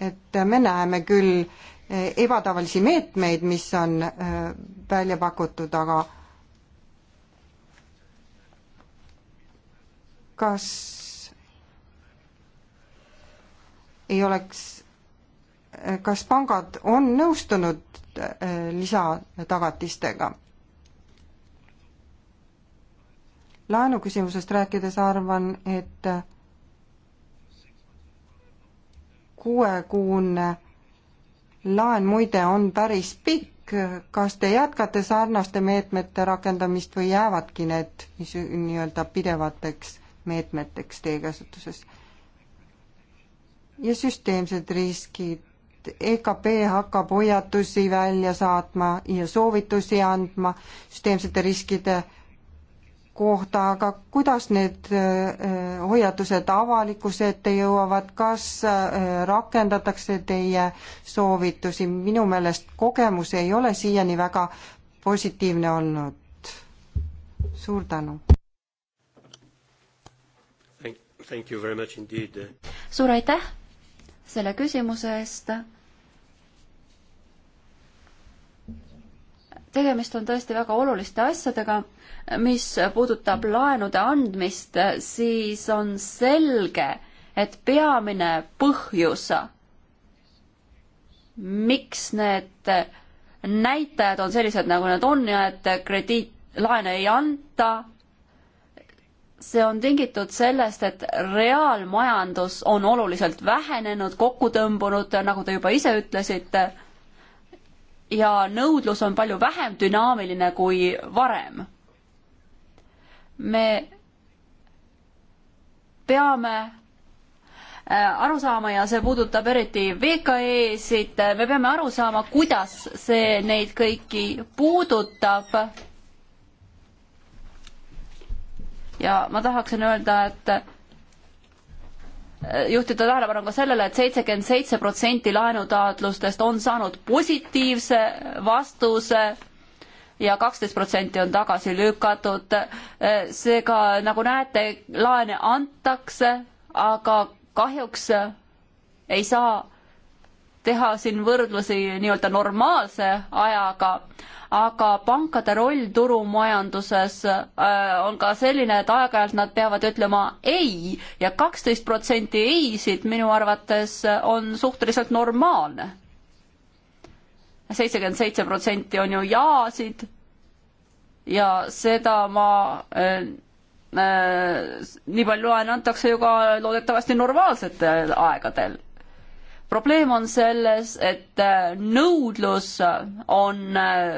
S2: et me näeme küll ebatavalisi meetmeid, mis on äh, välja pakutud, aga kas ei oleks, kas pangad on nõustunud äh, lisatagatistega? laenuküsimusest rääkides arvan, et kuuekuune laen muide on päris pikk, kas te jätkate sarnaste meetmete rakendamist või jäävadki need nii-öelda pidevateks meetmeteks teie käsutuses? ja süsteemsed riskid, EKP hakkab hoiatusi välja saatma ja soovitusi andma süsteemsete riskide kohta, aga kuidas need äh, äh, hoiatused avalikkuse ette jõuavad, kas äh, rakendatakse teie soovitusi, minu meelest kogemus ei ole siiani väga positiivne olnud. suur tänu!
S3: suur aitäh selle küsimuse eest. tegemist on tõesti väga oluliste asjadega. mis puudutab laenude andmist, siis on selge, et peamine põhjus, miks need näitajad on sellised, nagu nad on ja et krediit, laene ei anta see on tingitud sellest, et reaalmajandus on oluliselt vähenenud, kokku tõmbunud, nagu te juba ise ütlesite, ja nõudlus on palju vähem dünaamiline kui varem. me peame äh, aru saama ja see puudutab eriti VKE-sid, me peame aru saama, kuidas see neid kõiki puudutab ja ma tahaksin öelda, et äh, juhtida tähelepanu ka sellele et, et seitsekümmend seitse protsenti laenutaotlustest on saanud positiivse vastuse ja kaksteist protsenti on tagasi lükatud. Äh, seega, nagu näete, laene antakse, aga kahjuks ei saa teha siin võrdlusi nii-öelda normaalse ajaga, aga pankade roll turumajanduses äh, on ka selline, et aeg-ajalt nad peavad ütlema ei ja kaksteist protsenti ei-sid minu arvates on suhteliselt normaalne. seitsekümmend seitse protsenti on ju jaasid ja seda ma äh, äh nii palju loen antakse ju ka loodetavasti normaalsetel aegadel probleem on selles, et äh, nõudlus on äh,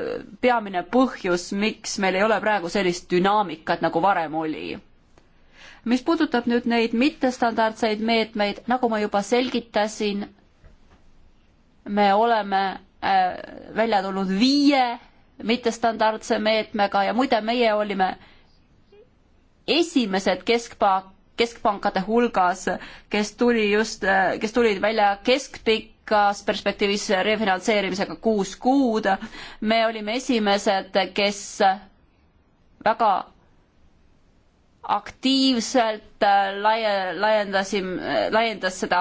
S3: peamine põhjus, miks meil ei ole praegu sellist dünaamikat, nagu varem oli. mis puudutab nüüd neid mittestandardseid meetmeid, nagu ma juba selgitasin, me oleme äh, välja tulnud viie mittestandardse meetmega ja muide, meie olime esimesed keskpa-, keskpankade hulgas, kes tuli just, kes tulid välja keskpikas perspektiivis refinantseerimisega kuus kuud. me olime esimesed, kes väga aktiivselt laie-, laiendasime, laiendas seda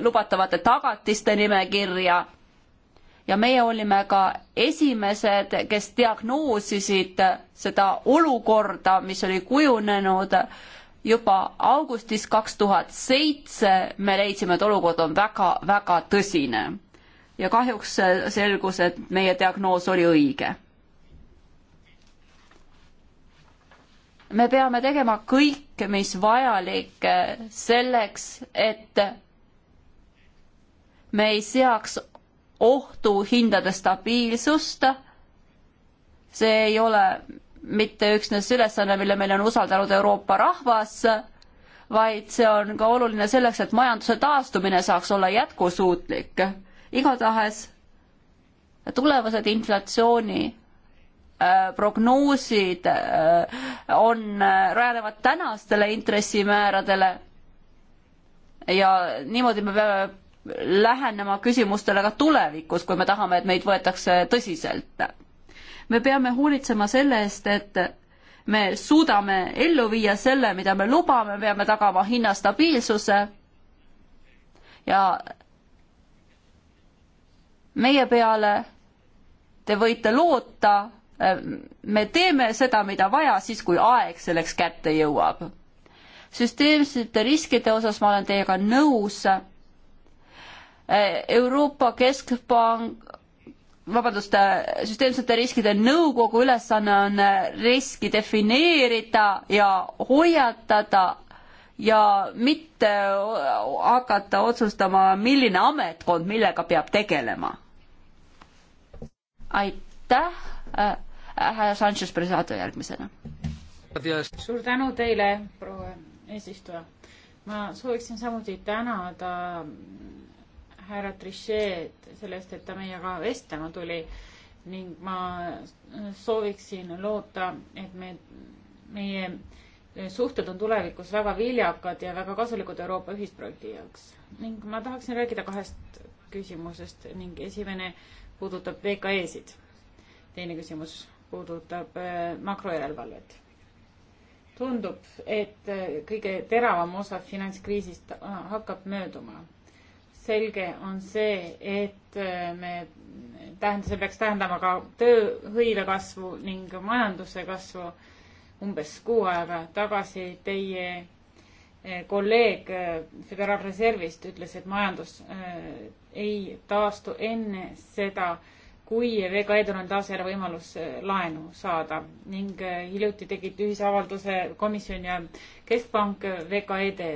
S3: lubatavate tagatiste nimekirja ja meie olime ka esimesed, kes diagnoosisid seda olukorda, mis oli kujunenud juba augustis kaks tuhat seitse me leidsime, et olukord on väga-väga tõsine ja kahjuks selgus, et meie diagnoos oli õige. me peame tegema kõik, mis vajalik selleks, et me ei seaks ohtu hindade stabiilsust. see ei ole mitte üksnes ülesanne, mille meile on usaldanud Euroopa rahvas, vaid see on ka oluline selleks, et majanduse taastumine saaks olla jätkusuutlik. igatahes tulevased inflatsiooni äh, prognoosid äh, on, äh, rajanevad tänastele intressimääradele ja niimoodi me peame lähenema küsimustele ka tulevikus, kui me tahame, et meid võetakse tõsiselt me peame hoolitsema selle eest, et me suudame ellu viia selle, mida me lubame, peame tagama hinnastabiilsuse ja meie peale te võite loota, me teeme seda, mida vaja, siis kui aeg selleks kätte jõuab. süsteemsete riskide osas ma olen teiega nõus. Euroopa Keskpank vabandust, äh, süsteemsete riskide nõukogu ülesanne on äh, riski defineerida ja hoiatada ja mitte äh, hakata otsustama, milline ametkond millega peab tegelema. aitäh, härra Sanchez Presado järgmisena.
S4: suur tänu teile, proua eesistuja. ma sooviksin samuti tänada härra Trichet selle eest, et ta meiega vestlema tuli ning ma sooviksin loota, et me, meie suhted on tulevikus väga viljakad ja väga kasulikud Euroopa ühisprojekti jaoks. ning ma tahaksin rääkida kahest küsimusest ning esimene puudutab VKE-sid. teine küsimus puudutab äh, makrojärelevalvet. tundub, et äh, kõige teravam osa finantskriisist äh, hakkab mööduma selge on see, et äh, me, tähendab, see peaks tähendama ka tööhõive kasvu ning majanduse kasvu. umbes kuu aega tagasi teie äh, kolleeg äh, Föderaalreservist ütles, et majandus ei taastu enne seda, kui VKE-del on taas jälle võimalus äh, laenu saada ning äh, hiljuti tegid ühisavalduse komisjon ja keskpank äh, VKE-de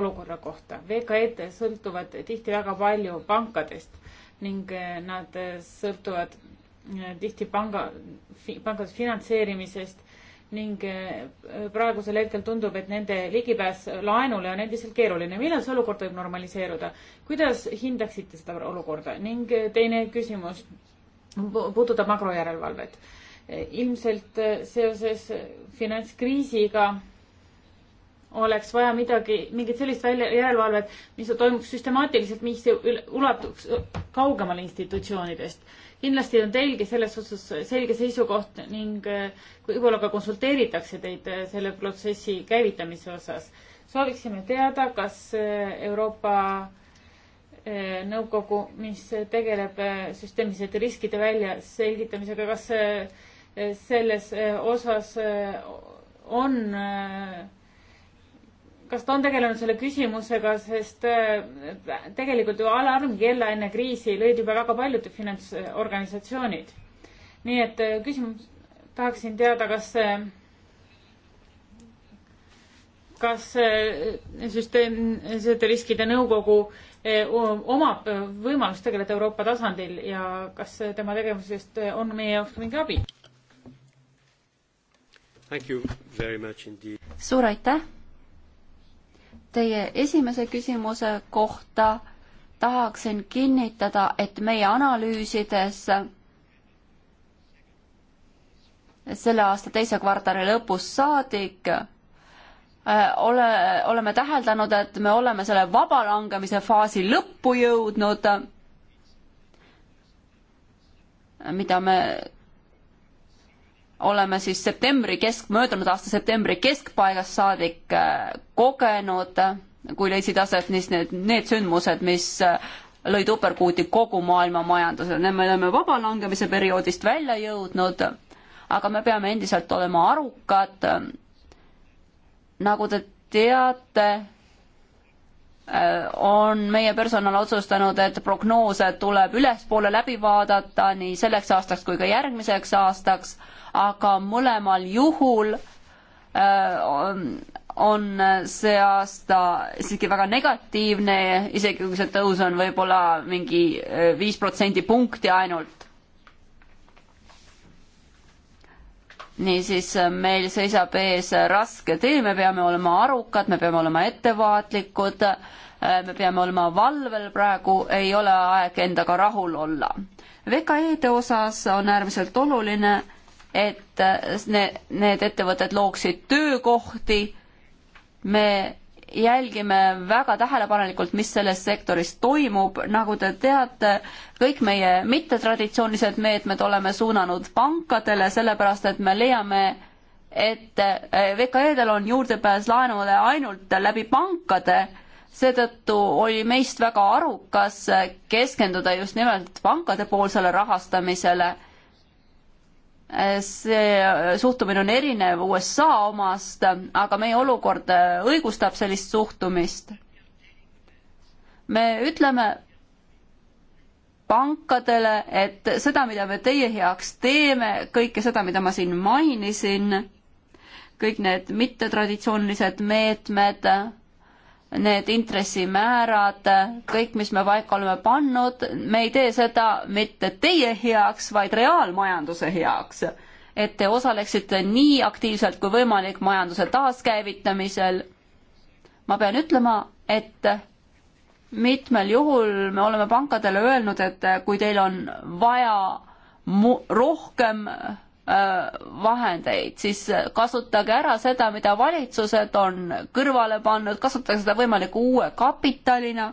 S4: olukorra kohta. VKE-d sõltuvad tihti väga palju pankadest ning nad sõltuvad tihti panga, pankade finantseerimisest ning praegusel hetkel tundub, et nende ligipääs laenule on endiselt keeruline. millal see olukord võib normaliseeruda? kuidas hindaksite seda olukorda? ning teine küsimus puudutab makrojärelevalvet. ilmselt eh, seoses finantskriisiga oleks vaja midagi, mingit sellist välja, järelevalvet, mis toimuks süstemaatiliselt, mis ulatuks eh, kaugemale institutsioonidest. kindlasti on teilgi selles osas selge seisukoht ning eh, võib-olla ka konsulteeritakse teid selle protsessi käivitamise osas. sooviksime teada, kas Euroopa Eh, nõukogu, mis tegeleb eh, süsteemsete riskide väljaselgitamisega, kas eh, selles osas on, kas ta on tegelenud selle küsimusega, sest tegelikult ju alarmkella enne kriisi lõid juba väga paljud finantsorganisatsioonid. nii et küsimus, tahaksin teada, kas kas süsteem, see riskide nõukogu omab võimalust tegeleda Euroopa tasandil ja kas tema tegevusest on meie jaoks mingi abi?
S3: suur aitäh! Teie esimese küsimuse kohta tahaksin kinnitada, et meie analüüsides selle aasta teise kvartali lõpus saadik Äh, ole, oleme täheldanud, et me oleme selle vabalangemise faasi lõppu jõudnud, mida me oleme siis septembri kesk, möödunud aasta septembri keskpaigast saadik äh, kogenud, kui leidsid aset siis need, need sündmused, mis äh, lõid uperkuuti kogu maailma majandusele, me oleme vabalangemise perioodist välja jõudnud, aga me peame endiselt olema arukad nagu te teate, äh, on meie personal otsustanud, et prognoose tuleb ülespoole läbi vaadata nii selleks aastaks kui ka järgmiseks aastaks, aga mõlemal juhul äh, on see aasta siiski väga negatiivne, isegi kui see tõus on võib-olla mingi äh, viis protsendi punkti ainult. niisiis äh, meil seisab ees äh, raske tee, me peame olema arukad, me peame olema ettevaatlikud, äh, me peame olema valvel, praegu ei ole aeg endaga rahul olla. VKE-de osas on äärmiselt oluline, et ne, need ettevõtted looksid töökohti, me jälgime väga tähelepanelikult, mis selles sektoris toimub, nagu te teate, kõik meie mittetraditsioonilised meetmed oleme suunanud pankadele, sellepärast et me leiame, et eh, VKE-del on juurdepääs laenule ainult läbi pankade, seetõttu oli meist väga arukas keskenduda just nimelt pankade poolsele rahastamisele see suhtumine on erinev USA omast, aga meie olukord õigustab sellist suhtumist. me ütleme pankadele, et seda, mida me teie heaks teeme, kõike seda, mida ma siin mainisin, kõik need mittetraditsioonilised meetmed, need intressimäärad, kõik, mis me paika oleme pannud, me ei tee seda mitte teie heaks, vaid reaalmajanduse heaks. et te osaleksite nii aktiivselt kui võimalik majanduse taaskäivitamisel. ma pean ütlema, et mitmel juhul me oleme pankadele öelnud, et kui teil on vaja rohkem Äh, vahendeid, siis kasutage ära seda, mida valitsused on kõrvale pannud, kasutage seda võimaliku uue kapitalina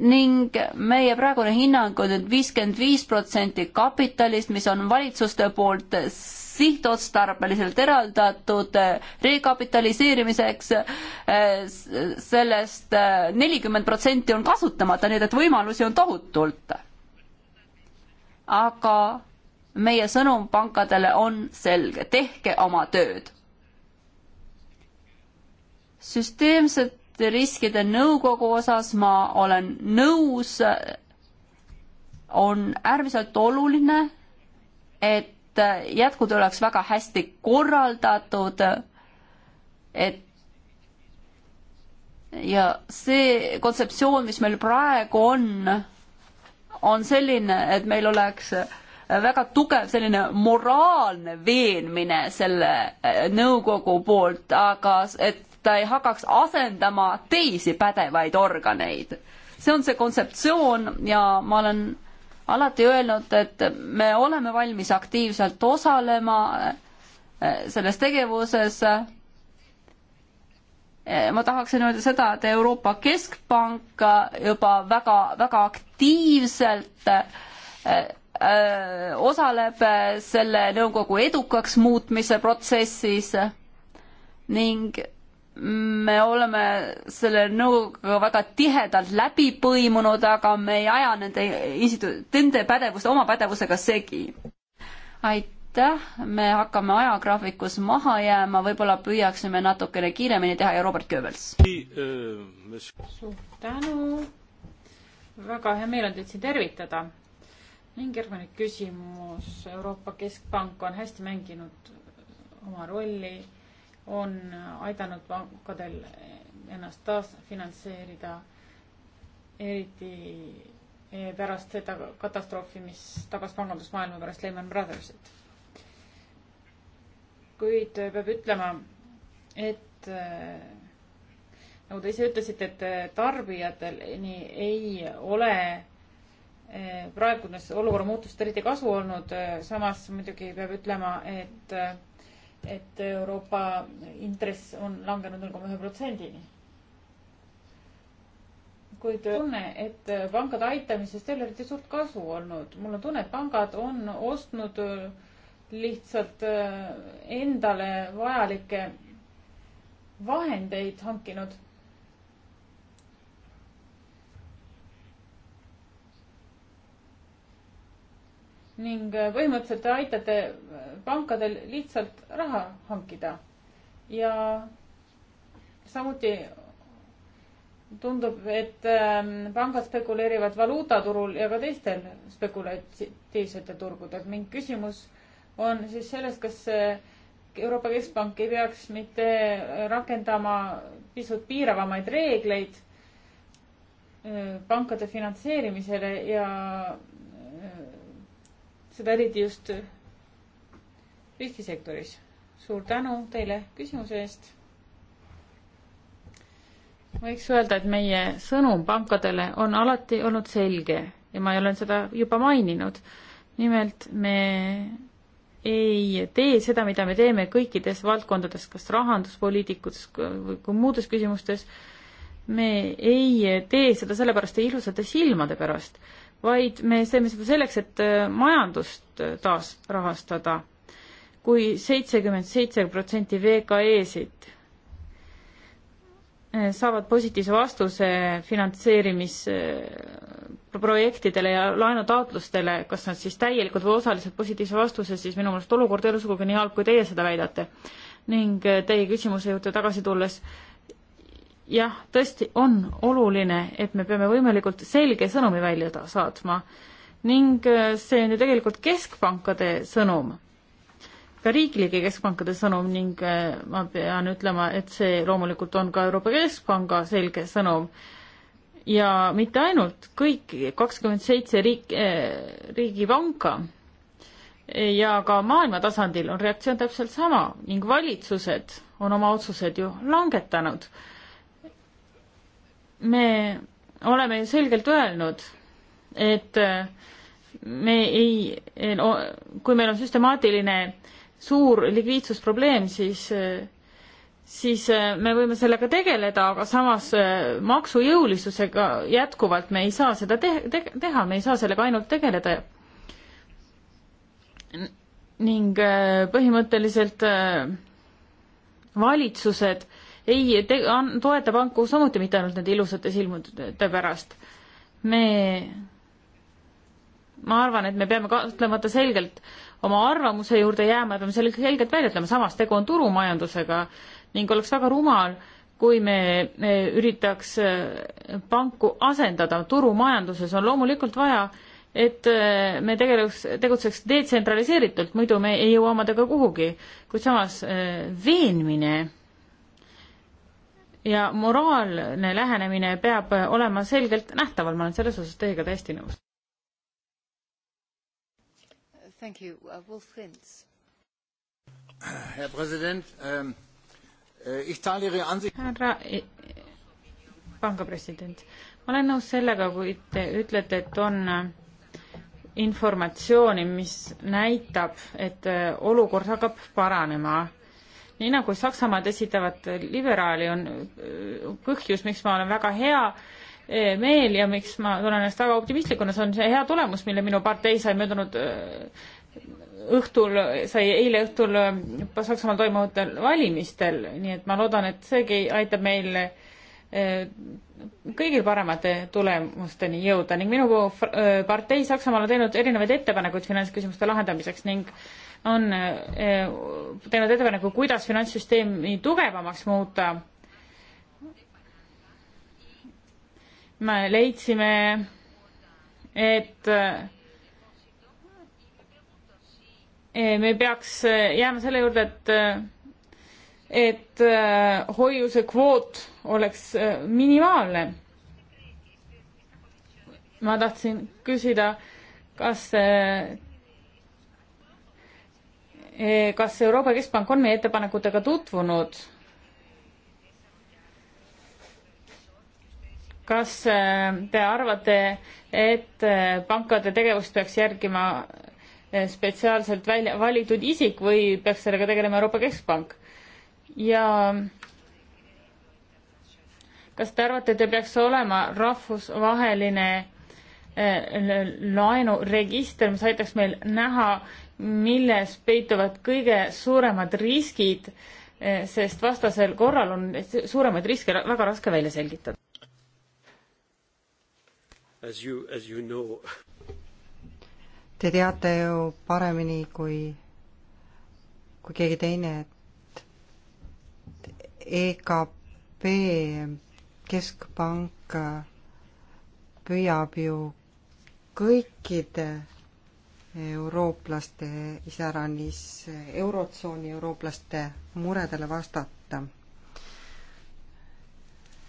S3: ning meie praegune hinnang on, et viiskümmend viis protsenti kapitalist, mis on valitsuste poolt sihtotstarbeliselt eraldatud rekapitaliseerimiseks, sellest nelikümmend protsenti on kasutamata, nii et võimalusi on tohutult. aga meie sõnum pankadele on selge, tehke oma tööd. süsteemsete riskide nõukogu osas ma olen nõus, on äärmiselt oluline, et jätkud oleks väga hästi korraldatud, et ja see kontseptsioon, mis meil praegu on, on selline, et meil oleks äh, väga tugev selline moraalne veenmine selle äh, nõukogu poolt, aga et ta ei hakkaks asendama teisi pädevaid organeid. see on see kontseptsioon ja ma olen alati öelnud, et me oleme valmis aktiivselt osalema äh, selles tegevuses. Äh, ma tahaksin öelda seda, et Euroopa Keskpank juba väga-väga aktiivselt Äh, osaleb selle nõukogu edukaks muutmise protsessis ning me oleme selle nõukoguga väga tihedalt läbi põimunud, aga me ei aja nende institu-, nende pädevust oma pädevusega segi. aitäh, me hakkame ajagraafikus maha jääma, võib-olla püüaksime natukene kiiremini teha ja Robert Goebbels.
S2: Äh, suur
S4: tänu, väga hea meel on teid siin tervitada ning järgmine küsimus. Euroopa Keskpank on hästi mänginud oma rolli, on aidanud pankadel ennast taasfinantseerida, eriti pärast seda katastroofi, mis tabas pangandusmaailma pärast Lehman Brothersit. kuid peab ütlema, et nagu te ise ütlesite, et tarbijatel nii ei ole Eh, praegune olukorra muutust eriti kasu olnud, eh, samas muidugi peab ütlema, et, eh, et Euroopa intress on langenud null koma ühe protsendini. kuid tunne, et pankade aitamisest ei ole eriti suurt kasu olnud. mul on tunne, et pangad on ostnud lihtsalt endale vajalikke vahendeid hankinud ning äh, põhimõtteliselt te aitate äh, pankadel lihtsalt raha hankida. ja samuti tundub, et ähm, pangad spekuleerivad valuutaturul ja ka teistel spekulatiivsetel turgudel ning küsimus on siis selles, kas äh, Euroopa Keskpank ei peaks mitte rakendama pisut piiravamaid reegleid pankade finantseerimisele ja seda eriti just riskisektoris. suur tänu teile küsimuse eest. võiks öelda, et meie sõnum pankadele on alati olnud selge ja ma olen seda juba maininud. nimelt me ei tee seda, mida me teeme kõikides valdkondades, kas rahanduspoliitikus või muudes küsimustes me ei tee seda sellepärast ja ilusate silmade pärast vaid me teeme seda selleks, et äh, majandust äh, taas rahastada kui. kui seitsekümmend seitse protsenti VKE-sid äh, saavad positiivse vastuse finantseerimisprojektidele ja laenutaotlustele, kas nad siis täielikult või osaliselt positiivse vastuse, siis minu meelest olukord ei ole sugugi nii halb, kui teie seda väidate. ning teie küsimuse juurde tagasi tulles jah, tõesti on oluline, et me peame võimalikult selge sõnumi välja saatma ning äh, see on ju tegelikult keskpankade sõnum, ka riiklike keskpankade sõnum ning äh, ma pean ütlema, et see loomulikult on ka Euroopa Keskpanga selge sõnum ja mitte ainult, kõik kakskümmend seitse riik eh,, riigipanka ja ka maailma tasandil on reaktsioon täpselt sama ning valitsused on oma otsused ju langetanud me oleme selgelt öelnud, et me ei, kui meil on süstemaatiline suur likviidsusprobleem, siis, siis me võime sellega tegeleda, aga samas maksujõulisusega jätkuvalt me ei saa seda te te teha, me ei saa sellega ainult tegeleda. ning põhimõtteliselt valitsused äh, ei te, an, toeta panku samuti mitte ainult nende ilusate silmude pärast. me, ma arvan, et me peame kahtlemata selgelt oma arvamuse juurde jääma, peame selle selgelt välja ütlema, samas tegu on turumajandusega ning oleks väga rumal, kui me, me üritaks äh, panku asendada, turumajanduses on loomulikult vaja, et äh, me tegeleks, tegutseks detsentraliseeritult, muidu me ei jõua omadega kuhugi, kuid samas äh, veenmine ja moraalne lähenemine peab olema selgelt nähtaval, ma olen selles osas teiega täiesti nõus.
S1: Uh, ähm,
S4: äh, härra president ähm,, härra pangapresident, ma olen nõus sellega, kui te ütlete, et on äh, informatsiooni, mis näitab, et äh, olukord hakkab paranema nii nagu Saksamaad esitavad liberaali, on äh, põhjus, miks ma olen väga hea äh, meel ja miks ma tunnen ennast väga optimistlikuna, see on see hea tulemus, mille minu partei sai möödunud äh, õhtul, sai eile õhtul Saksamaal toimuvatel valimistel, nii et ma loodan, et seegi aitab meil kõigil paremate tulemusteni jõuda ning minu partei Saksamaal on teinud erinevaid ettepanekuid finantsküsimuste lahendamiseks ning äh, on eh, teinud ettepaneku, kuidas finantssüsteemi tugevamaks muuta. me leidsime, et eh, me peaks jääma selle juurde, et, et eh, hoiuse kvoot oleks minimaalne. ma tahtsin küsida, kas Eh, kas Euroopa Keskpank on meie ettepanekutega tutvunud? kas eh, te arvate, et eh, pankade tegevust peaks järgima spetsiaalselt välja valitud isik või peaks sellega tegelema Euroopa Keskpank? ja kas te arvate, et peaks olema rahvusvaheline laenuregister, mis aitaks meil näha, milles peituvad kõige suuremad riskid, eh, sest vastasel korral on suuremaid riske väga raske välja selgitada.
S1: As you, as you know.
S2: Te teate ju paremini kui, kui keegi teine, et EKP keskpank püüab ju kõikide eurooplaste, iseäranis Eurotsooni eurooplaste muredele vastata.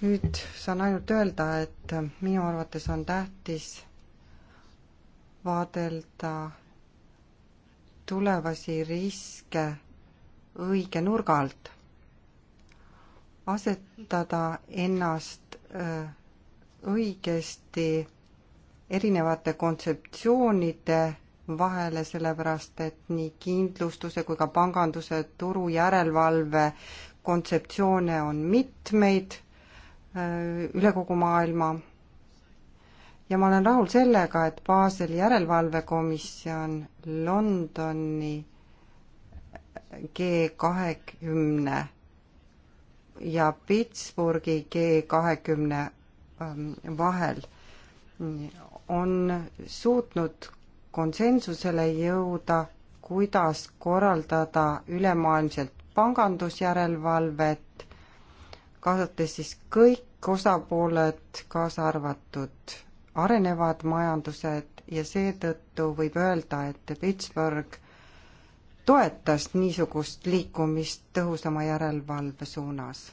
S2: nüüd saan ainult öelda, et minu arvates on tähtis vaadelda tulevasi riske õige nurga alt, asetada ennast äh, õigesti erinevate kontseptsioonide vahele, sellepärast et nii kindlustuse kui ka panganduse turujärelevalve kontseptsioone on mitmeid äh, üle kogu maailma. ja ma olen rahul sellega, et Baseli järelevalvekomisjon Londoni G kahekümne ja Pittsburghi G kahekümne ähm, vahel on suutnud konsensusele jõuda, kuidas korraldada ülemaailmselt pangandusjärelevalvet, kaasates siis kõik osapooled, kaasa arvatud arenevad majandused ja seetõttu võib öelda, et Pittsburgh toetas niisugust liikumist tõhusama järelevalve suunas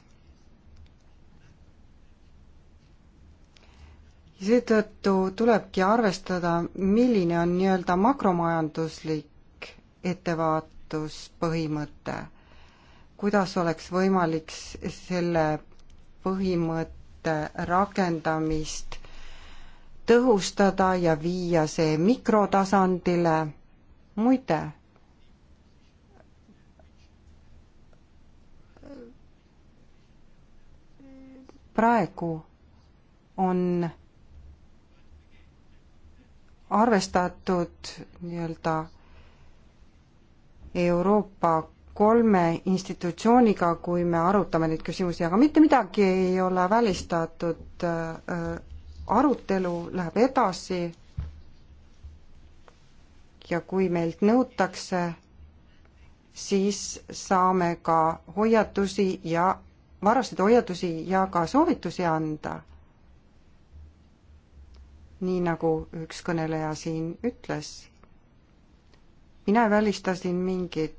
S2: seetõttu tulebki arvestada, milline on nii-öelda makromajanduslik ettevaatuspõhimõte. kuidas oleks võimalik selle põhimõtte rakendamist tõhustada ja viia see mikrotasandile, muide praegu on arvestatud nii-öelda Euroopa kolme institutsiooniga, kui me arutame neid küsimusi, aga mitte midagi ei ole välistatud, arutelu läheb edasi ja kui meilt nõutakse, siis saame ka hoiatusi ja, varaseid hoiatusi ja ka soovitusi anda nii nagu üks kõneleja siin ütles. mina ei välista siin mingit,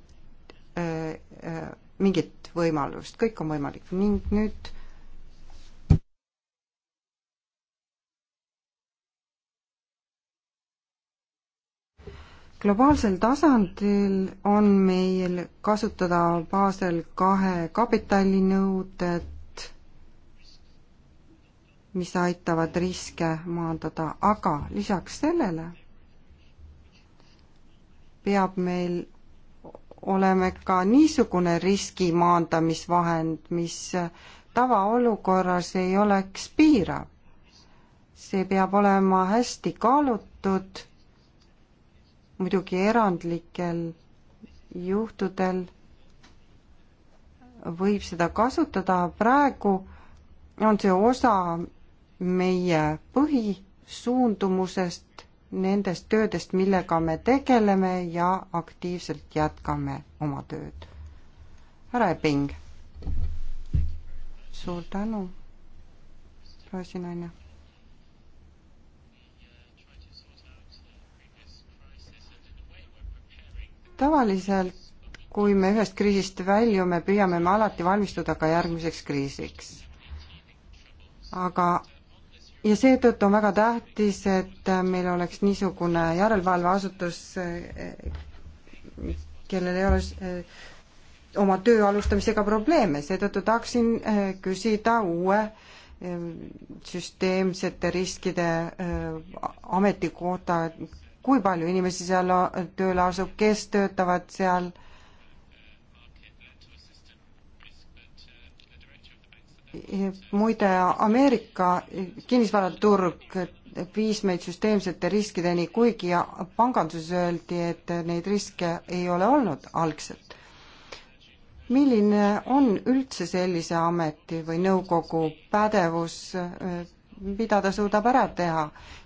S2: äh, äh, mingit võimalust, kõik on võimalik ning nüüd globaalsel tasandil on meil kasutada baasel kahe kapitalinõuded, mis aitavad riske maandada, aga lisaks sellele peab meil oleme ka niisugune riski maandamisvahend, mis tavaolukorras ei oleks piirav. see peab olema hästi kaalutud, muidugi erandlikel juhtudel võib seda kasutada, praegu on see osa meie põhisuundumusest, nendest töödest, millega me tegeleme ja aktiivselt jätkame oma tööd. härra Epping. suur tänu, roosinaine tavaliselt, kui me ühest kriisist väljume, püüame me alati valmistuda ka järgmiseks kriisiks. aga ja seetõttu on väga tähtis, et meil oleks niisugune järelevalveasutus, kellel ei ole eh, oma töö alustamisega probleeme, seetõttu tahaksin eh, küsida uue eh, süsteemsete riskide ameti kohta, kui palju inimesi seal tööle asub, kes töötavad seal muide, Ameerika kinnisvaraturg viis meid süsteemsete riskideni, kuigi panganduses öeldi, et neid riske ei ole olnud algselt. milline on üldse sellise ameti või nõukogu pädevus, mida ta suudab ära teha,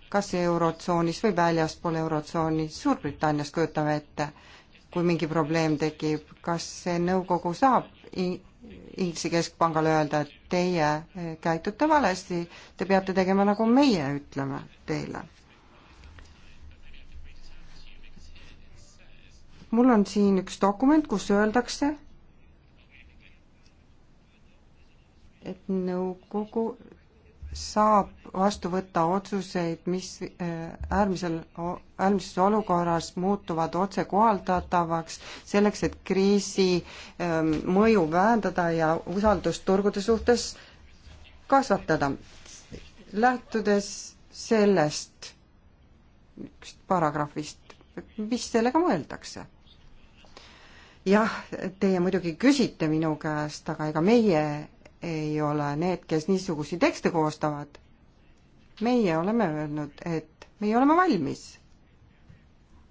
S2: kas Eurotsoonis või väljaspool Eurotsooni, Suurbritannias kujutame ette, kui mingi probleem tekib, kas see nõukogu saab Inglise keskpangale öelda, et teie eh, käitute valesti, te peate tegema, nagu meie ütleme teile. mul on siin üks dokument, kus öeldakse, et nõukogu saab vastu võtta otsuseid, mis äh, äärmisel, äärmises olukorras muutuvad otsekohaldatavaks, selleks et kriisi ähm, mõju vähendada ja usaldust turgude suhtes kasvatada. lähtudes sellest paragrahvist, mis sellega mõeldakse? jah, teie muidugi küsite minu käest, aga ega meie ei ole need, kes niisuguseid tekste koostavad meie oleme öelnud, et meie oleme valmis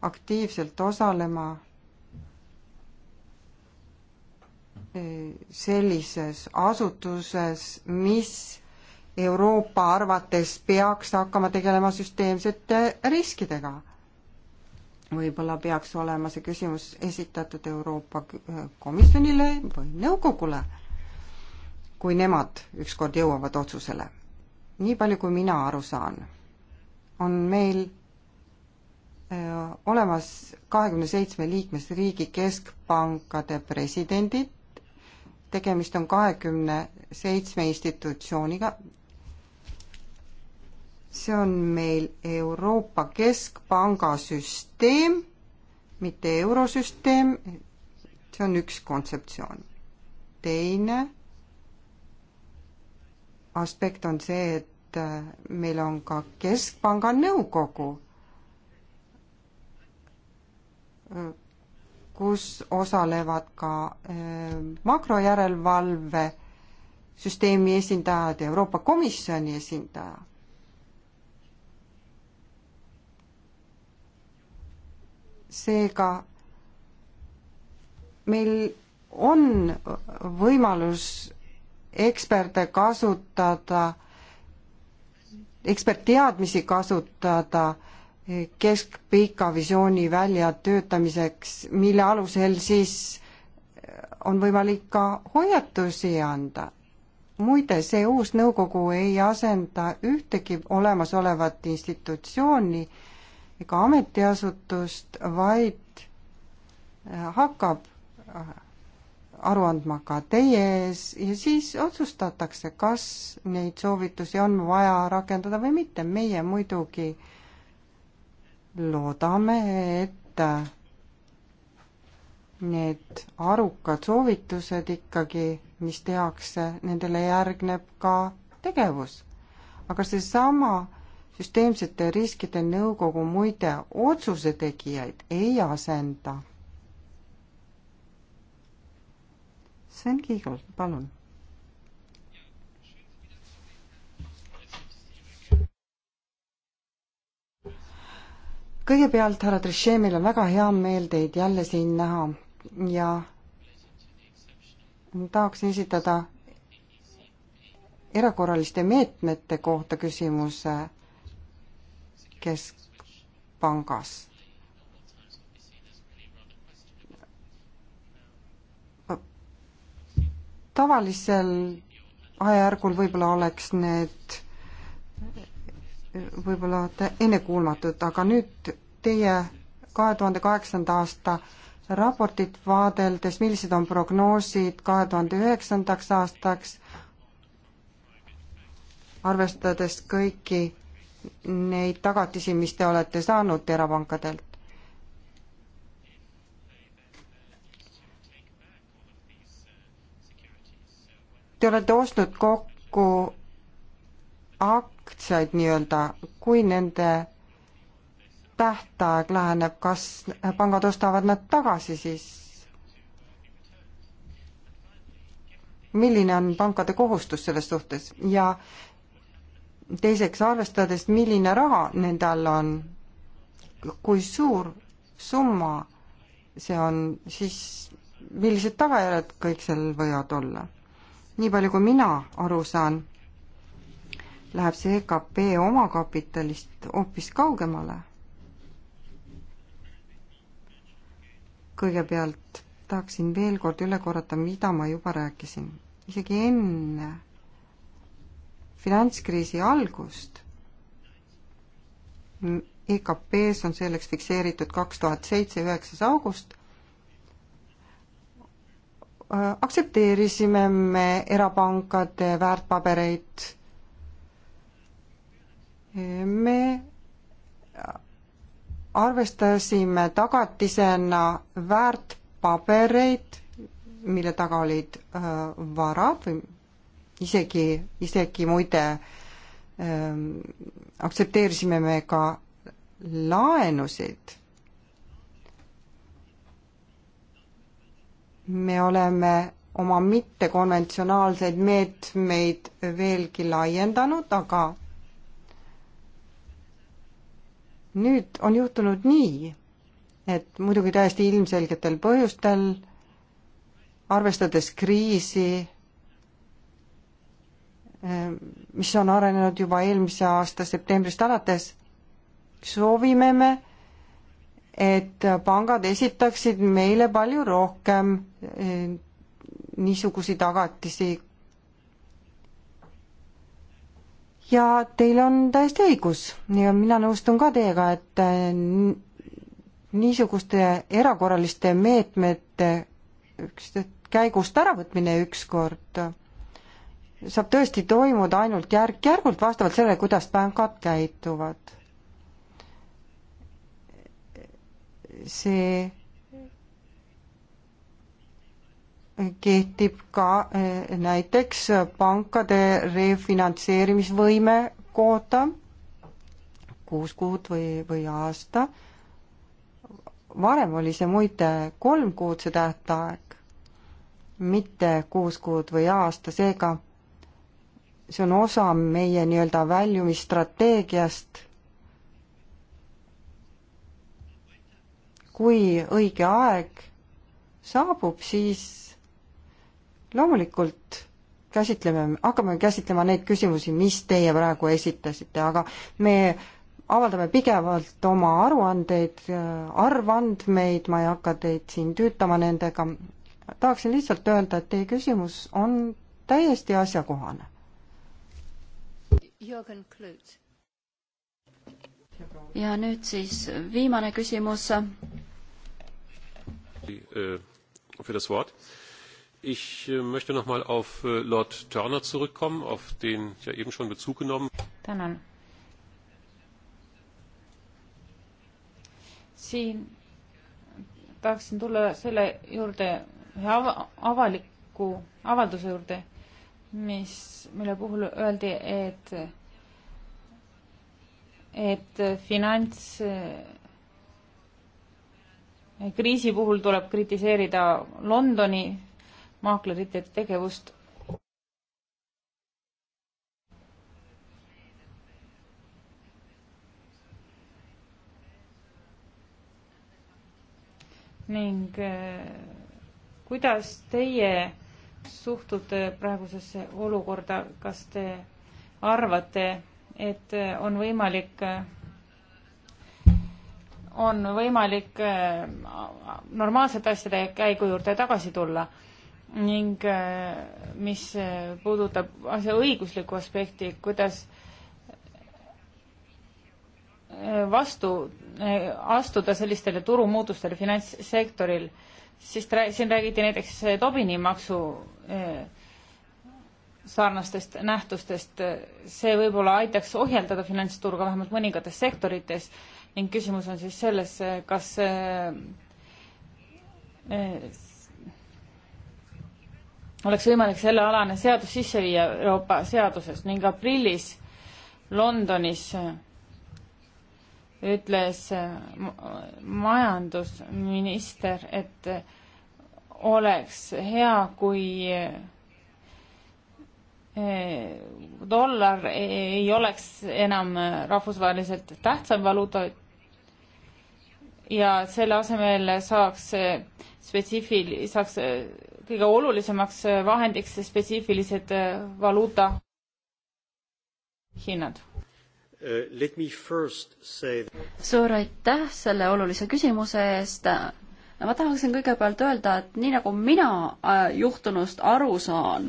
S2: aktiivselt osalema eh, sellises asutuses, mis Euroopa arvates peaks hakkama tegelema süsteemsete riskidega võib-olla peaks olema see küsimus esitatud Euroopa eh, Komisjonile või nõukogule, kui nemad ükskord jõuavad otsusele nii palju, kui mina aru saan, on meil olemas kahekümne seitsme liikmesriigi keskpankade presidendid, tegemist on kahekümne seitsme institutsiooniga, see on meil Euroopa Keskpanga süsteem, mitte eurosüsteem, see on üks kontseptsioon. teine aspekt on see, et äh, meil on ka Keskpanga nõukogu, äh, kus osalevad ka äh, makrojärelevalve süsteemi esindajad ja Euroopa Komisjoni esindaja. seega meil on võimalus eksperte kasutada, ekspertteadmisi kasutada keskpika visiooni väljatöötamiseks, mille alusel siis on võimalik ka hoiatusi anda. muide, see uus nõukogu ei asenda ühtegi olemasolevat institutsiooni ega ametiasutust, vaid hakkab aru andma ka teie ees ja siis otsustatakse, kas neid soovitusi on vaja rakendada või mitte. meie muidugi loodame, et need arukad soovitused ikkagi, mis tehakse, nendele järgneb ka tegevus. aga seesama süsteemsete riskide nõukogu muide otsuse tegijaid ei asenda Sven Kiigel, palun. kõigepealt, härra Trichet, meil on väga hea meel teid jälle siin näha ja tahaksin esitada erakorraliste meetmete kohta küsimuse keskpangas tavalisel ajajärgul võib-olla oleks need võib-olla ennekuulmatud, aga nüüd teie kahe tuhande kaheksanda aasta raportit vaadeldes, millised on prognoosid kahe tuhande üheksandaks aastaks, arvestades kõiki neid tagatisi, mis te olete saanud erapankadelt? Te olete ostnud kokku aktsiaid nii-öelda, kui nende tähtaeg läheneb, kas pangad ostavad nad tagasi siis? milline on pankade kohustus selles suhtes ja teiseks, arvestades, milline raha nende all on, kui suur summa see on, siis millised tagajärjed kõik sellel võivad olla? nii palju, kui mina aru saan, läheb see EKP omakapitalist hoopis kaugemale. kõigepealt tahaksin veel kord üle korrata, mida ma juba rääkisin. isegi enne finantskriisi algust EKP-s on selleks fikseeritud kaks tuhat seitse, üheksas august Äh, aktsepteerisime me erapankade väärtpabereid. me arvestasime tagatisena väärtpabereid, mille taga olid äh, varad või isegi, isegi muide ähm, aktsepteerisime me ka laenusid me oleme oma mittekonventsionaalseid meetmeid veelgi laiendanud, aga nüüd on juhtunud nii, et muidugi täiesti ilmselgetel põhjustel, arvestades kriisi, mis on arenenud juba eelmise aasta septembrist alates, soovime me et pangad esitaksid meile palju rohkem eh, niisugusi tagatisi. ja teil on täiesti õigus ja mina nõustun ka teiega, et eh, niisuguste erakorraliste meetmete käigust äravõtmine ükskord saab tõesti toimuda ainult järk-järgult vastavalt sellele, kuidas pangad käituvad see kehtib ka eh, näiteks pankade refinantseerimisvõime kohta kuus kuud või, või aasta. varem oli see muide kolm kuud, see tähtaeg, mitte kuus kuud või aasta, seega see on osa meie nii-öelda väljumisstrateegiast kui õige aeg saabub, siis loomulikult käsitleme, hakkame käsitlema neid küsimusi, mis teie praegu esitasite, aga me avaldame pigevalt oma aruandeid, arvandmeid, ma ei hakka teid siin tüütama nendega, tahaksin lihtsalt öelda, et teie küsimus on täiesti asjakohane.
S1: Jürgen Klüüt.
S3: ja nüüd siis viimane küsimus
S4: Äh, für das Wort. Ich äh, möchte noch mal auf äh, Lord Turner zurückkommen, auf den ich ja eben schon Bezug genommen Tänan. Siin tahaksin tulla selle juurde, avaliku avalduse juurde, mis, mille puhul öeldi, et et finants kriisi puhul tuleb kritiseerida Londoni maaklerite tegevust. ning äh, kuidas teie suhtute praegusesse olukorda, kas te arvate, et äh, on võimalik äh, on võimalik äh, normaalsete asjade käigu juurde tagasi tulla ning äh, mis äh, puudutab asja õiguslikku aspekti, kuidas vastu astuda sellistele turumuutustele finantssektoril, siis siin räägiti näiteks Tobini maksu sarnastest nähtustest, see võib-olla aitaks ohjeldada finantsturga vähemalt mõningates sektorites ning küsimus on siis selles, kas eh, eh, oleks võimalik sellealane seadus sisse viia Euroopa seaduses ning aprillis Londonis eh, ütles majandusminister, et oleks hea, kui dollar ei oleks enam rahvusvaheliselt tähtsam valuuta, ja selle asemel saaks spetsiifil-, saaks äh, kõige olulisemaks äh, vahendiks spetsiifilised äh, valuuta hinnad.
S1: Uh,
S4: suur aitäh selle olulise küsimuse eest.
S3: ma tahaksin kõigepealt öelda, et nii nagu mina juhtunust aru saan,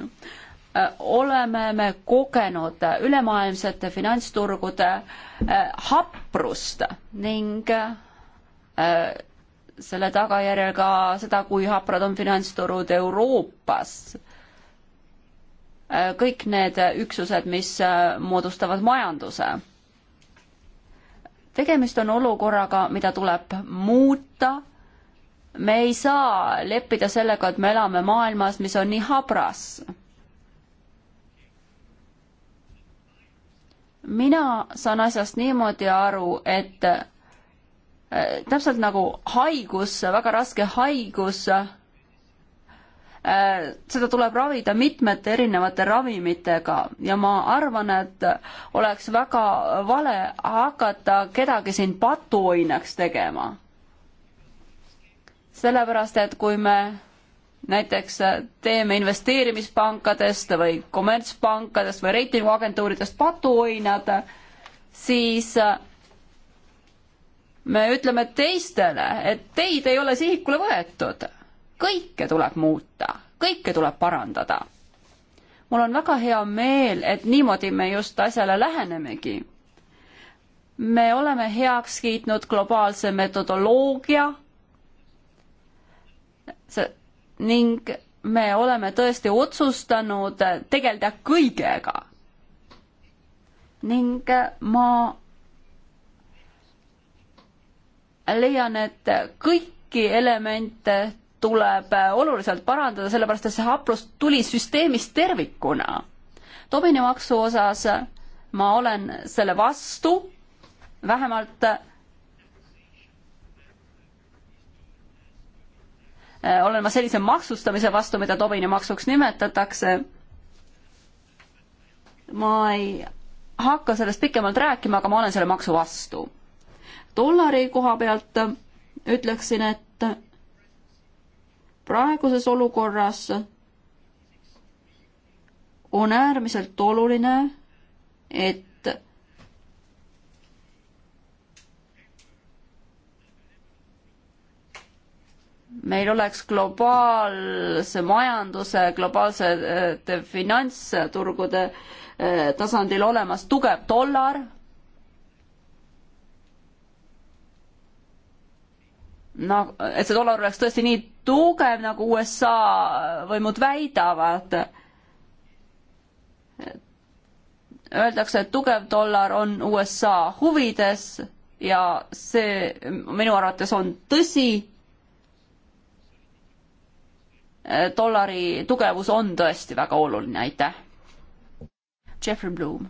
S3: oleme me kogenud ülemaailmsete finantsturgude haprust ning Äh, selle tagajärjel ka seda, kui haprad on finantsturud Euroopas. Äh, kõik need üksused, mis äh, moodustavad majanduse. tegemist on olukorraga, mida tuleb muuta. me ei saa leppida sellega, et me elame maailmas, mis on nii habras. mina saan asjast niimoodi aru, et Äh, täpselt nagu haigus, väga raske haigus, äh, seda tuleb ravida mitmete erinevate ravimitega ja ma arvan, et oleks väga vale hakata kedagi siin patuoinaks tegema. sellepärast, et kui me näiteks teeme investeerimispankadest või kommertspankadest või reitinguagentuuridest patuoinad, siis me ütleme teistele, et teid ei ole sihikule võetud. kõike tuleb muuta, kõike tuleb parandada. mul on väga hea meel, et niimoodi me just asjale lähenemegi. me oleme heaks kiitnud globaalse metodoloogia see, ning me oleme tõesti otsustanud tegeleda kõigega. ning ma leian, et kõiki elemente tuleb äh, oluliselt parandada, sellepärast et see haprus tuli süsteemist tervikuna. dominimaksu osas äh, ma olen selle vastu, vähemalt äh, olen ma sellise maksustamise vastu, mida dominimaksuks nimetatakse. ma ei hakka sellest pikemalt rääkima, aga ma olen selle maksu vastu dollari koha pealt ütleksin, et praeguses olukorras on äärmiselt oluline, et meil oleks globaalse majanduse, globaalsete finantsturgude eh, tasandil olemas tugev dollar noh, et see dollar oleks tõesti nii tugev, nagu USA võimud väidavad. Öeldakse, et tugev dollar on USA huvides ja see minu arvates on tõsi. dollari tugevus on tõesti väga oluline, aitäh. Jeffrey Bloom.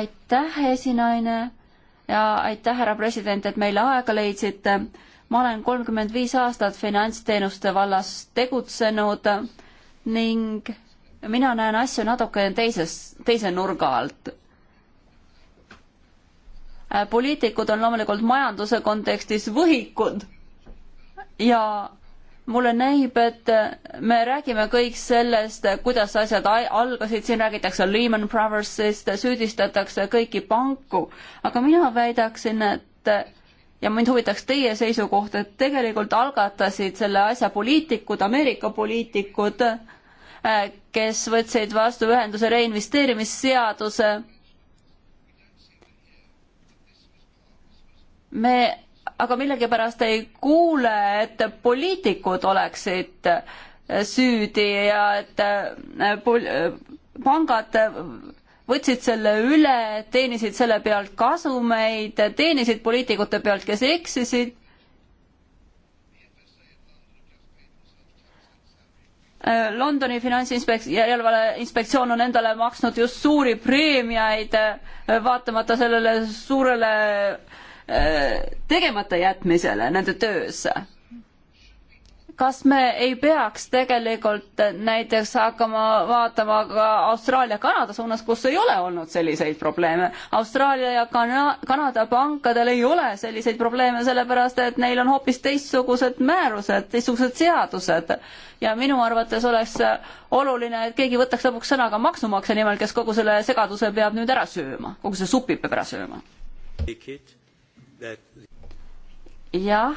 S3: aitäh, esinaine ja aitäh, härra president, et meile aega leidsite. ma olen kolmkümmend viis aastat finantsteenuste vallas tegutsenud ning mina näen asju natukene teises, teise nurga alt. poliitikud on loomulikult majanduse kontekstis võhikud ja mulle näib, et me räägime kõik sellest, kuidas asjad algasid, siin räägitakse Lehman Brothersist, süüdistatakse kõiki panku, aga mina väidaksin, et ja mind huvitaks teie seisukoht, et tegelikult algatasid selle asja poliitikud, Ameerika poliitikud, äh, kes võtsid vastu ühenduse reinvesteerimisseaduse. me aga millegipärast ei kuule, et poliitikud oleksid süüdi ja et äh, äh, pangad võtsid selle üle, teenisid selle pealt kasumeid, teenisid poliitikute pealt, kes eksisid. Äh, Londoni finantsinspektsioon inspektsioon on endale maksnud just suuri preemiaid, vaatamata sellele suurele äh, tegemata jätmisele nende töös. kas me ei peaks tegelikult näiteks hakkama vaatama ka Austraalia-Kanada suunas, kus ei ole olnud selliseid probleeme. Austraalia ja Kana-, Kanada pankadel ei ole selliseid probleeme, sellepärast et neil on hoopis teistsugused määrused, teistsugused seadused. ja minu arvates oleks oluline, et keegi võtaks lõpuks sõna ka maksumaksja nimel, kes kogu selle segaduse peab nüüd ära sööma, kogu selle supi peab ära sööma. Take it jah,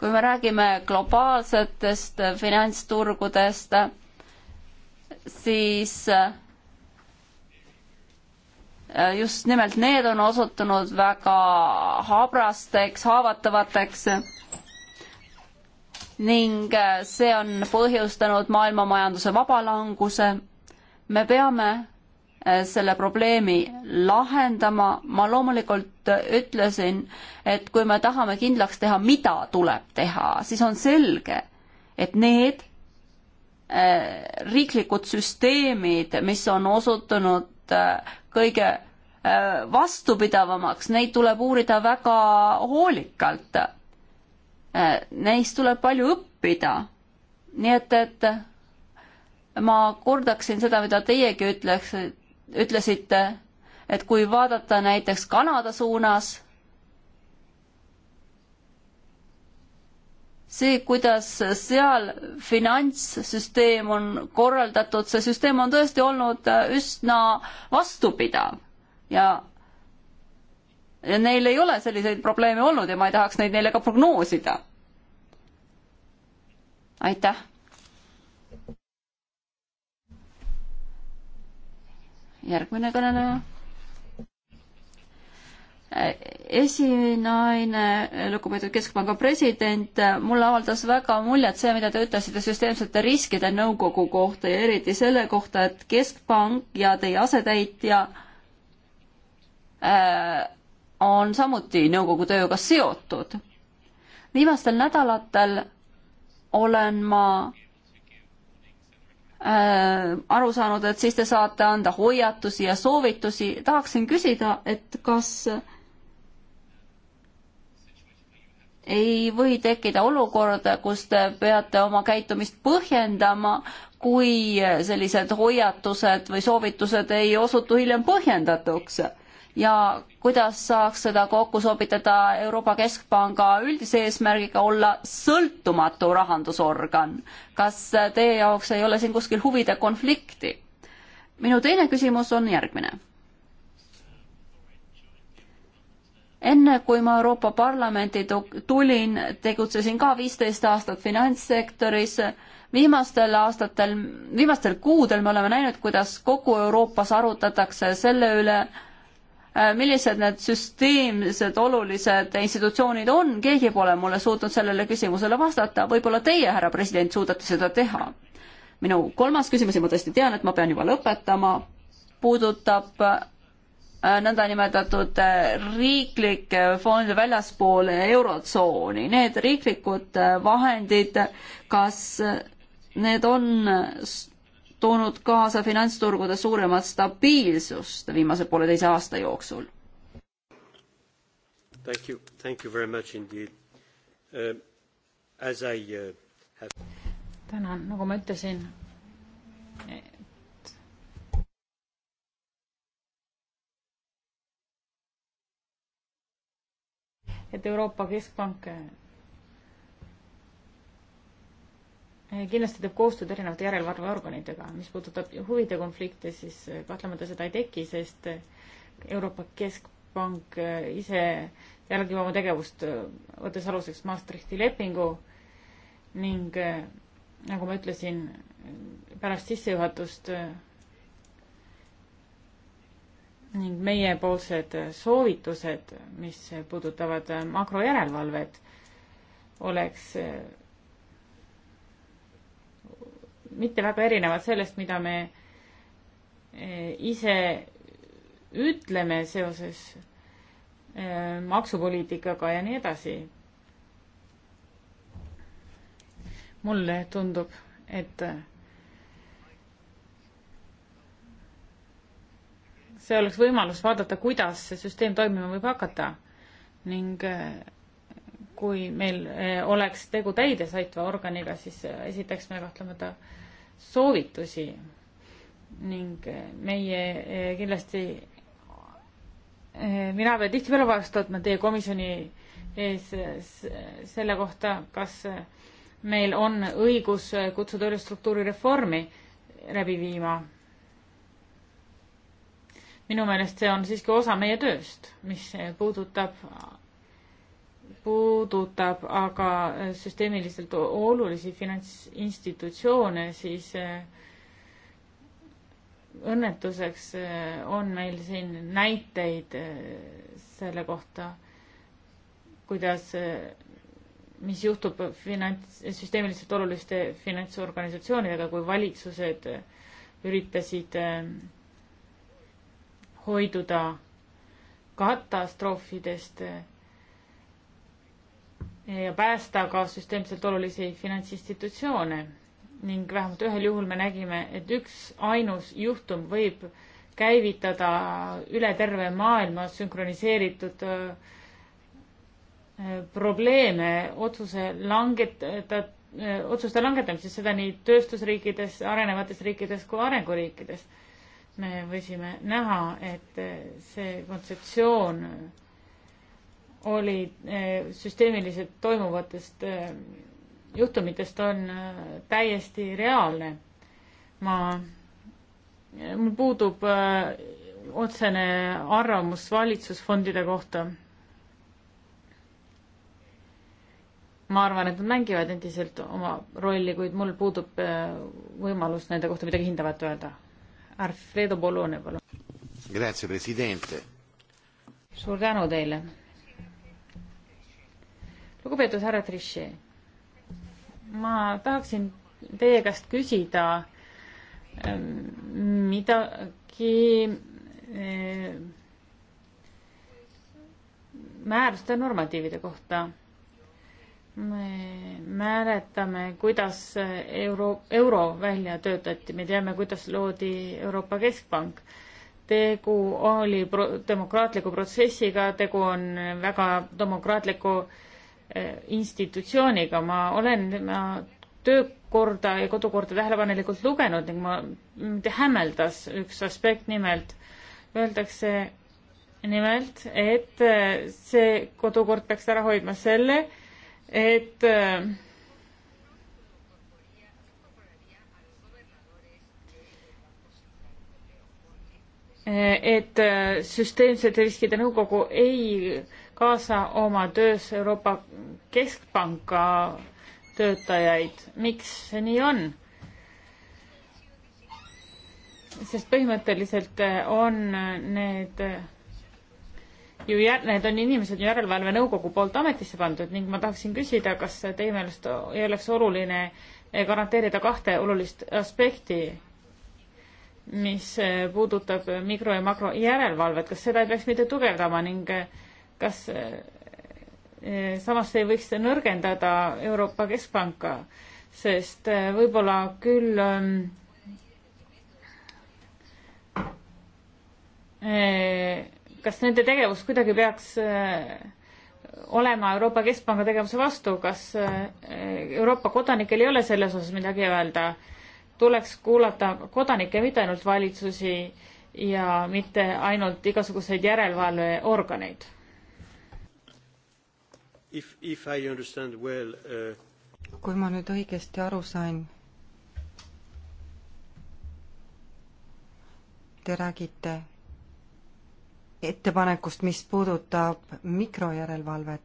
S3: kui me räägime globaalsetest finantsturgudest, siis äh, just nimelt need on osutunud väga habrasteks, haavatavateks ning äh, see on põhjustanud maailmamajanduse vabalanguse. me peame Äh, selle probleemi lahendama. ma loomulikult ütlesin, et kui me tahame kindlaks teha, mida tuleb teha, siis on selge, et need äh, riiklikud süsteemid, mis on osutunud äh, kõige vastupidavamaks, neid tuleb uurida väga hoolikalt. Neist tuleb palju õppida. nii et, et ma kordaksin seda, mida teiegi ütleks, et ütlesite, et kui vaadata näiteks Kanada suunas, see, kuidas seal finantssüsteem on korraldatud, see süsteem on tõesti olnud üsna vastupidav ja ja neil ei ole selliseid probleeme olnud ja ma ei tahaks neid neile ka prognoosida. aitäh järgmine kõneleja. esinaine, lugupeetud Keskpanga president, mulle avaldas väga muljet see, mida te ütlesite süsteemsete riskide nõukogu kohta ja eriti selle kohta, et Keskpank ja teie asetäitja äh, on samuti nõukogu tööga seotud. viimastel nädalatel olen ma Äh, aru saanud, et siis te saate anda hoiatusi ja soovitusi. tahaksin küsida, et kas ei või tekkida olukorda, kus te peate oma käitumist põhjendama, kui sellised hoiatused või soovitused ei osutu hiljem põhjendatuks ja kuidas saaks seda kokku sobitada Euroopa Keskpanga üldise eesmärgiga olla sõltumatu rahandusorgan. kas teie jaoks ei ole siin kuskil huvide konflikti? minu teine küsimus on järgmine. enne kui ma Euroopa Parlamenti tulin, tegutsesin ka viisteist aastat finantssektoris viimastel aastatel, viimastel kuudel me oleme näinud, kuidas kogu Euroopas arutatakse selle üle, Äh, millised need süsteemsed olulised institutsioonid on, keegi pole mulle suutnud sellele küsimusele vastata, võib-olla teie, härra president, suudate seda teha. minu kolmas küsimus ja ma tõesti tean, et ma pean juba lõpetama, puudutab äh, nõndanimetatud äh, riiklike fondide väljaspool eurotsooni, need riiklikud vahendid, kas need on toonud kaasa finantsturgude suuremat stabiilsust viimase pooleteise aasta jooksul.
S1: Thank you, thank you very much indeed uh,. As I uh, have
S4: tänan, nagu ma ütlesin, et et Euroopa Keskpank Eh, kindlasti teeb koostööd erinevate järelevalveorganitega. mis puudutab huvide konflikte, siis eh, kahtlemata seda ei teki, sest eh, Euroopa Keskpank ise jälgib oma tegevust, võttes aluseks Maastrichti lepingu ning nagu ma ütlesin, pärast sissejuhatust ning meiepoolsed soovitused, mis puudutavad makrojärelevalvet, oleks mitte väga erinevad sellest, mida me eh, ise ütleme seoses eh, maksupoliitikaga ja nii edasi. mulle tundub, et see oleks võimalus vaadata, kuidas see süsteem toimima võib hakata ning eh, kui meil oleks tegu täidesaitva organiga, siis esiteks me kahtlemata äh, soovitusi ning meie eh, kindlasti, eh, mina pean tihtipeale vastama teie komisjoni ees selle kohta, kas meil on õigus kutsuda üles struktuurireformi läbi viima. minu meelest see on siiski osa meie tööst, mis puudutab puudutab aga süsteemiliselt olulisi finantsinstitutsioone, siis äh, õnnetuseks äh, on meil siin näiteid äh, selle kohta, kuidas, mis juhtub finants, süsteemiliselt oluliste finantsorganisatsioonidega, kui valitsused üritasid hoiduda katastroofidest ja päästa ka süsteemselt olulisi finantsinstitutsioone ning vähemalt ühel juhul me nägime, et üks ainus juhtum võib käivitada üle terve maailma sünkroniseeritud äh, probleeme otsuse langeta-, otsuste langetamises, seda nii tööstusriikides, arenevates riikides kui arenguriikides. me võisime näha, et äh, see kontseptsioon oli eh, süsteemiliselt toimuvatest eh, juhtumitest on eh, täiesti reaalne. ma, mul puudub otsene arvamus valitsusfondide kohta ma arvan, et nad mängivad endiselt oma rolli, kuid mul puudub võimalus nende kohta midagi hindavat öelda. Alfredo Bolone, palun. suur tänu teile lugupeetud härra Trichet, ma tahaksin teie käest küsida ähm, midagi äh, määruste normatiivide kohta. me mäletame, kuidas euro, euro välja töötati, me teame, kuidas loodi Euroopa Keskpank. tegu oli pro, demokraatliku protsessiga, tegu on väga demokraatliku äh, Eh, institutsiooniga, ma olen tema töökorda ja kodukorda tähelepanelikult lugenud ning ma, mind hämmeldas üks aspekt, nimelt öeldakse nimelt, et eh, see kodukord peaks ära hoidma selle, et eh, et süsteemsete riskide nõukogu ei kaasa oma töös Euroopa Keskpanga töötajaid. miks see nii on? sest põhimõtteliselt eh, on need eh, ju jär-, need on inimesed järelevalve nõukogu poolt ametisse pandud ning ma tahaksin küsida, kas teie meelest ei oleks oluline eh, garanteerida kahte olulist aspekti, mis puudutab mikro- ja makrojärelevalvet, kas seda ei peaks mitte tugevdama ning äh, kas eh, eh, samas ei võiks see nõrgendada Euroopa Keskpanka, sest eh, võib-olla küll ähm, kas nende tegevus kuidagi peaks olema Euroopa Keskpanga tegevuse vastu, kas Euroopa kodanikel ei ole selles osas midagi öelda? tuleks kuulata kodanikke, mitte ainult valitsusi ja mitte ainult igasuguseid järelevalveorganeid
S1: If, if I understand well uh...
S2: kui ma nüüd õigesti aru sain, te räägite ettepanekust, mis puudutab mikrojärelevalvet.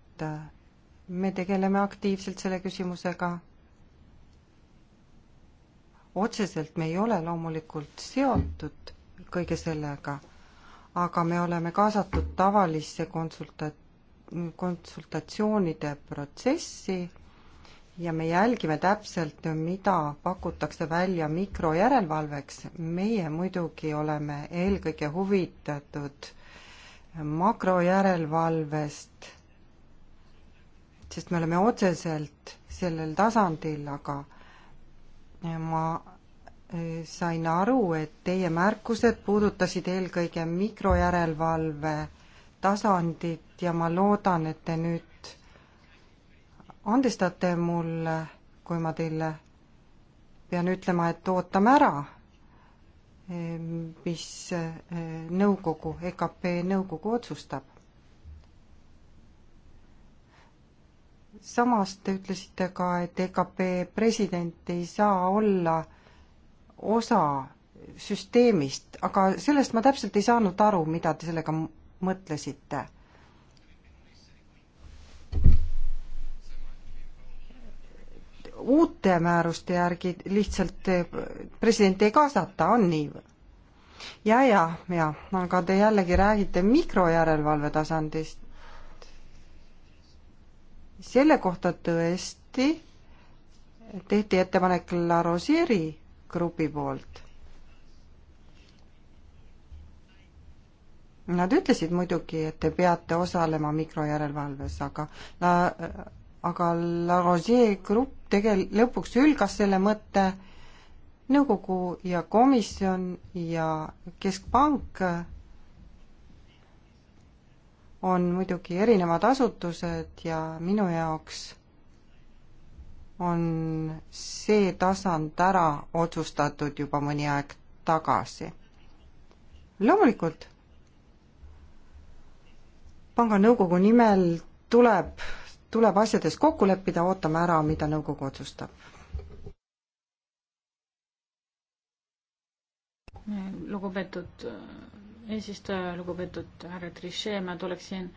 S2: me tegeleme aktiivselt selle küsimusega. otseselt me ei ole loomulikult seotud kõige sellega, aga me oleme kaasatud tavalisse konsultat-, konsultatsioonide protsessi ja me jälgime täpselt, mida pakutakse välja mikrojärelevalveks. meie muidugi oleme eelkõige huvitatud makrojärelevalvest, sest me oleme otseselt sellel tasandil, aga ma e, sain aru, et teie märkused puudutasid eelkõige mikrojärelevalve tasandit ja ma loodan, et te nüüd andestate mulle, kui ma teile pean ütlema, et ootame ära, ehm, mis eh, nõukogu, EKP nõukogu otsustab. samas te ütlesite ka, et EKP president ei saa olla osa süsteemist, aga sellest ma täpselt ei saanud aru, mida te sellega mõtlesite uute määruste järgi lihtsalt eh, presidenti ei kaasata, on nii? ja, ja, ja, aga te jällegi räägite mikrojärelevalve tasandist. selle kohta tõesti tehti ettepanek La Rosieri grupi poolt. Nad ütlesid muidugi, et te peate osalema mikrojärelevalves, aga La aga La Rosier grupp tegel-, lõpuks hülgas selle mõtte, nõukogu ja komisjon ja Keskpank on muidugi erinevad asutused ja minu jaoks on see tasand ära otsustatud juba mõni aeg tagasi. loomulikult panga nõukogu nimel tuleb tuleb asjades kokku leppida, ootame ära, mida nõukogu otsustab.
S4: lugupeetud äh, eesistuja, lugupeetud härra Trichet, ma tuleksin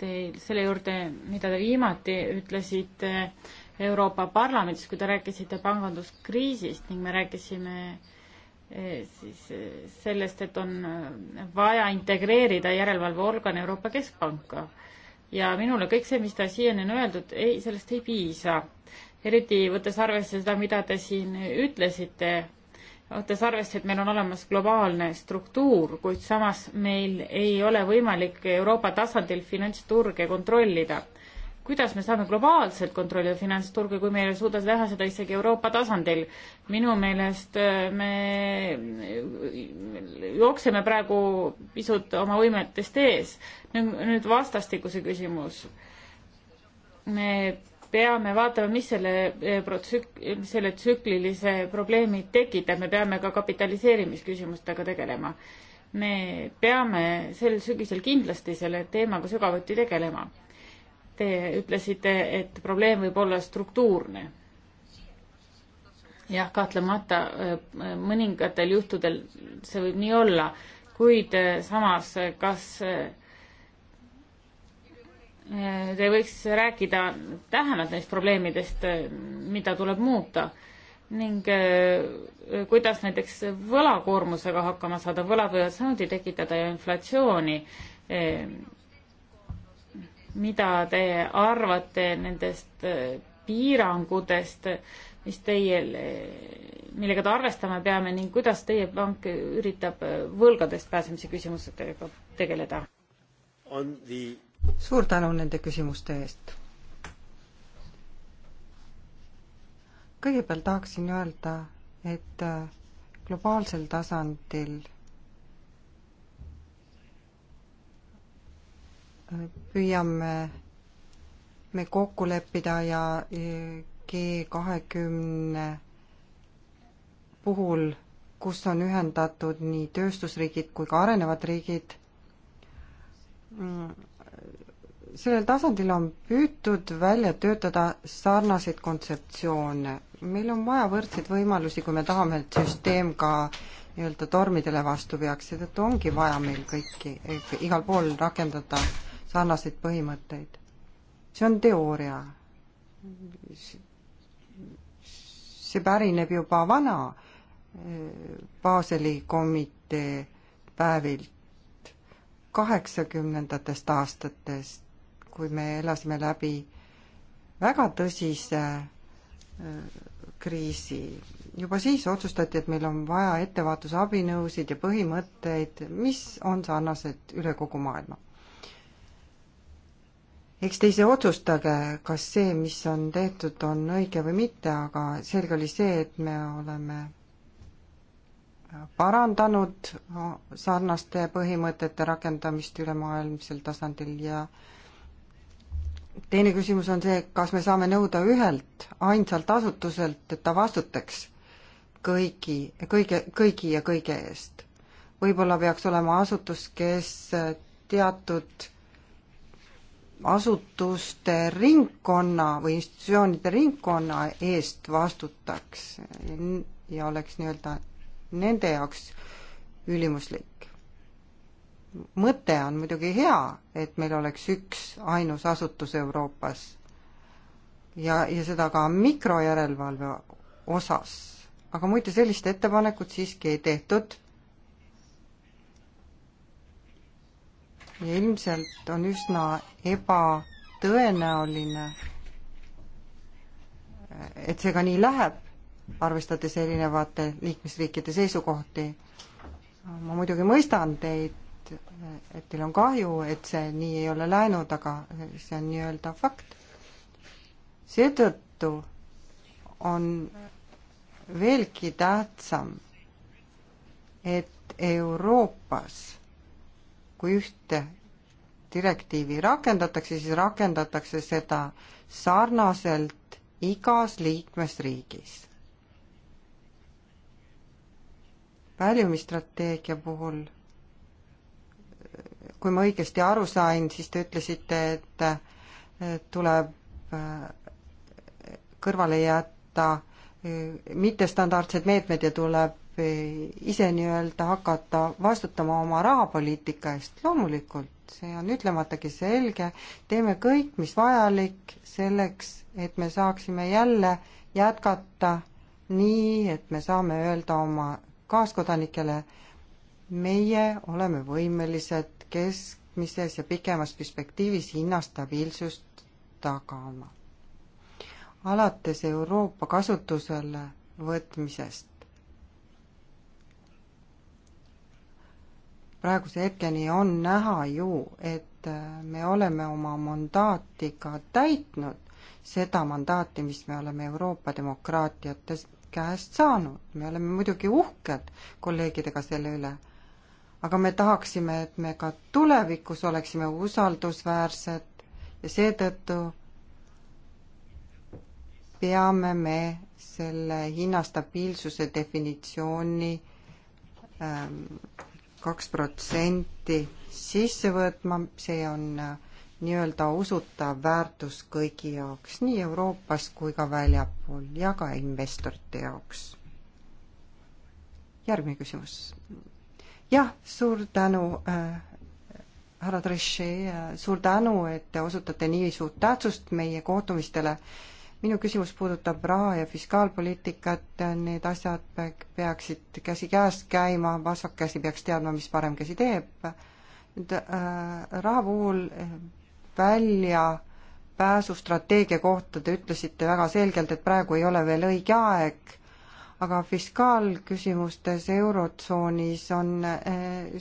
S4: teil selle juurde, mida te viimati ütlesite Euroopa Parlamendis, kui te rääkisite panganduskriisist ning me rääkisime äh, siis äh, sellest, et on vaja integreerida järelevalveorgan Euroopa Keskpanka ja minule kõik see, mis ta siiani on öeldud, ei, sellest ei piisa. eriti võttes arvesse seda, mida te siin ütlesite, võttes arvesse, et meil on olemas globaalne struktuur, kuid samas meil ei ole võimalik Euroopa tasandil finantsturge kontrollida kuidas me saame globaalselt kontrollida finantsturge, kui me ei suuda teha seda isegi Euroopa tasandil? minu meelest äh, me jookseme praegu pisut oma võimetest ees. nüüd vastastikuse küsimus. me peame vaatama, mis selle äh, protsük-, selle tsüklilise probleemi tekitab, me peame ka kapitaliseerimisküsimustega tegelema. me peame sel sügisel kindlasti selle teemaga sügavuti tegelema Te ütlesite, et probleem võib olla struktuurne. jah, kahtlemata äh, mõningatel juhtudel see võib nii olla, kuid äh, samas, kas äh, te võiks rääkida tähemalt neist probleemidest, mida tuleb muuta ning kuidas näiteks võlakoormusega hakkama saada, võlad võivad samuti tekitada ju inflatsiooni mida te arvate nendest äh, piirangutest, mis teie, millega te arvestama peame ning kuidas teie pank üritab äh, võlgadest
S2: pääsemise küsimustega tegeleda? The... suur tänu nende küsimuste eest. kõigepealt tahaksin öelda, et äh, globaalsel tasandil püüame me kokku leppida ja e, G kahekümne puhul, kus on ühendatud nii tööstusriigid kui ka arenevad riigid, mm, sellel tasandil on püütud välja töötada sarnaseid kontseptsioone. meil on vaja võrdseid võimalusi, kui me tahame, et süsteem ka nii-öelda tormidele vastu peaks, seetõttu ongi vaja meil kõiki igal pool rakendada sarnaseid põhimõtteid. see on teooria. see pärineb juba vana eh, Baseli komitee päevilt kaheksakümnendatest aastatest, kui me elasime läbi väga tõsise eh, kriisi. juba siis otsustati, et meil on vaja ettevaatusabinõusid ja põhimõtteid, mis on sarnased üle kogu maailma eks te ise otsustage, kas see, mis on tehtud, on õige või mitte, aga selge oli see, et me oleme parandanud sarnaste põhimõtete rakendamist ülemaailmsel tasandil ja teine küsimus on see, kas me saame nõuda ühelt ainsalt asutuselt, et ta vastutaks kõigi, kõige, kõigi ja kõige eest. võib-olla peaks olema asutus, kes teatud asutuste ringkonna või institutsioonide ringkonna eest vastutaks ja oleks nii-öelda nende jaoks ülimuslik. mõte on muidugi hea, et meil oleks üks ainus asutus Euroopas ja, ja seda ka mikrojärelevalve osas, aga muide, sellist ettepanekut siiski ei tehtud ja ilmselt on üsna ebatõenäoline, et see ka nii läheb, arvestades erinevate liikmesriikide seisukohti. ma muidugi mõistan teid, et teil on kahju, et see nii ei ole läinud, aga see on nii-öelda fakt. seetõttu on veelgi tähtsam, et Euroopas kui ühte direktiivi rakendatakse, siis rakendatakse seda sarnaselt igas liikmesriigis. väljumisstrateegia puhul, kui ma õigesti aru sain, siis te ütlesite, et tuleb äh, kõrvale jätta äh, mittestandardsed meetmed ja tuleb ise nii-öelda hakata vastutama oma rahapoliitika eest, loomulikult, see on ütlematagi selge, teeme kõik, mis vajalik selleks, et me saaksime jälle jätkata nii, et me saame öelda oma kaaskodanikele, meie oleme võimelised keskmises ja pikemas perspektiivis hinnastabiilsust tagama. alates Euroopa kasutusele võtmisest praeguse hetkeni on näha ju, et me oleme oma mandaati ka täitnud, seda mandaati, mis me oleme Euroopa demokraatiatest käest saanud, me oleme muidugi uhked kolleegidega selle üle, aga me tahaksime, et me ka tulevikus oleksime usaldusväärsed ja seetõttu peame me selle hinnastabiilsuse definitsiooni ähm, kaks protsenti sisse võtma, see on äh, nii-öelda usutav väärtus kõigi jaoks, nii Euroopas kui ka väljapool ja ka investorite jaoks. järgmine küsimus. jah, suur tänu äh,, härra Trichet, äh, suur tänu, et te osutate nii suurt tähtsust meie kohtumistele äh, minu küsimus puudutab raha ja fiskaalpoliitikat, need asjad peaksid käsikäes käima, vasak käsi peaks teadma, mis parem käsi teeb. nüüd äh, raha puhul äh, välja pääsustrateegia kohta te ütlesite väga selgelt, et praegu ei ole veel õige aeg, aga fiskaalküsimustes Eurotsoonis on äh,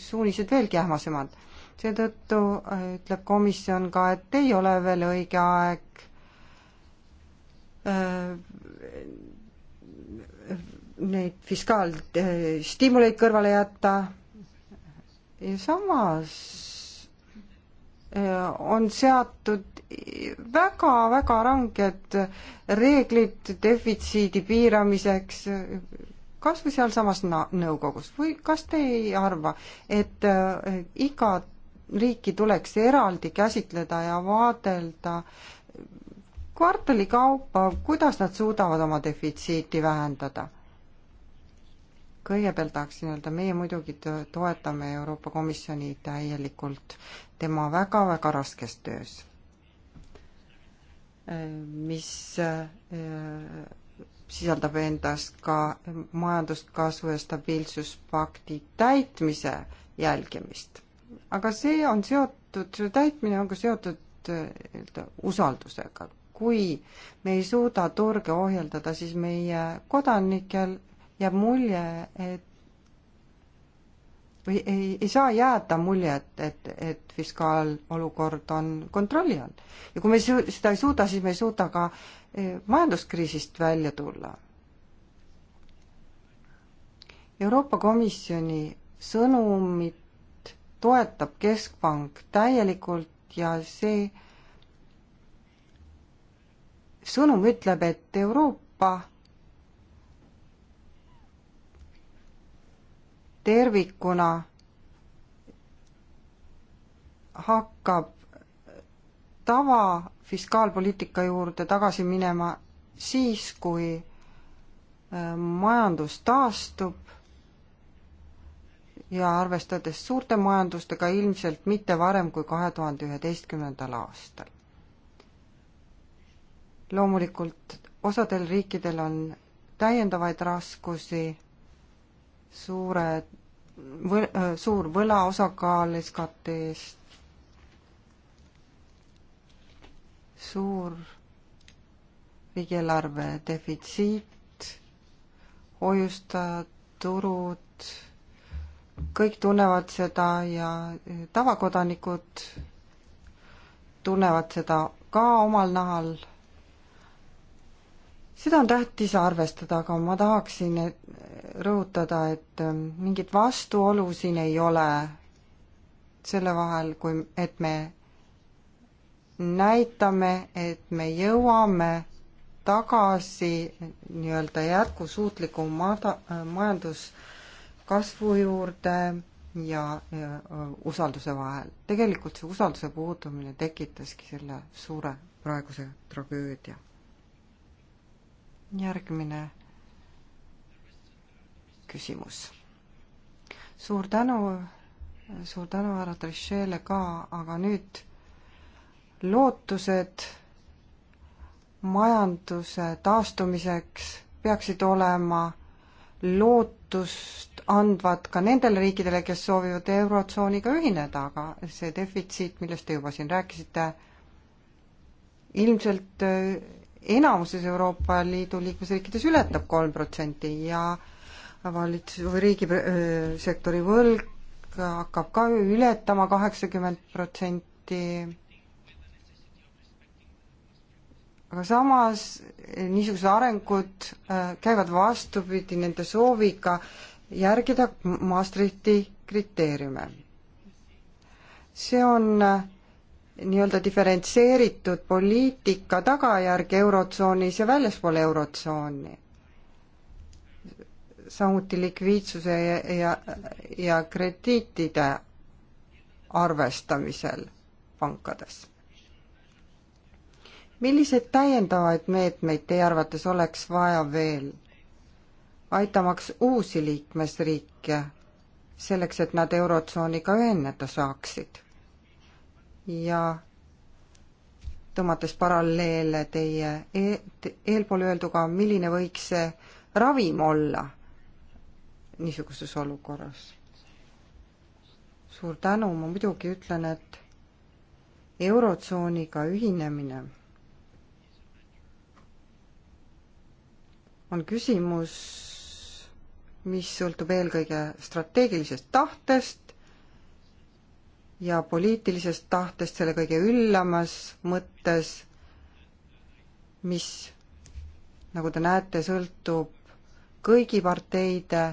S2: suunised veelgi ähmasemad. seetõttu äh, ütleb komisjon ka, et ei ole veel õige aeg Äh, neid fiskaalstiimuleid kõrvale jätta ja samas äh, on seatud väga-väga ranged reeglid defitsiidi piiramiseks kas või sealsamas nõukogus või kas te ei arva, et äh, iga riiki tuleks eraldi käsitleda ja vaadelda kvartali kaupa, kuidas nad suudavad oma defitsiiti vähendada? kõigepealt tahaksin öelda, meie muidugi toetame Euroopa Komisjoni täielikult tema väga-väga raskes töös, mis eh, sisaldab endas ka majanduskasvu ja stabiilsuspakti täitmise jälgimist. aga see on seotud, selle täitmine on ka seotud eh, nii-öelda usaldusega kui me ei suuda turge ohjeldada, siis meie kodanikel jääb mulje, et või ei, ei saa jääda muljet, et, et, et fiskaalolukord on kontrolli all. ja kui me seda ei suuda, siis me ei suuda ka eh, majanduskriisist välja tulla. Euroopa Komisjoni sõnumit toetab Keskpank täielikult ja see sõnum ütleb, et Euroopa tervikuna hakkab tava fiskaalpoliitika juurde tagasi minema siis, kui äh, majandus taastub ja arvestades suurte majandustega ilmselt mitte varem kui kahe tuhande üheteistkümnendal aastal loomulikult osadel riikidel on täiendavaid raskusi, suure võ,, äh, suur võla osakaal SKT-st, suur riigieelarve defitsiit, hoiustajad, turud, kõik tunnevad seda ja tavakodanikud tunnevad seda ka omal nahal seda on tähtis arvestada, aga ma tahaksin rõhutada, et ähm, mingit vastuolu siin ei ole selle vahel, kui, et me näitame, et me jõuame tagasi nii-öelda jätkusuutliku mada-, äh, majanduskasvu juurde ja, ja äh, usalduse vahel. tegelikult see usalduse puudumine tekitaski selle suure praeguse tragöödia järgmine küsimus. suur tänu, suur tänu härra Trichelle ka, aga nüüd lootused majanduse taastumiseks peaksid olema lootust andvad ka nendele riikidele, kes soovivad Eurotsooniga ühineda, aga see defitsiit, millest te juba siin rääkisite, ilmselt enamuses Euroopa Liidu liikmesriikides ületab kolm protsenti ja valitsus või riigisektori võlg hakkab ka ületama kaheksakümmend protsenti. aga samas niisugused arengud käivad vastupidi nende sooviga järgida Maastrichti kriteeriume. see on nii-öelda diferentseeritud poliitika tagajärg Eurotsoonis ja väljaspool Eurotsooni. samuti likviidsuse ja, ja, ja krediitide arvestamisel pankades. milliseid täiendavaid meetmeid teie arvates oleks vaja veel, aitamaks uusi liikmesriike selleks, et nad Eurotsooniga ühineda saaksid? ja tõmmates paralleele teie e-, eelpool öelduga, milline võiks see ravim olla niisuguses olukorras? suur tänu, ma muidugi ütlen, et Eurotsooniga ühinemine on küsimus, mis sõltub eelkõige strateegilisest tahtest, ja poliitilisest tahtest selle kõige üllamas mõttes, mis, nagu te näete, sõltub kõigi parteide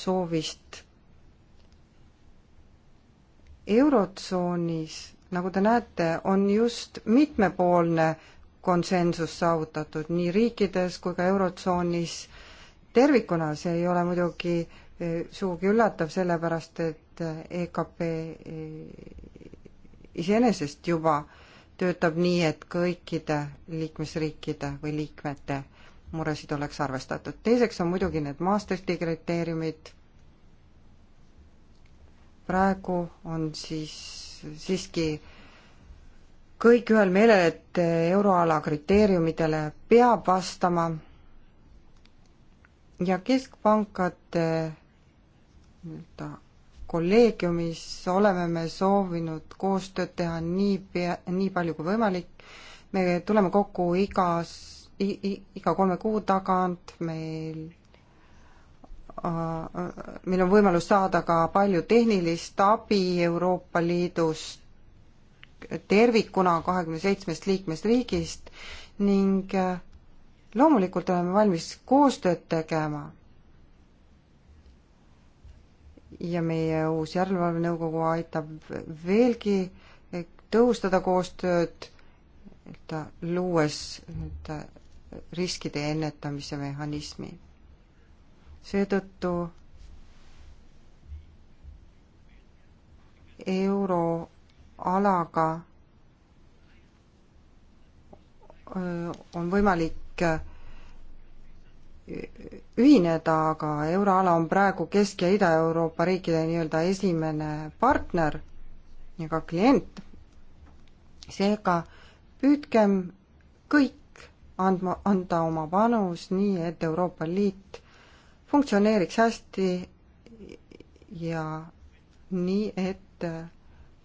S2: soovist. eurotsoonis, nagu te näete, on just mitmepoolne konsensus saavutatud nii riikides kui ka eurotsoonis tervikuna, see ei ole muidugi äh, sugugi üllatav, sellepärast et äh, EKP äh, iseenesest juba töötab nii, et kõikide liikmesriikide või liikmete muresid oleks arvestatud. teiseks on muidugi need Maastrichti kriteeriumid, praegu on siis siiski kõik ühel meelel, et äh, euroala kriteeriumidele peab vastama ja keskpankade nii-öelda kolleegiumis oleme me soovinud koostööd teha nii pea, nii palju kui võimalik. me tuleme kokku igas, iga kolme kuu tagant, meil meil on võimalus saada ka palju tehnilist abi Euroopa Liidust tervikuna kahekümne seitsmest liikmesriigist ning loomulikult oleme valmis koostööd tegema ja meie uus järelevalvenõukogu aitab veelgi tõhustada koostööd, nii-öelda luues nii-öelda äh, riskide ennetamise mehhanismi. seetõttu euroalaga äh, on võimalik äh, ühineda, aga euroala on praegu Kesk- ja Ida-Euroopa riikide nii-öelda esimene partner ja ka klient. seega püüdkem kõik andma, anda oma panus nii, et Euroopa Liit funktsioneeriks hästi ja nii, et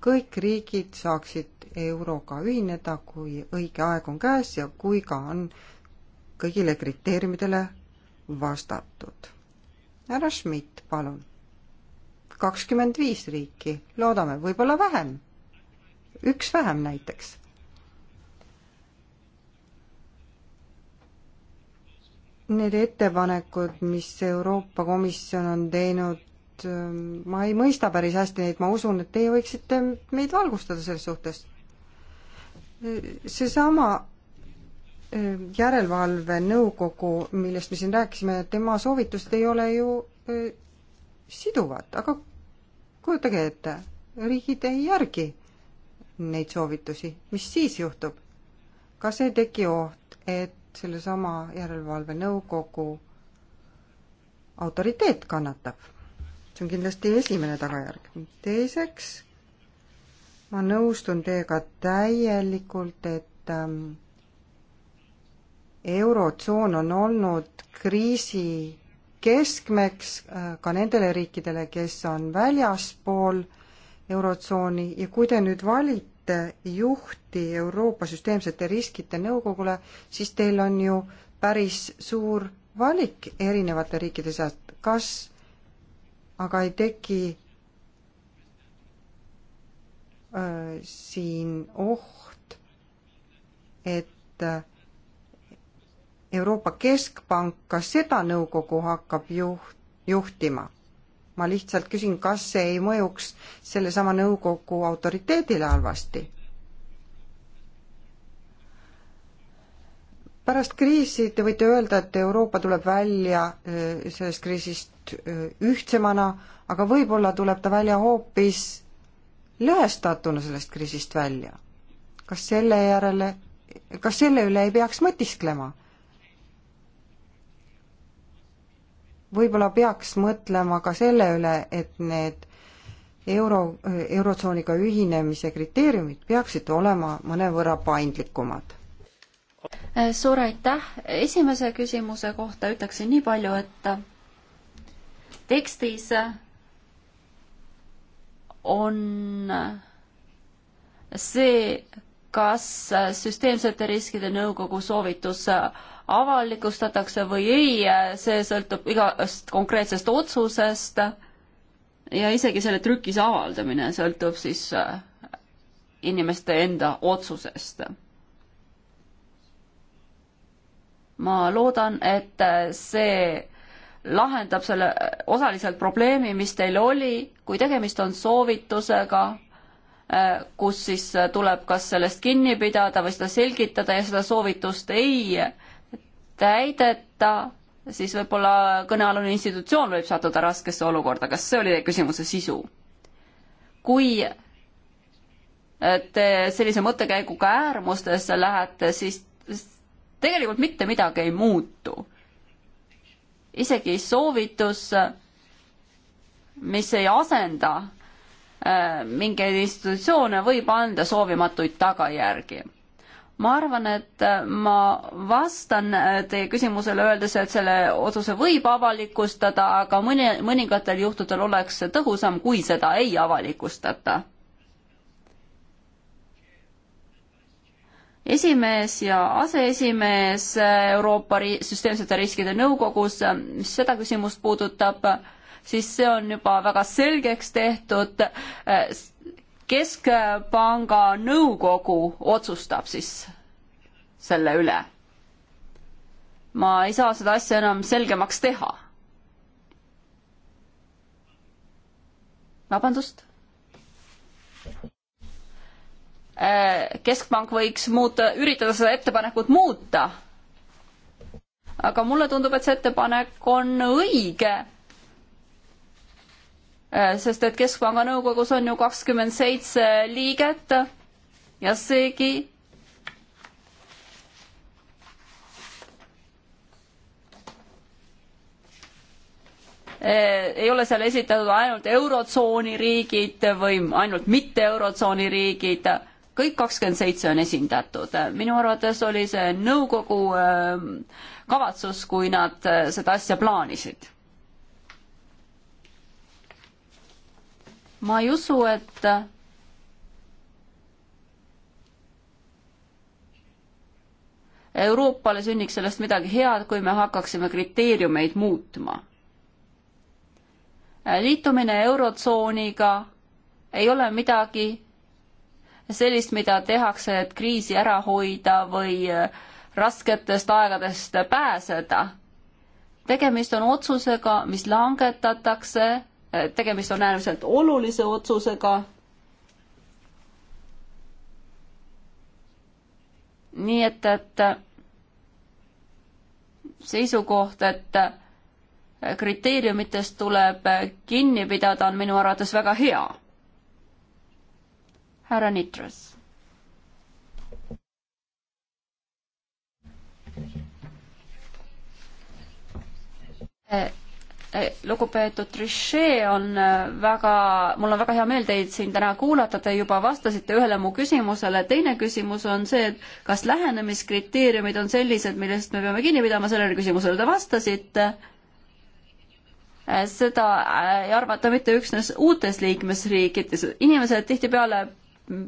S2: kõik riigid saaksid euroga ühineda, kui õige aeg on käes ja kui ka on kõigile kriteeriumidele vastatud. härra Schmidt, palun. kakskümmend viis riiki, loodame, võib-olla vähem. üks vähem näiteks. Need ettepanekud, mis Euroopa Komisjon on teinud, ähm, ma ei mõista päris hästi neid, ma usun, et teie võiksite meid valgustada selles suhtes. Äh, seesama järelevalvenõukogu, millest me siin rääkisime, tema soovitused ei ole ju e, siduvad, aga kujutage ette, riigid ei järgi neid soovitusi, mis siis juhtub? kas ei teki oht, et sellesama järelevalvenõukogu autoriteet kannatab? see on kindlasti esimene tagajärg. teiseks, ma nõustun teiega täielikult, et ähm, eurotsoon on olnud kriisi keskmeks äh, ka nendele riikidele, kes on väljaspool eurotsooni ja kui te nüüd valite juhti Euroopa süsteemsete riskide nõukogule, siis teil on ju päris suur valik erinevate riikide seast, kas aga ei teki äh, siin oht, et äh, Euroopa Keskpank ka seda nõukogu hakkab juht, juhtima. ma lihtsalt küsin, kas see ei mõjuks sellesama nõukogu autoriteedile halvasti? pärast kriisi te võite öelda, et Euroopa tuleb välja eh, sellest kriisist eh, ühtsemana, aga võib-olla tuleb ta välja hoopis lõhestatuna sellest kriisist välja. kas selle järele, kas selle üle ei peaks mõtisklema? võib-olla peaks mõtlema ka selle üle, et need euro, eurotsooniga ühinemise kriteeriumid peaksid olema mõnevõrra paindlikumad?
S3: suur aitäh, esimese küsimuse kohta ütleksin nii palju, et tekstis on see kas äh, süsteemsete riskide nõukogu soovitus äh, avalikustatakse või ei, äh, see sõltub igast konkreetsest otsusest ja isegi selle trükise avaldamine sõltub siis inimeste enda otsusest. ma loodan, et see lahendab selle osaliselt probleemi, mis teil oli, kui tegemist on soovitusega, Äh, kus siis äh, tuleb kas sellest kinni pidada või seda selgitada ja seda soovitust ei täideta, siis võib-olla kõnealune institutsioon võib sattuda raskesse olukorda, kas see oli küsimuse sisu? kui äh, te sellise mõttekäiguga äärmustesse lähete, siis tegelikult mitte midagi ei muutu. isegi soovitus, mis ei asenda Äh, mingeid institutsioone võib anda soovimatuid tagajärgi. ma arvan, et äh, ma vastan äh, teie küsimusele, öeldes, et selle otsuse võib avalikustada, aga mõni, mõningatel juhtudel oleks see tõhusam, kui seda ei avalikustata. esimees ja aseesimees Euroopa ri-, süsteemsete riskide nõukogus, mis seda küsimust puudutab, siis see on juba väga selgeks tehtud. keskpanga nõukogu otsustab siis selle üle. ma ei saa seda asja enam selgemaks teha. vabandust? keskpank võiks muuta, üritada seda ettepanekut muuta. aga mulle tundub, et see ettepanek on õige Äh, sest et Keskpanga nõukogus on ju kakskümmend seitse liiget ja seegi äh, ei ole seal esitatud ainult Eurotsooni riigid või ainult mitte Eurotsooni riigid, kõik kakskümmend seitse on esindatud. minu arvates oli see nõukogu äh, kavatsus, kui nad seda asja plaanisid ma ei usu, et Euroopale sünniks sellest midagi head, kui me hakkaksime kriteeriumeid muutma. liitumine Eurotsooniga ei ole midagi sellist, mida tehakse, et kriisi ära hoida või rasketest aegadest pääseda. tegemist on otsusega, mis langetatakse tegemist on äärmiselt olulise otsusega. nii et, et seisukoht, et kriteeriumitest tuleb kinni pidada, on minu arvates väga hea. härra Nitras. Uh... Äh Eh, lugupeetud Trichet, on eh, väga, mul on väga hea meel teid siin täna kuulata, te juba vastasite ühele mu küsimusele, teine küsimus on see, et kas lähenemiskriteeriumid on sellised, millest me peame kinni pidama, sellele küsimusele te vastasite eh, seda ei arvata mitte üksnes uutes liikmesriikides, inimesed tihtipeale mm,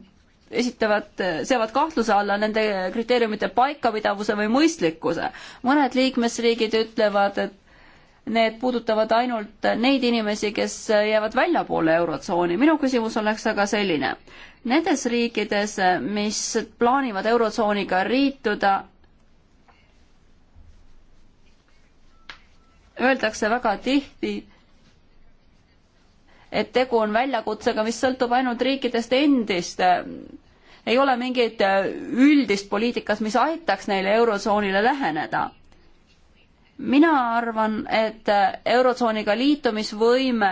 S3: esitavad, seavad kahtluse alla nende kriteeriumite paikapidavuse või mõistlikkuse. mõned liikmesriigid ütlevad, et need puudutavad ainult neid inimesi, kes jäävad väljapoole Eurotsooni. minu küsimus oleks aga selline. Nendes riikides, mis plaanivad Eurotsooniga liituda, öeldakse väga tihti, et tegu on väljakutsega, mis sõltub ainult riikidest endist. ei ole mingit üldist poliitikat, mis aitaks neile Eurotsoonile läheneda mina arvan, et Eurotsooniga liitumisvõime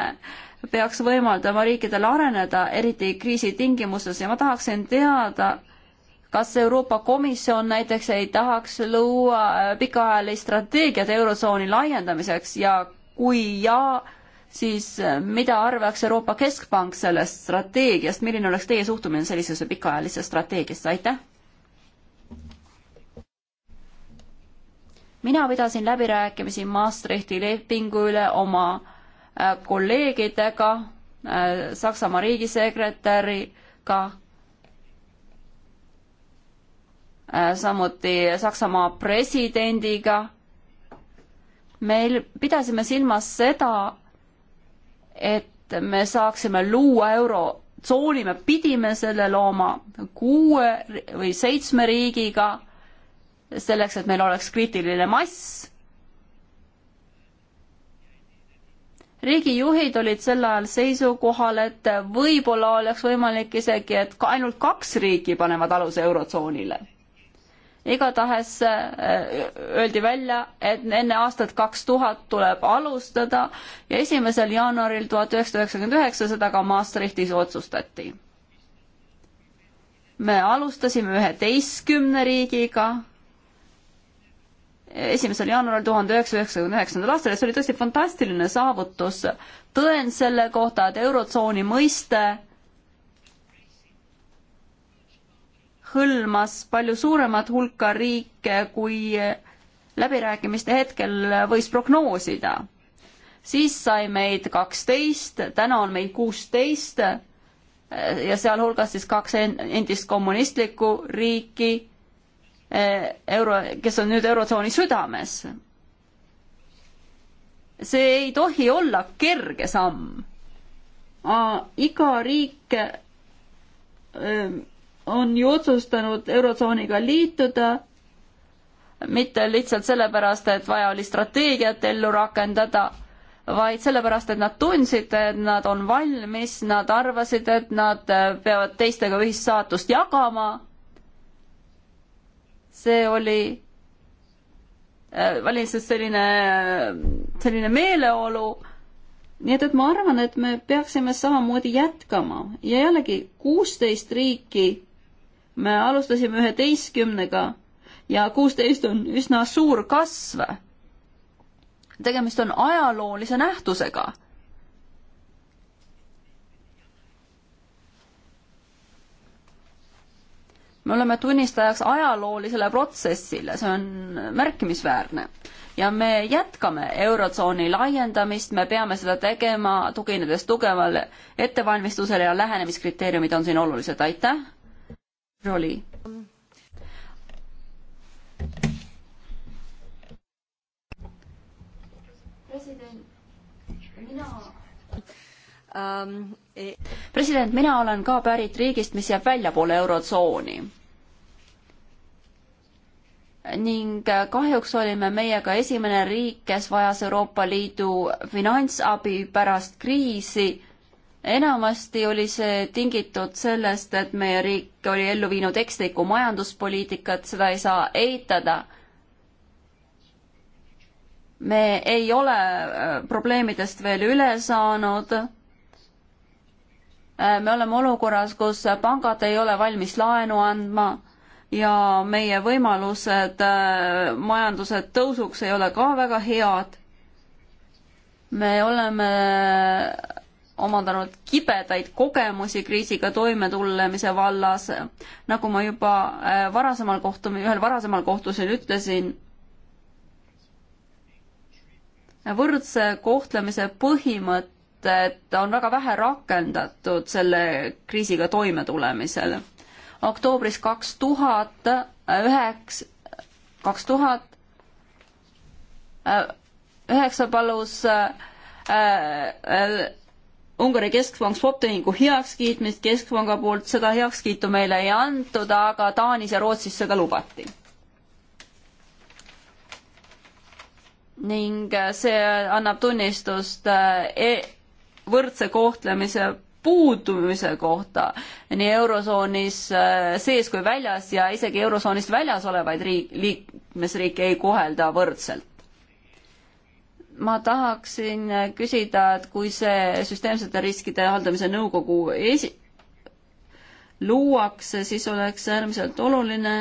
S3: peaks võimaldama riikidel areneda, eriti kriisitingimustes ja ma tahaksin teada, kas Euroopa Komisjon näiteks ei tahaks luua äh, pikaajalist strateegiat Eurotsooni laiendamiseks ja kui jaa, siis äh, mida arvaks Euroopa Keskpank sellest strateegiast, milline oleks teie suhtumine sellisesse pikaajalisse strateegiasse, aitäh? mina pidasin läbirääkimisi Maastrichti lepingu üle oma äh, kolleegidega, äh, Saksamaa riigisekretäriga, äh, samuti Saksamaa presidendiga. meil pidasime silmas seda, et me saaksime luua eurotsooni, me pidime selle looma kuue või seitsme riigiga selleks, et meil oleks kriitiline mass. riigijuhid olid sel ajal seisukohal, et võib-olla oleks võimalik isegi, et ainult kaks riiki panevad aluse Eurotsoonile. igatahes äh, öeldi välja, et enne aastat kaks tuhat tuleb alustada ja esimesel jaanuaril tuhat üheksasada üheksakümmend üheksa seda ka Maastrichtis otsustati me alustasime üheteistkümne riigiga esimesel jaanuaril tuhande üheksasaja üheksakümne üheksandal aastal ja see oli tõesti fantastiline saavutus. tõend selle kohta, et Eurotsooni mõiste hõlmas palju suuremat hulka riike, kui läbirääkimiste hetkel võis prognoosida. siis sai meid kaksteist, täna on meid kuusteist ja sealhulgas siis kaks endist kommunistlikku riiki Eh, euro, kes on nüüd Eurotsooni südames. see ei tohi olla kerge samm. iga riik eh, on ju otsustanud Eurotsooniga liituda, mitte lihtsalt sellepärast, et vaja oli strateegiat ellu rakendada vaid sellepärast, et nad tundsid, et nad on valmis, nad arvasid, et nad eh, peavad teistega ühist saatust jagama see oli valitses äh, selline, selline meeleolu. nii et, et ma arvan, et me peaksime samamoodi jätkama ja jällegi kuusteist riiki me alustasime üheteistkümnega ja kuusteist on üsna suur kasv. tegemist on ajaloolise nähtusega me oleme tunnistajaks ajaloolisele protsessile, see on märkimisväärne. ja me jätkame Eurotsooni laiendamist, me peame seda tegema, tuginedes tugevale ettevalmistusele ja lähenemiskriteeriumid on siin olulised, aitäh. Roli. president,
S1: mina um, president,
S3: mina olen ka pärit riigist, mis jääb väljapoole eurotsooni. ning kahjuks olime meie ka esimene riik, kes vajas Euroopa Liidu finantsabi pärast kriisi. enamasti oli see tingitud sellest, et meie riik oli ellu viinud ekslikku majanduspoliitikat, seda ei saa eitada me ei ole äh, probleemidest veel üle saanud Äh, me oleme olukorras, kus pangad ei ole valmis laenu andma ja meie võimalused äh, majanduse tõusuks ei ole ka väga head. me oleme omandanud kibedaid kogemusi kriisiga toimetulemise vallas. nagu ma juba äh, varasemal kohtum-, ühel varasemal kohtusel ütlesin, võrdse kohtlemise põhimõte et on väga vähe rakendatud selle kriisiga toimetulemisel. oktoobris kaks tuhat üheks, kaks tuhat äh, üheksa palus äh, äh, Ungari keskpank swap-tehingu heakskiitmist keskpanga poolt, seda heakskiitu meile ei antud, aga Taanis ja Rootsis seda lubati. ning äh, see annab tunnistust äh, e võrdse kohtlemise puudumise kohta nii eurosoonis äh, sees kui väljas ja isegi eurosoonist väljas olevaid riik, liikmesriike ei kohelda võrdselt. ma tahaksin küsida, et kui see süsteemsete riskide haldamise nõukogu esi-, luuakse, siis oleks äärmiselt oluline,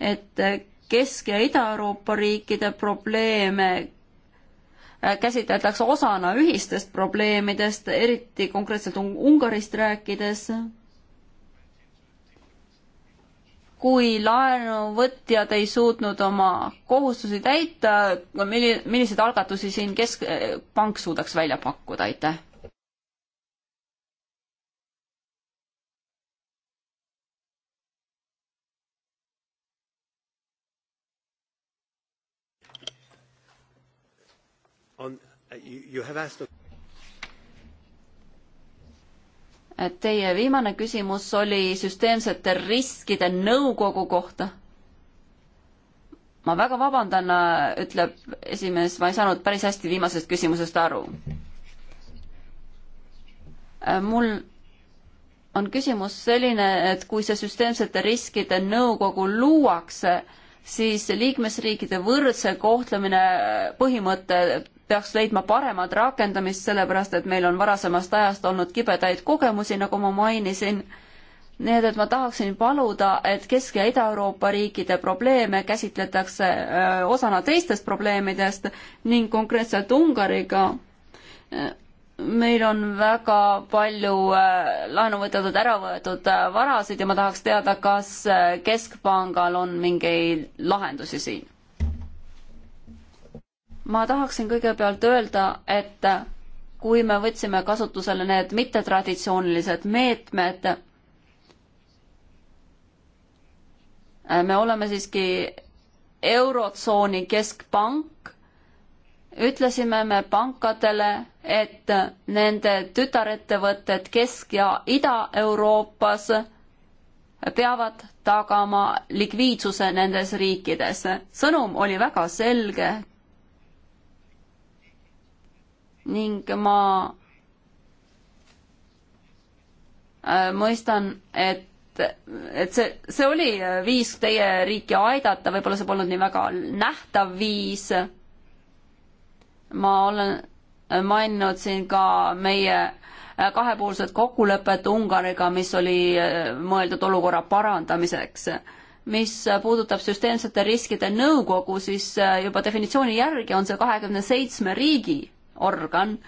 S3: et Kesk- ja Ida-Euroopa riikide probleeme Äh, käsitletakse osana ühistest probleemidest, eriti konkreetselt Ungarist rääkides. kui laenuvõtjad ei suutnud oma kohustusi täita, milli-, milliseid algatusi siin keskpank suudaks välja pakkuda, aitäh?
S1: You have asked
S3: Teie viimane küsimus oli süsteemsete riskide nõukogu kohta. ma väga vabandan, ütleb esimees, ma ei saanud päris hästi viimasest küsimusest aru. Äh, mul on küsimus selline, et kui see süsteemsete riskide nõukogu luuakse, siis liikmesriikide võrdse kohtlemine põhimõte peaks leidma paremat rakendamist, sellepärast et meil on varasemast ajast olnud kibedaid kogemusi, nagu ma mainisin. nii et, et ma tahaksin paluda, et Kesk- ja Ida-Euroopa riikide probleeme käsitletakse äh, osana teistest probleemidest ning konkreetselt Ungariga äh, meil on väga palju äh, laenu võtetud, ära võetud varasid ja ma tahaks teada, kas Keskpangal on mingeid lahendusi siin? ma tahaksin kõigepealt öelda, et kui me võtsime kasutusele need mittetraditsioonilised meetmed, me oleme siiski Eurotsooni keskpank, ütlesime me pankadele, et nende tütarettevõtted Kesk- ja Ida-Euroopas peavad tagama likviidsuse nendes riikides. sõnum oli väga selge, ning ma äh, mõistan, et, et see, see oli viis teie riiki aidata, võib-olla see polnud nii väga nähtav viis. ma olen maininud siin ka meie äh, kahepoolset kokkulepet Ungariga, mis oli äh, mõeldud olukorra parandamiseks. mis puudutab süsteemsete riskide nõukogu, siis juba definitsiooni järgi on see kahekümne seitsme riigi organ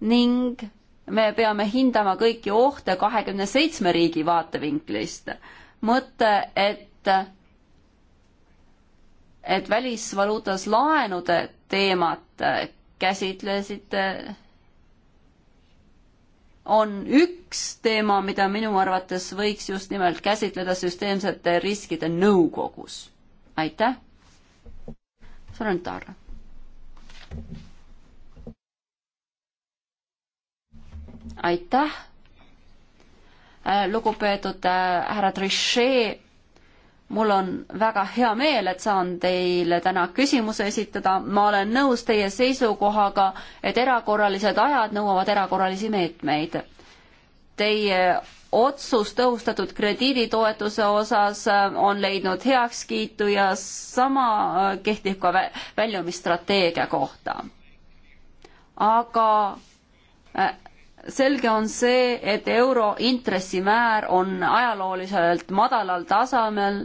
S3: ning me peame hindama kõiki ohte kahekümne seitsme riigi vaatevinklist. mõte, et, et välisvaluutas laenude teemat käsitlesite, on üks teema, mida minu arvates võiks just nimelt käsitleda süsteemsete riskide nõukogus. aitäh! Sorrentaro. aitäh, äh, lugupeetud äh, härra Trichet. mul on väga hea meel, et saan teile täna küsimuse esitada. ma olen nõus teie seisukohaga, et erakorralised ajad nõuavad erakorralisi meetmeid. Teie otsus tõhustatud krediiditoetuse osas äh, on leidnud heakskiitu ja sama kehtib ka väljumisstrateegia kohta. aga selge on see, et euro intressimäär on ajalooliselt madalal tasemel.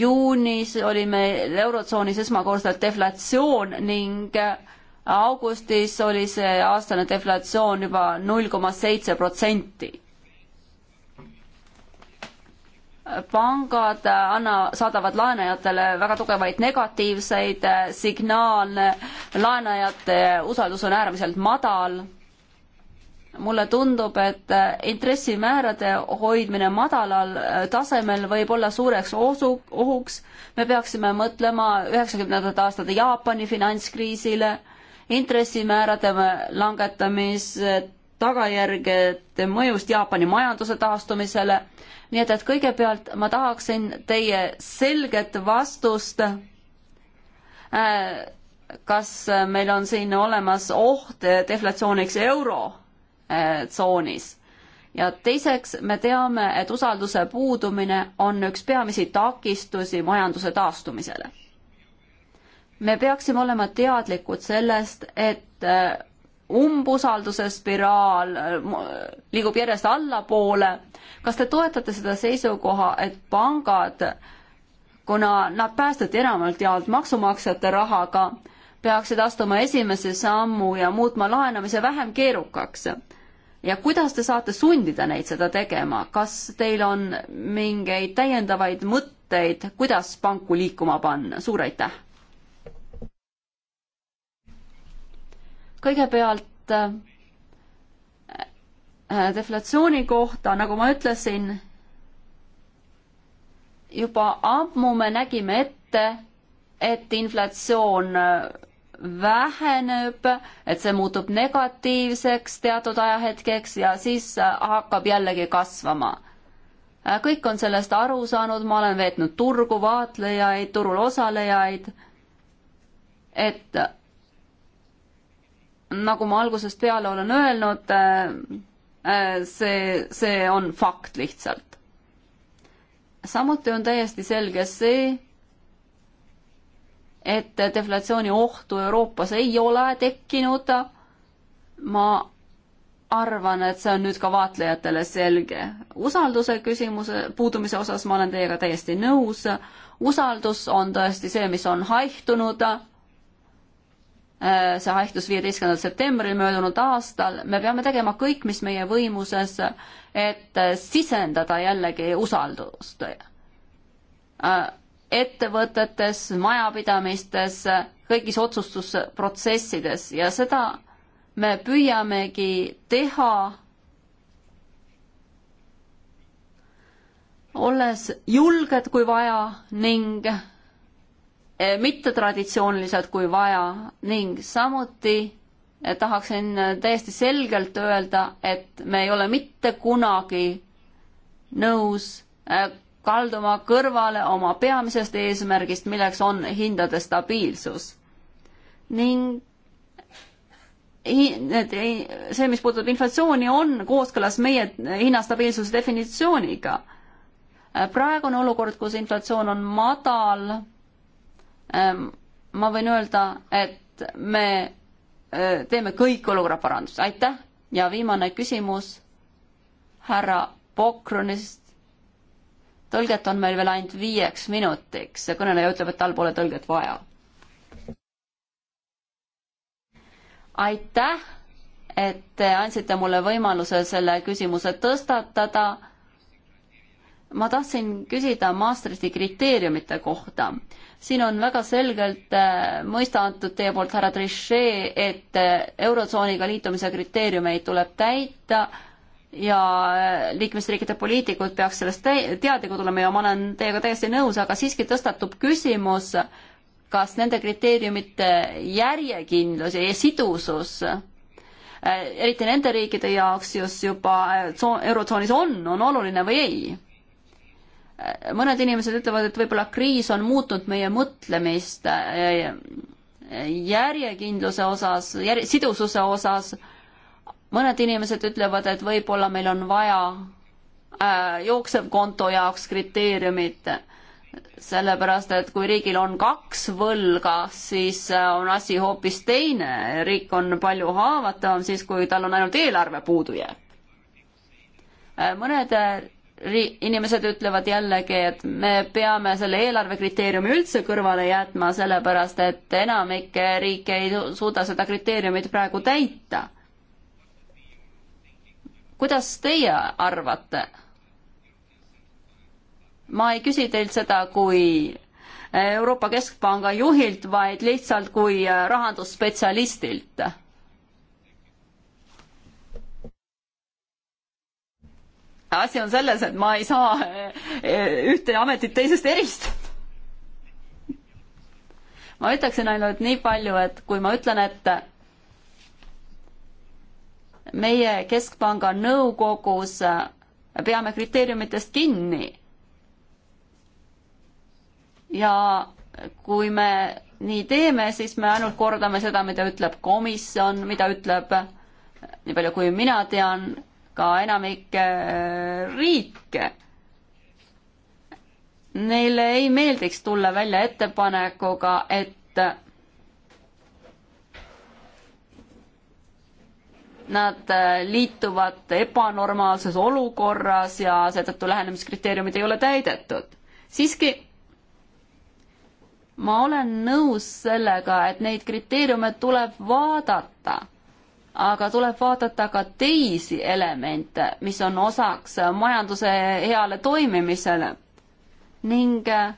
S3: juunis oli meil eurotsoonis esmakordselt deflatsioon ning augustis oli see aastane deflatsioon juba null koma seitse protsenti pangad anna, saadavad laenajatele väga tugevaid negatiivseid signaale, laenajate usaldus on äärmiselt madal mulle tundub, et äh, intressimäärade hoidmine madalal äh, tasemel võib olla suureks osu, ohuks. me peaksime mõtlema üheksakümnendate aastate Jaapani finantskriisile, intressimäärade langetamise tagajärgede mõjust Jaapani majanduse taastumisele. nii et, et kõigepealt ma tahaksin teie selget vastust äh, kas meil on siin olemas oht deflatsiooniks euro tsoonis. ja teiseks, me teame, et usalduse puudumine on üks peamisi takistusi majanduse taastumisele. me peaksime olema teadlikud sellest, et äh, umbusalduse spiraal äh, liigub järjest allapoole. kas te toetate seda seisukoha, et pangad, kuna nad päästeti enamalt jaolt maksumaksjate rahaga, peaksid astuma esimese sammu ja muutma laenamise vähem keerukaks. ja kuidas te saate sundida neid seda tegema, kas teil on mingeid täiendavaid mõtteid, kuidas panku liikuma panna, suur aitäh! kõigepealt äh, äh, deflatsiooni kohta, nagu ma ütlesin, juba ammu me nägime ette, et inflatsioon äh, väheneb, et see muutub negatiivseks teatud ajahetkeks ja siis hakkab jällegi kasvama. kõik on sellest aru saanud, ma olen veetnud turgu, vaatlejaid, turul osalejaid, et nagu ma algusest peale olen öelnud, see, see on fakt lihtsalt. samuti on täiesti selge see, et deflatsiooni ohtu Euroopas ei ole tekkinud. ma arvan, et see on nüüd ka vaatlejatele selge. usalduse küsimuse puudumise osas ma olen teiega täiesti nõus. usaldus on tõesti see, mis on haihtunud. see haihtus viieteistkümnendal septembril möödunud aastal. me peame tegema kõik, mis meie võimuses, et sisendada jällegi usaldust ettevõtetes, majapidamistes, kõigis otsustusprotsessides ja seda me püüamegi teha, olles julged, kui vaja ning eh, mittetraditsioonilised, kui vaja ning samuti eh, tahaksin täiesti selgelt öelda, et me ei ole mitte kunagi nõus eh, kalduma kõrvale oma peamisest eesmärgist, milleks on hindade stabiilsus. ning need, see, mis puudutab inflatsiooni, on kooskõlas meie hinnastabiilsuse definitsiooniga. praegune olukord, kus inflatsioon on madal, ehm, ma võin öelda, et me eh, teeme kõik olukorra parandused, aitäh! ja viimane küsimus härra Pokronist tõlget on meil veel ainult viieks minutiks ja kõneleja ütleb, et tal pole tõlget vaja. aitäh, et te andsite mulle võimaluse selle küsimuse tõstatada. ma tahtsin küsida Maastrichti kriteeriumite kohta. siin on väga selgelt äh, mõista antud teie poolt, härra Trichet, et äh, Eurotsooniga liitumise kriteeriumeid tuleb täita ja äh, liikmesriikide poliitikud peaks sellest te teadlikud olema ja ma olen teiega täiesti nõus, aga siiski tõstatub küsimus, kas nende kriteeriumite järjekindlus ja sidusus äh, eriti nende riikide jaoks, kes juba äh, eurotsoonis on, on oluline või ei. mõned inimesed ütlevad, et võib-olla kriis on muutnud meie mõtlemist järjekindluse osas, järje, sidususe osas mõned inimesed ütlevad, et võib-olla meil on vaja äh, jooksevkonto jaoks kriteeriumit, sellepärast et kui riigil on kaks võlga, siis äh, on asi hoopis teine, riik on palju haavatavam siis, kui tal on ainult eelarve puudujääk. Äh, mõned äh, ri-, inimesed ütlevad jällegi, et me peame selle eelarvekriteeriumi üldse kõrvale jätma, sellepärast et enamik riike ei suuda seda kriteeriumit praegu täita kuidas teie arvate? ma ei küsi teilt seda kui Euroopa Keskpanga juhilt, vaid lihtsalt kui rahandusspetsialistilt asi on selles, et ma ei saa eh, ühte ametit teisest eristada. ma ütleksin ainult nii palju, et kui ma ütlen, et meie Keskpanga nõukogus äh, peame kriteeriumitest kinni. ja kui me nii teeme, siis me ainult kordame seda, mida ütleb komisjon, mida ütleb, äh, nii palju kui mina tean, ka enamik äh, riike. Neile ei meeldiks tulla välja ettepanekuga, et Nad äh, liituvad ebanormaalses olukorras ja seetõttu lähenemiskriteeriumid ei ole täidetud. siiski ma olen nõus sellega, et neid kriteeriume tuleb vaadata, aga tuleb vaadata ka teisi elemente, mis on osaks majanduse heale toimimisele ning äh,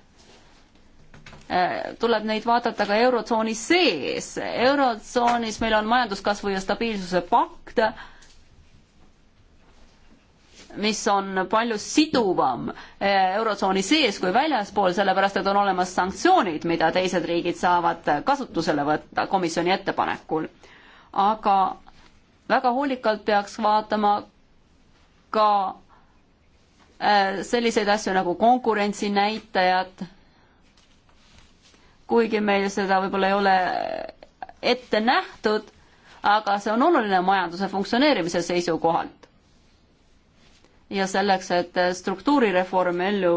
S3: Äh, tuleb neid vaadata ka Eurotsooni sees. Eurotsoonis meil on majanduskasvu ja stabiilsuse pakt, mis on palju siduvam äh, Eurotsooni sees kui väljaspool, sellepärast et on olemas sanktsioonid, mida teised riigid saavad kasutusele võtta komisjoni ettepanekul. aga väga hoolikalt peaks vaatama ka äh, selliseid asju nagu konkurentsinäitajad kuigi meil seda võib-olla ei ole ette nähtud, aga see on oluline majanduse funktsioneerimise seisukohalt. ja selleks, et struktuurireforme ellu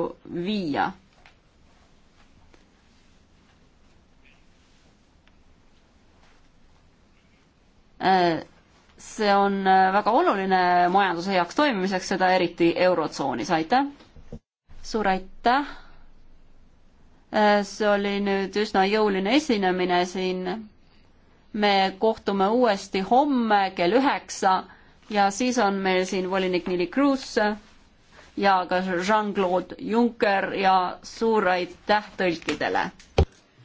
S3: viia. see on väga oluline majanduse heaks toimimiseks, seda eriti Eurotsoonis, aitäh! suur aitäh! Äh, see oli nüüd üsna jõuline esinemine siin. me kohtume uuesti homme kell üheksa ja siis on meil siin volinik Nili Kruus ja ka Jean-Claude Juncker ja suur aitäh tõlkidele!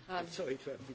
S1: Ah,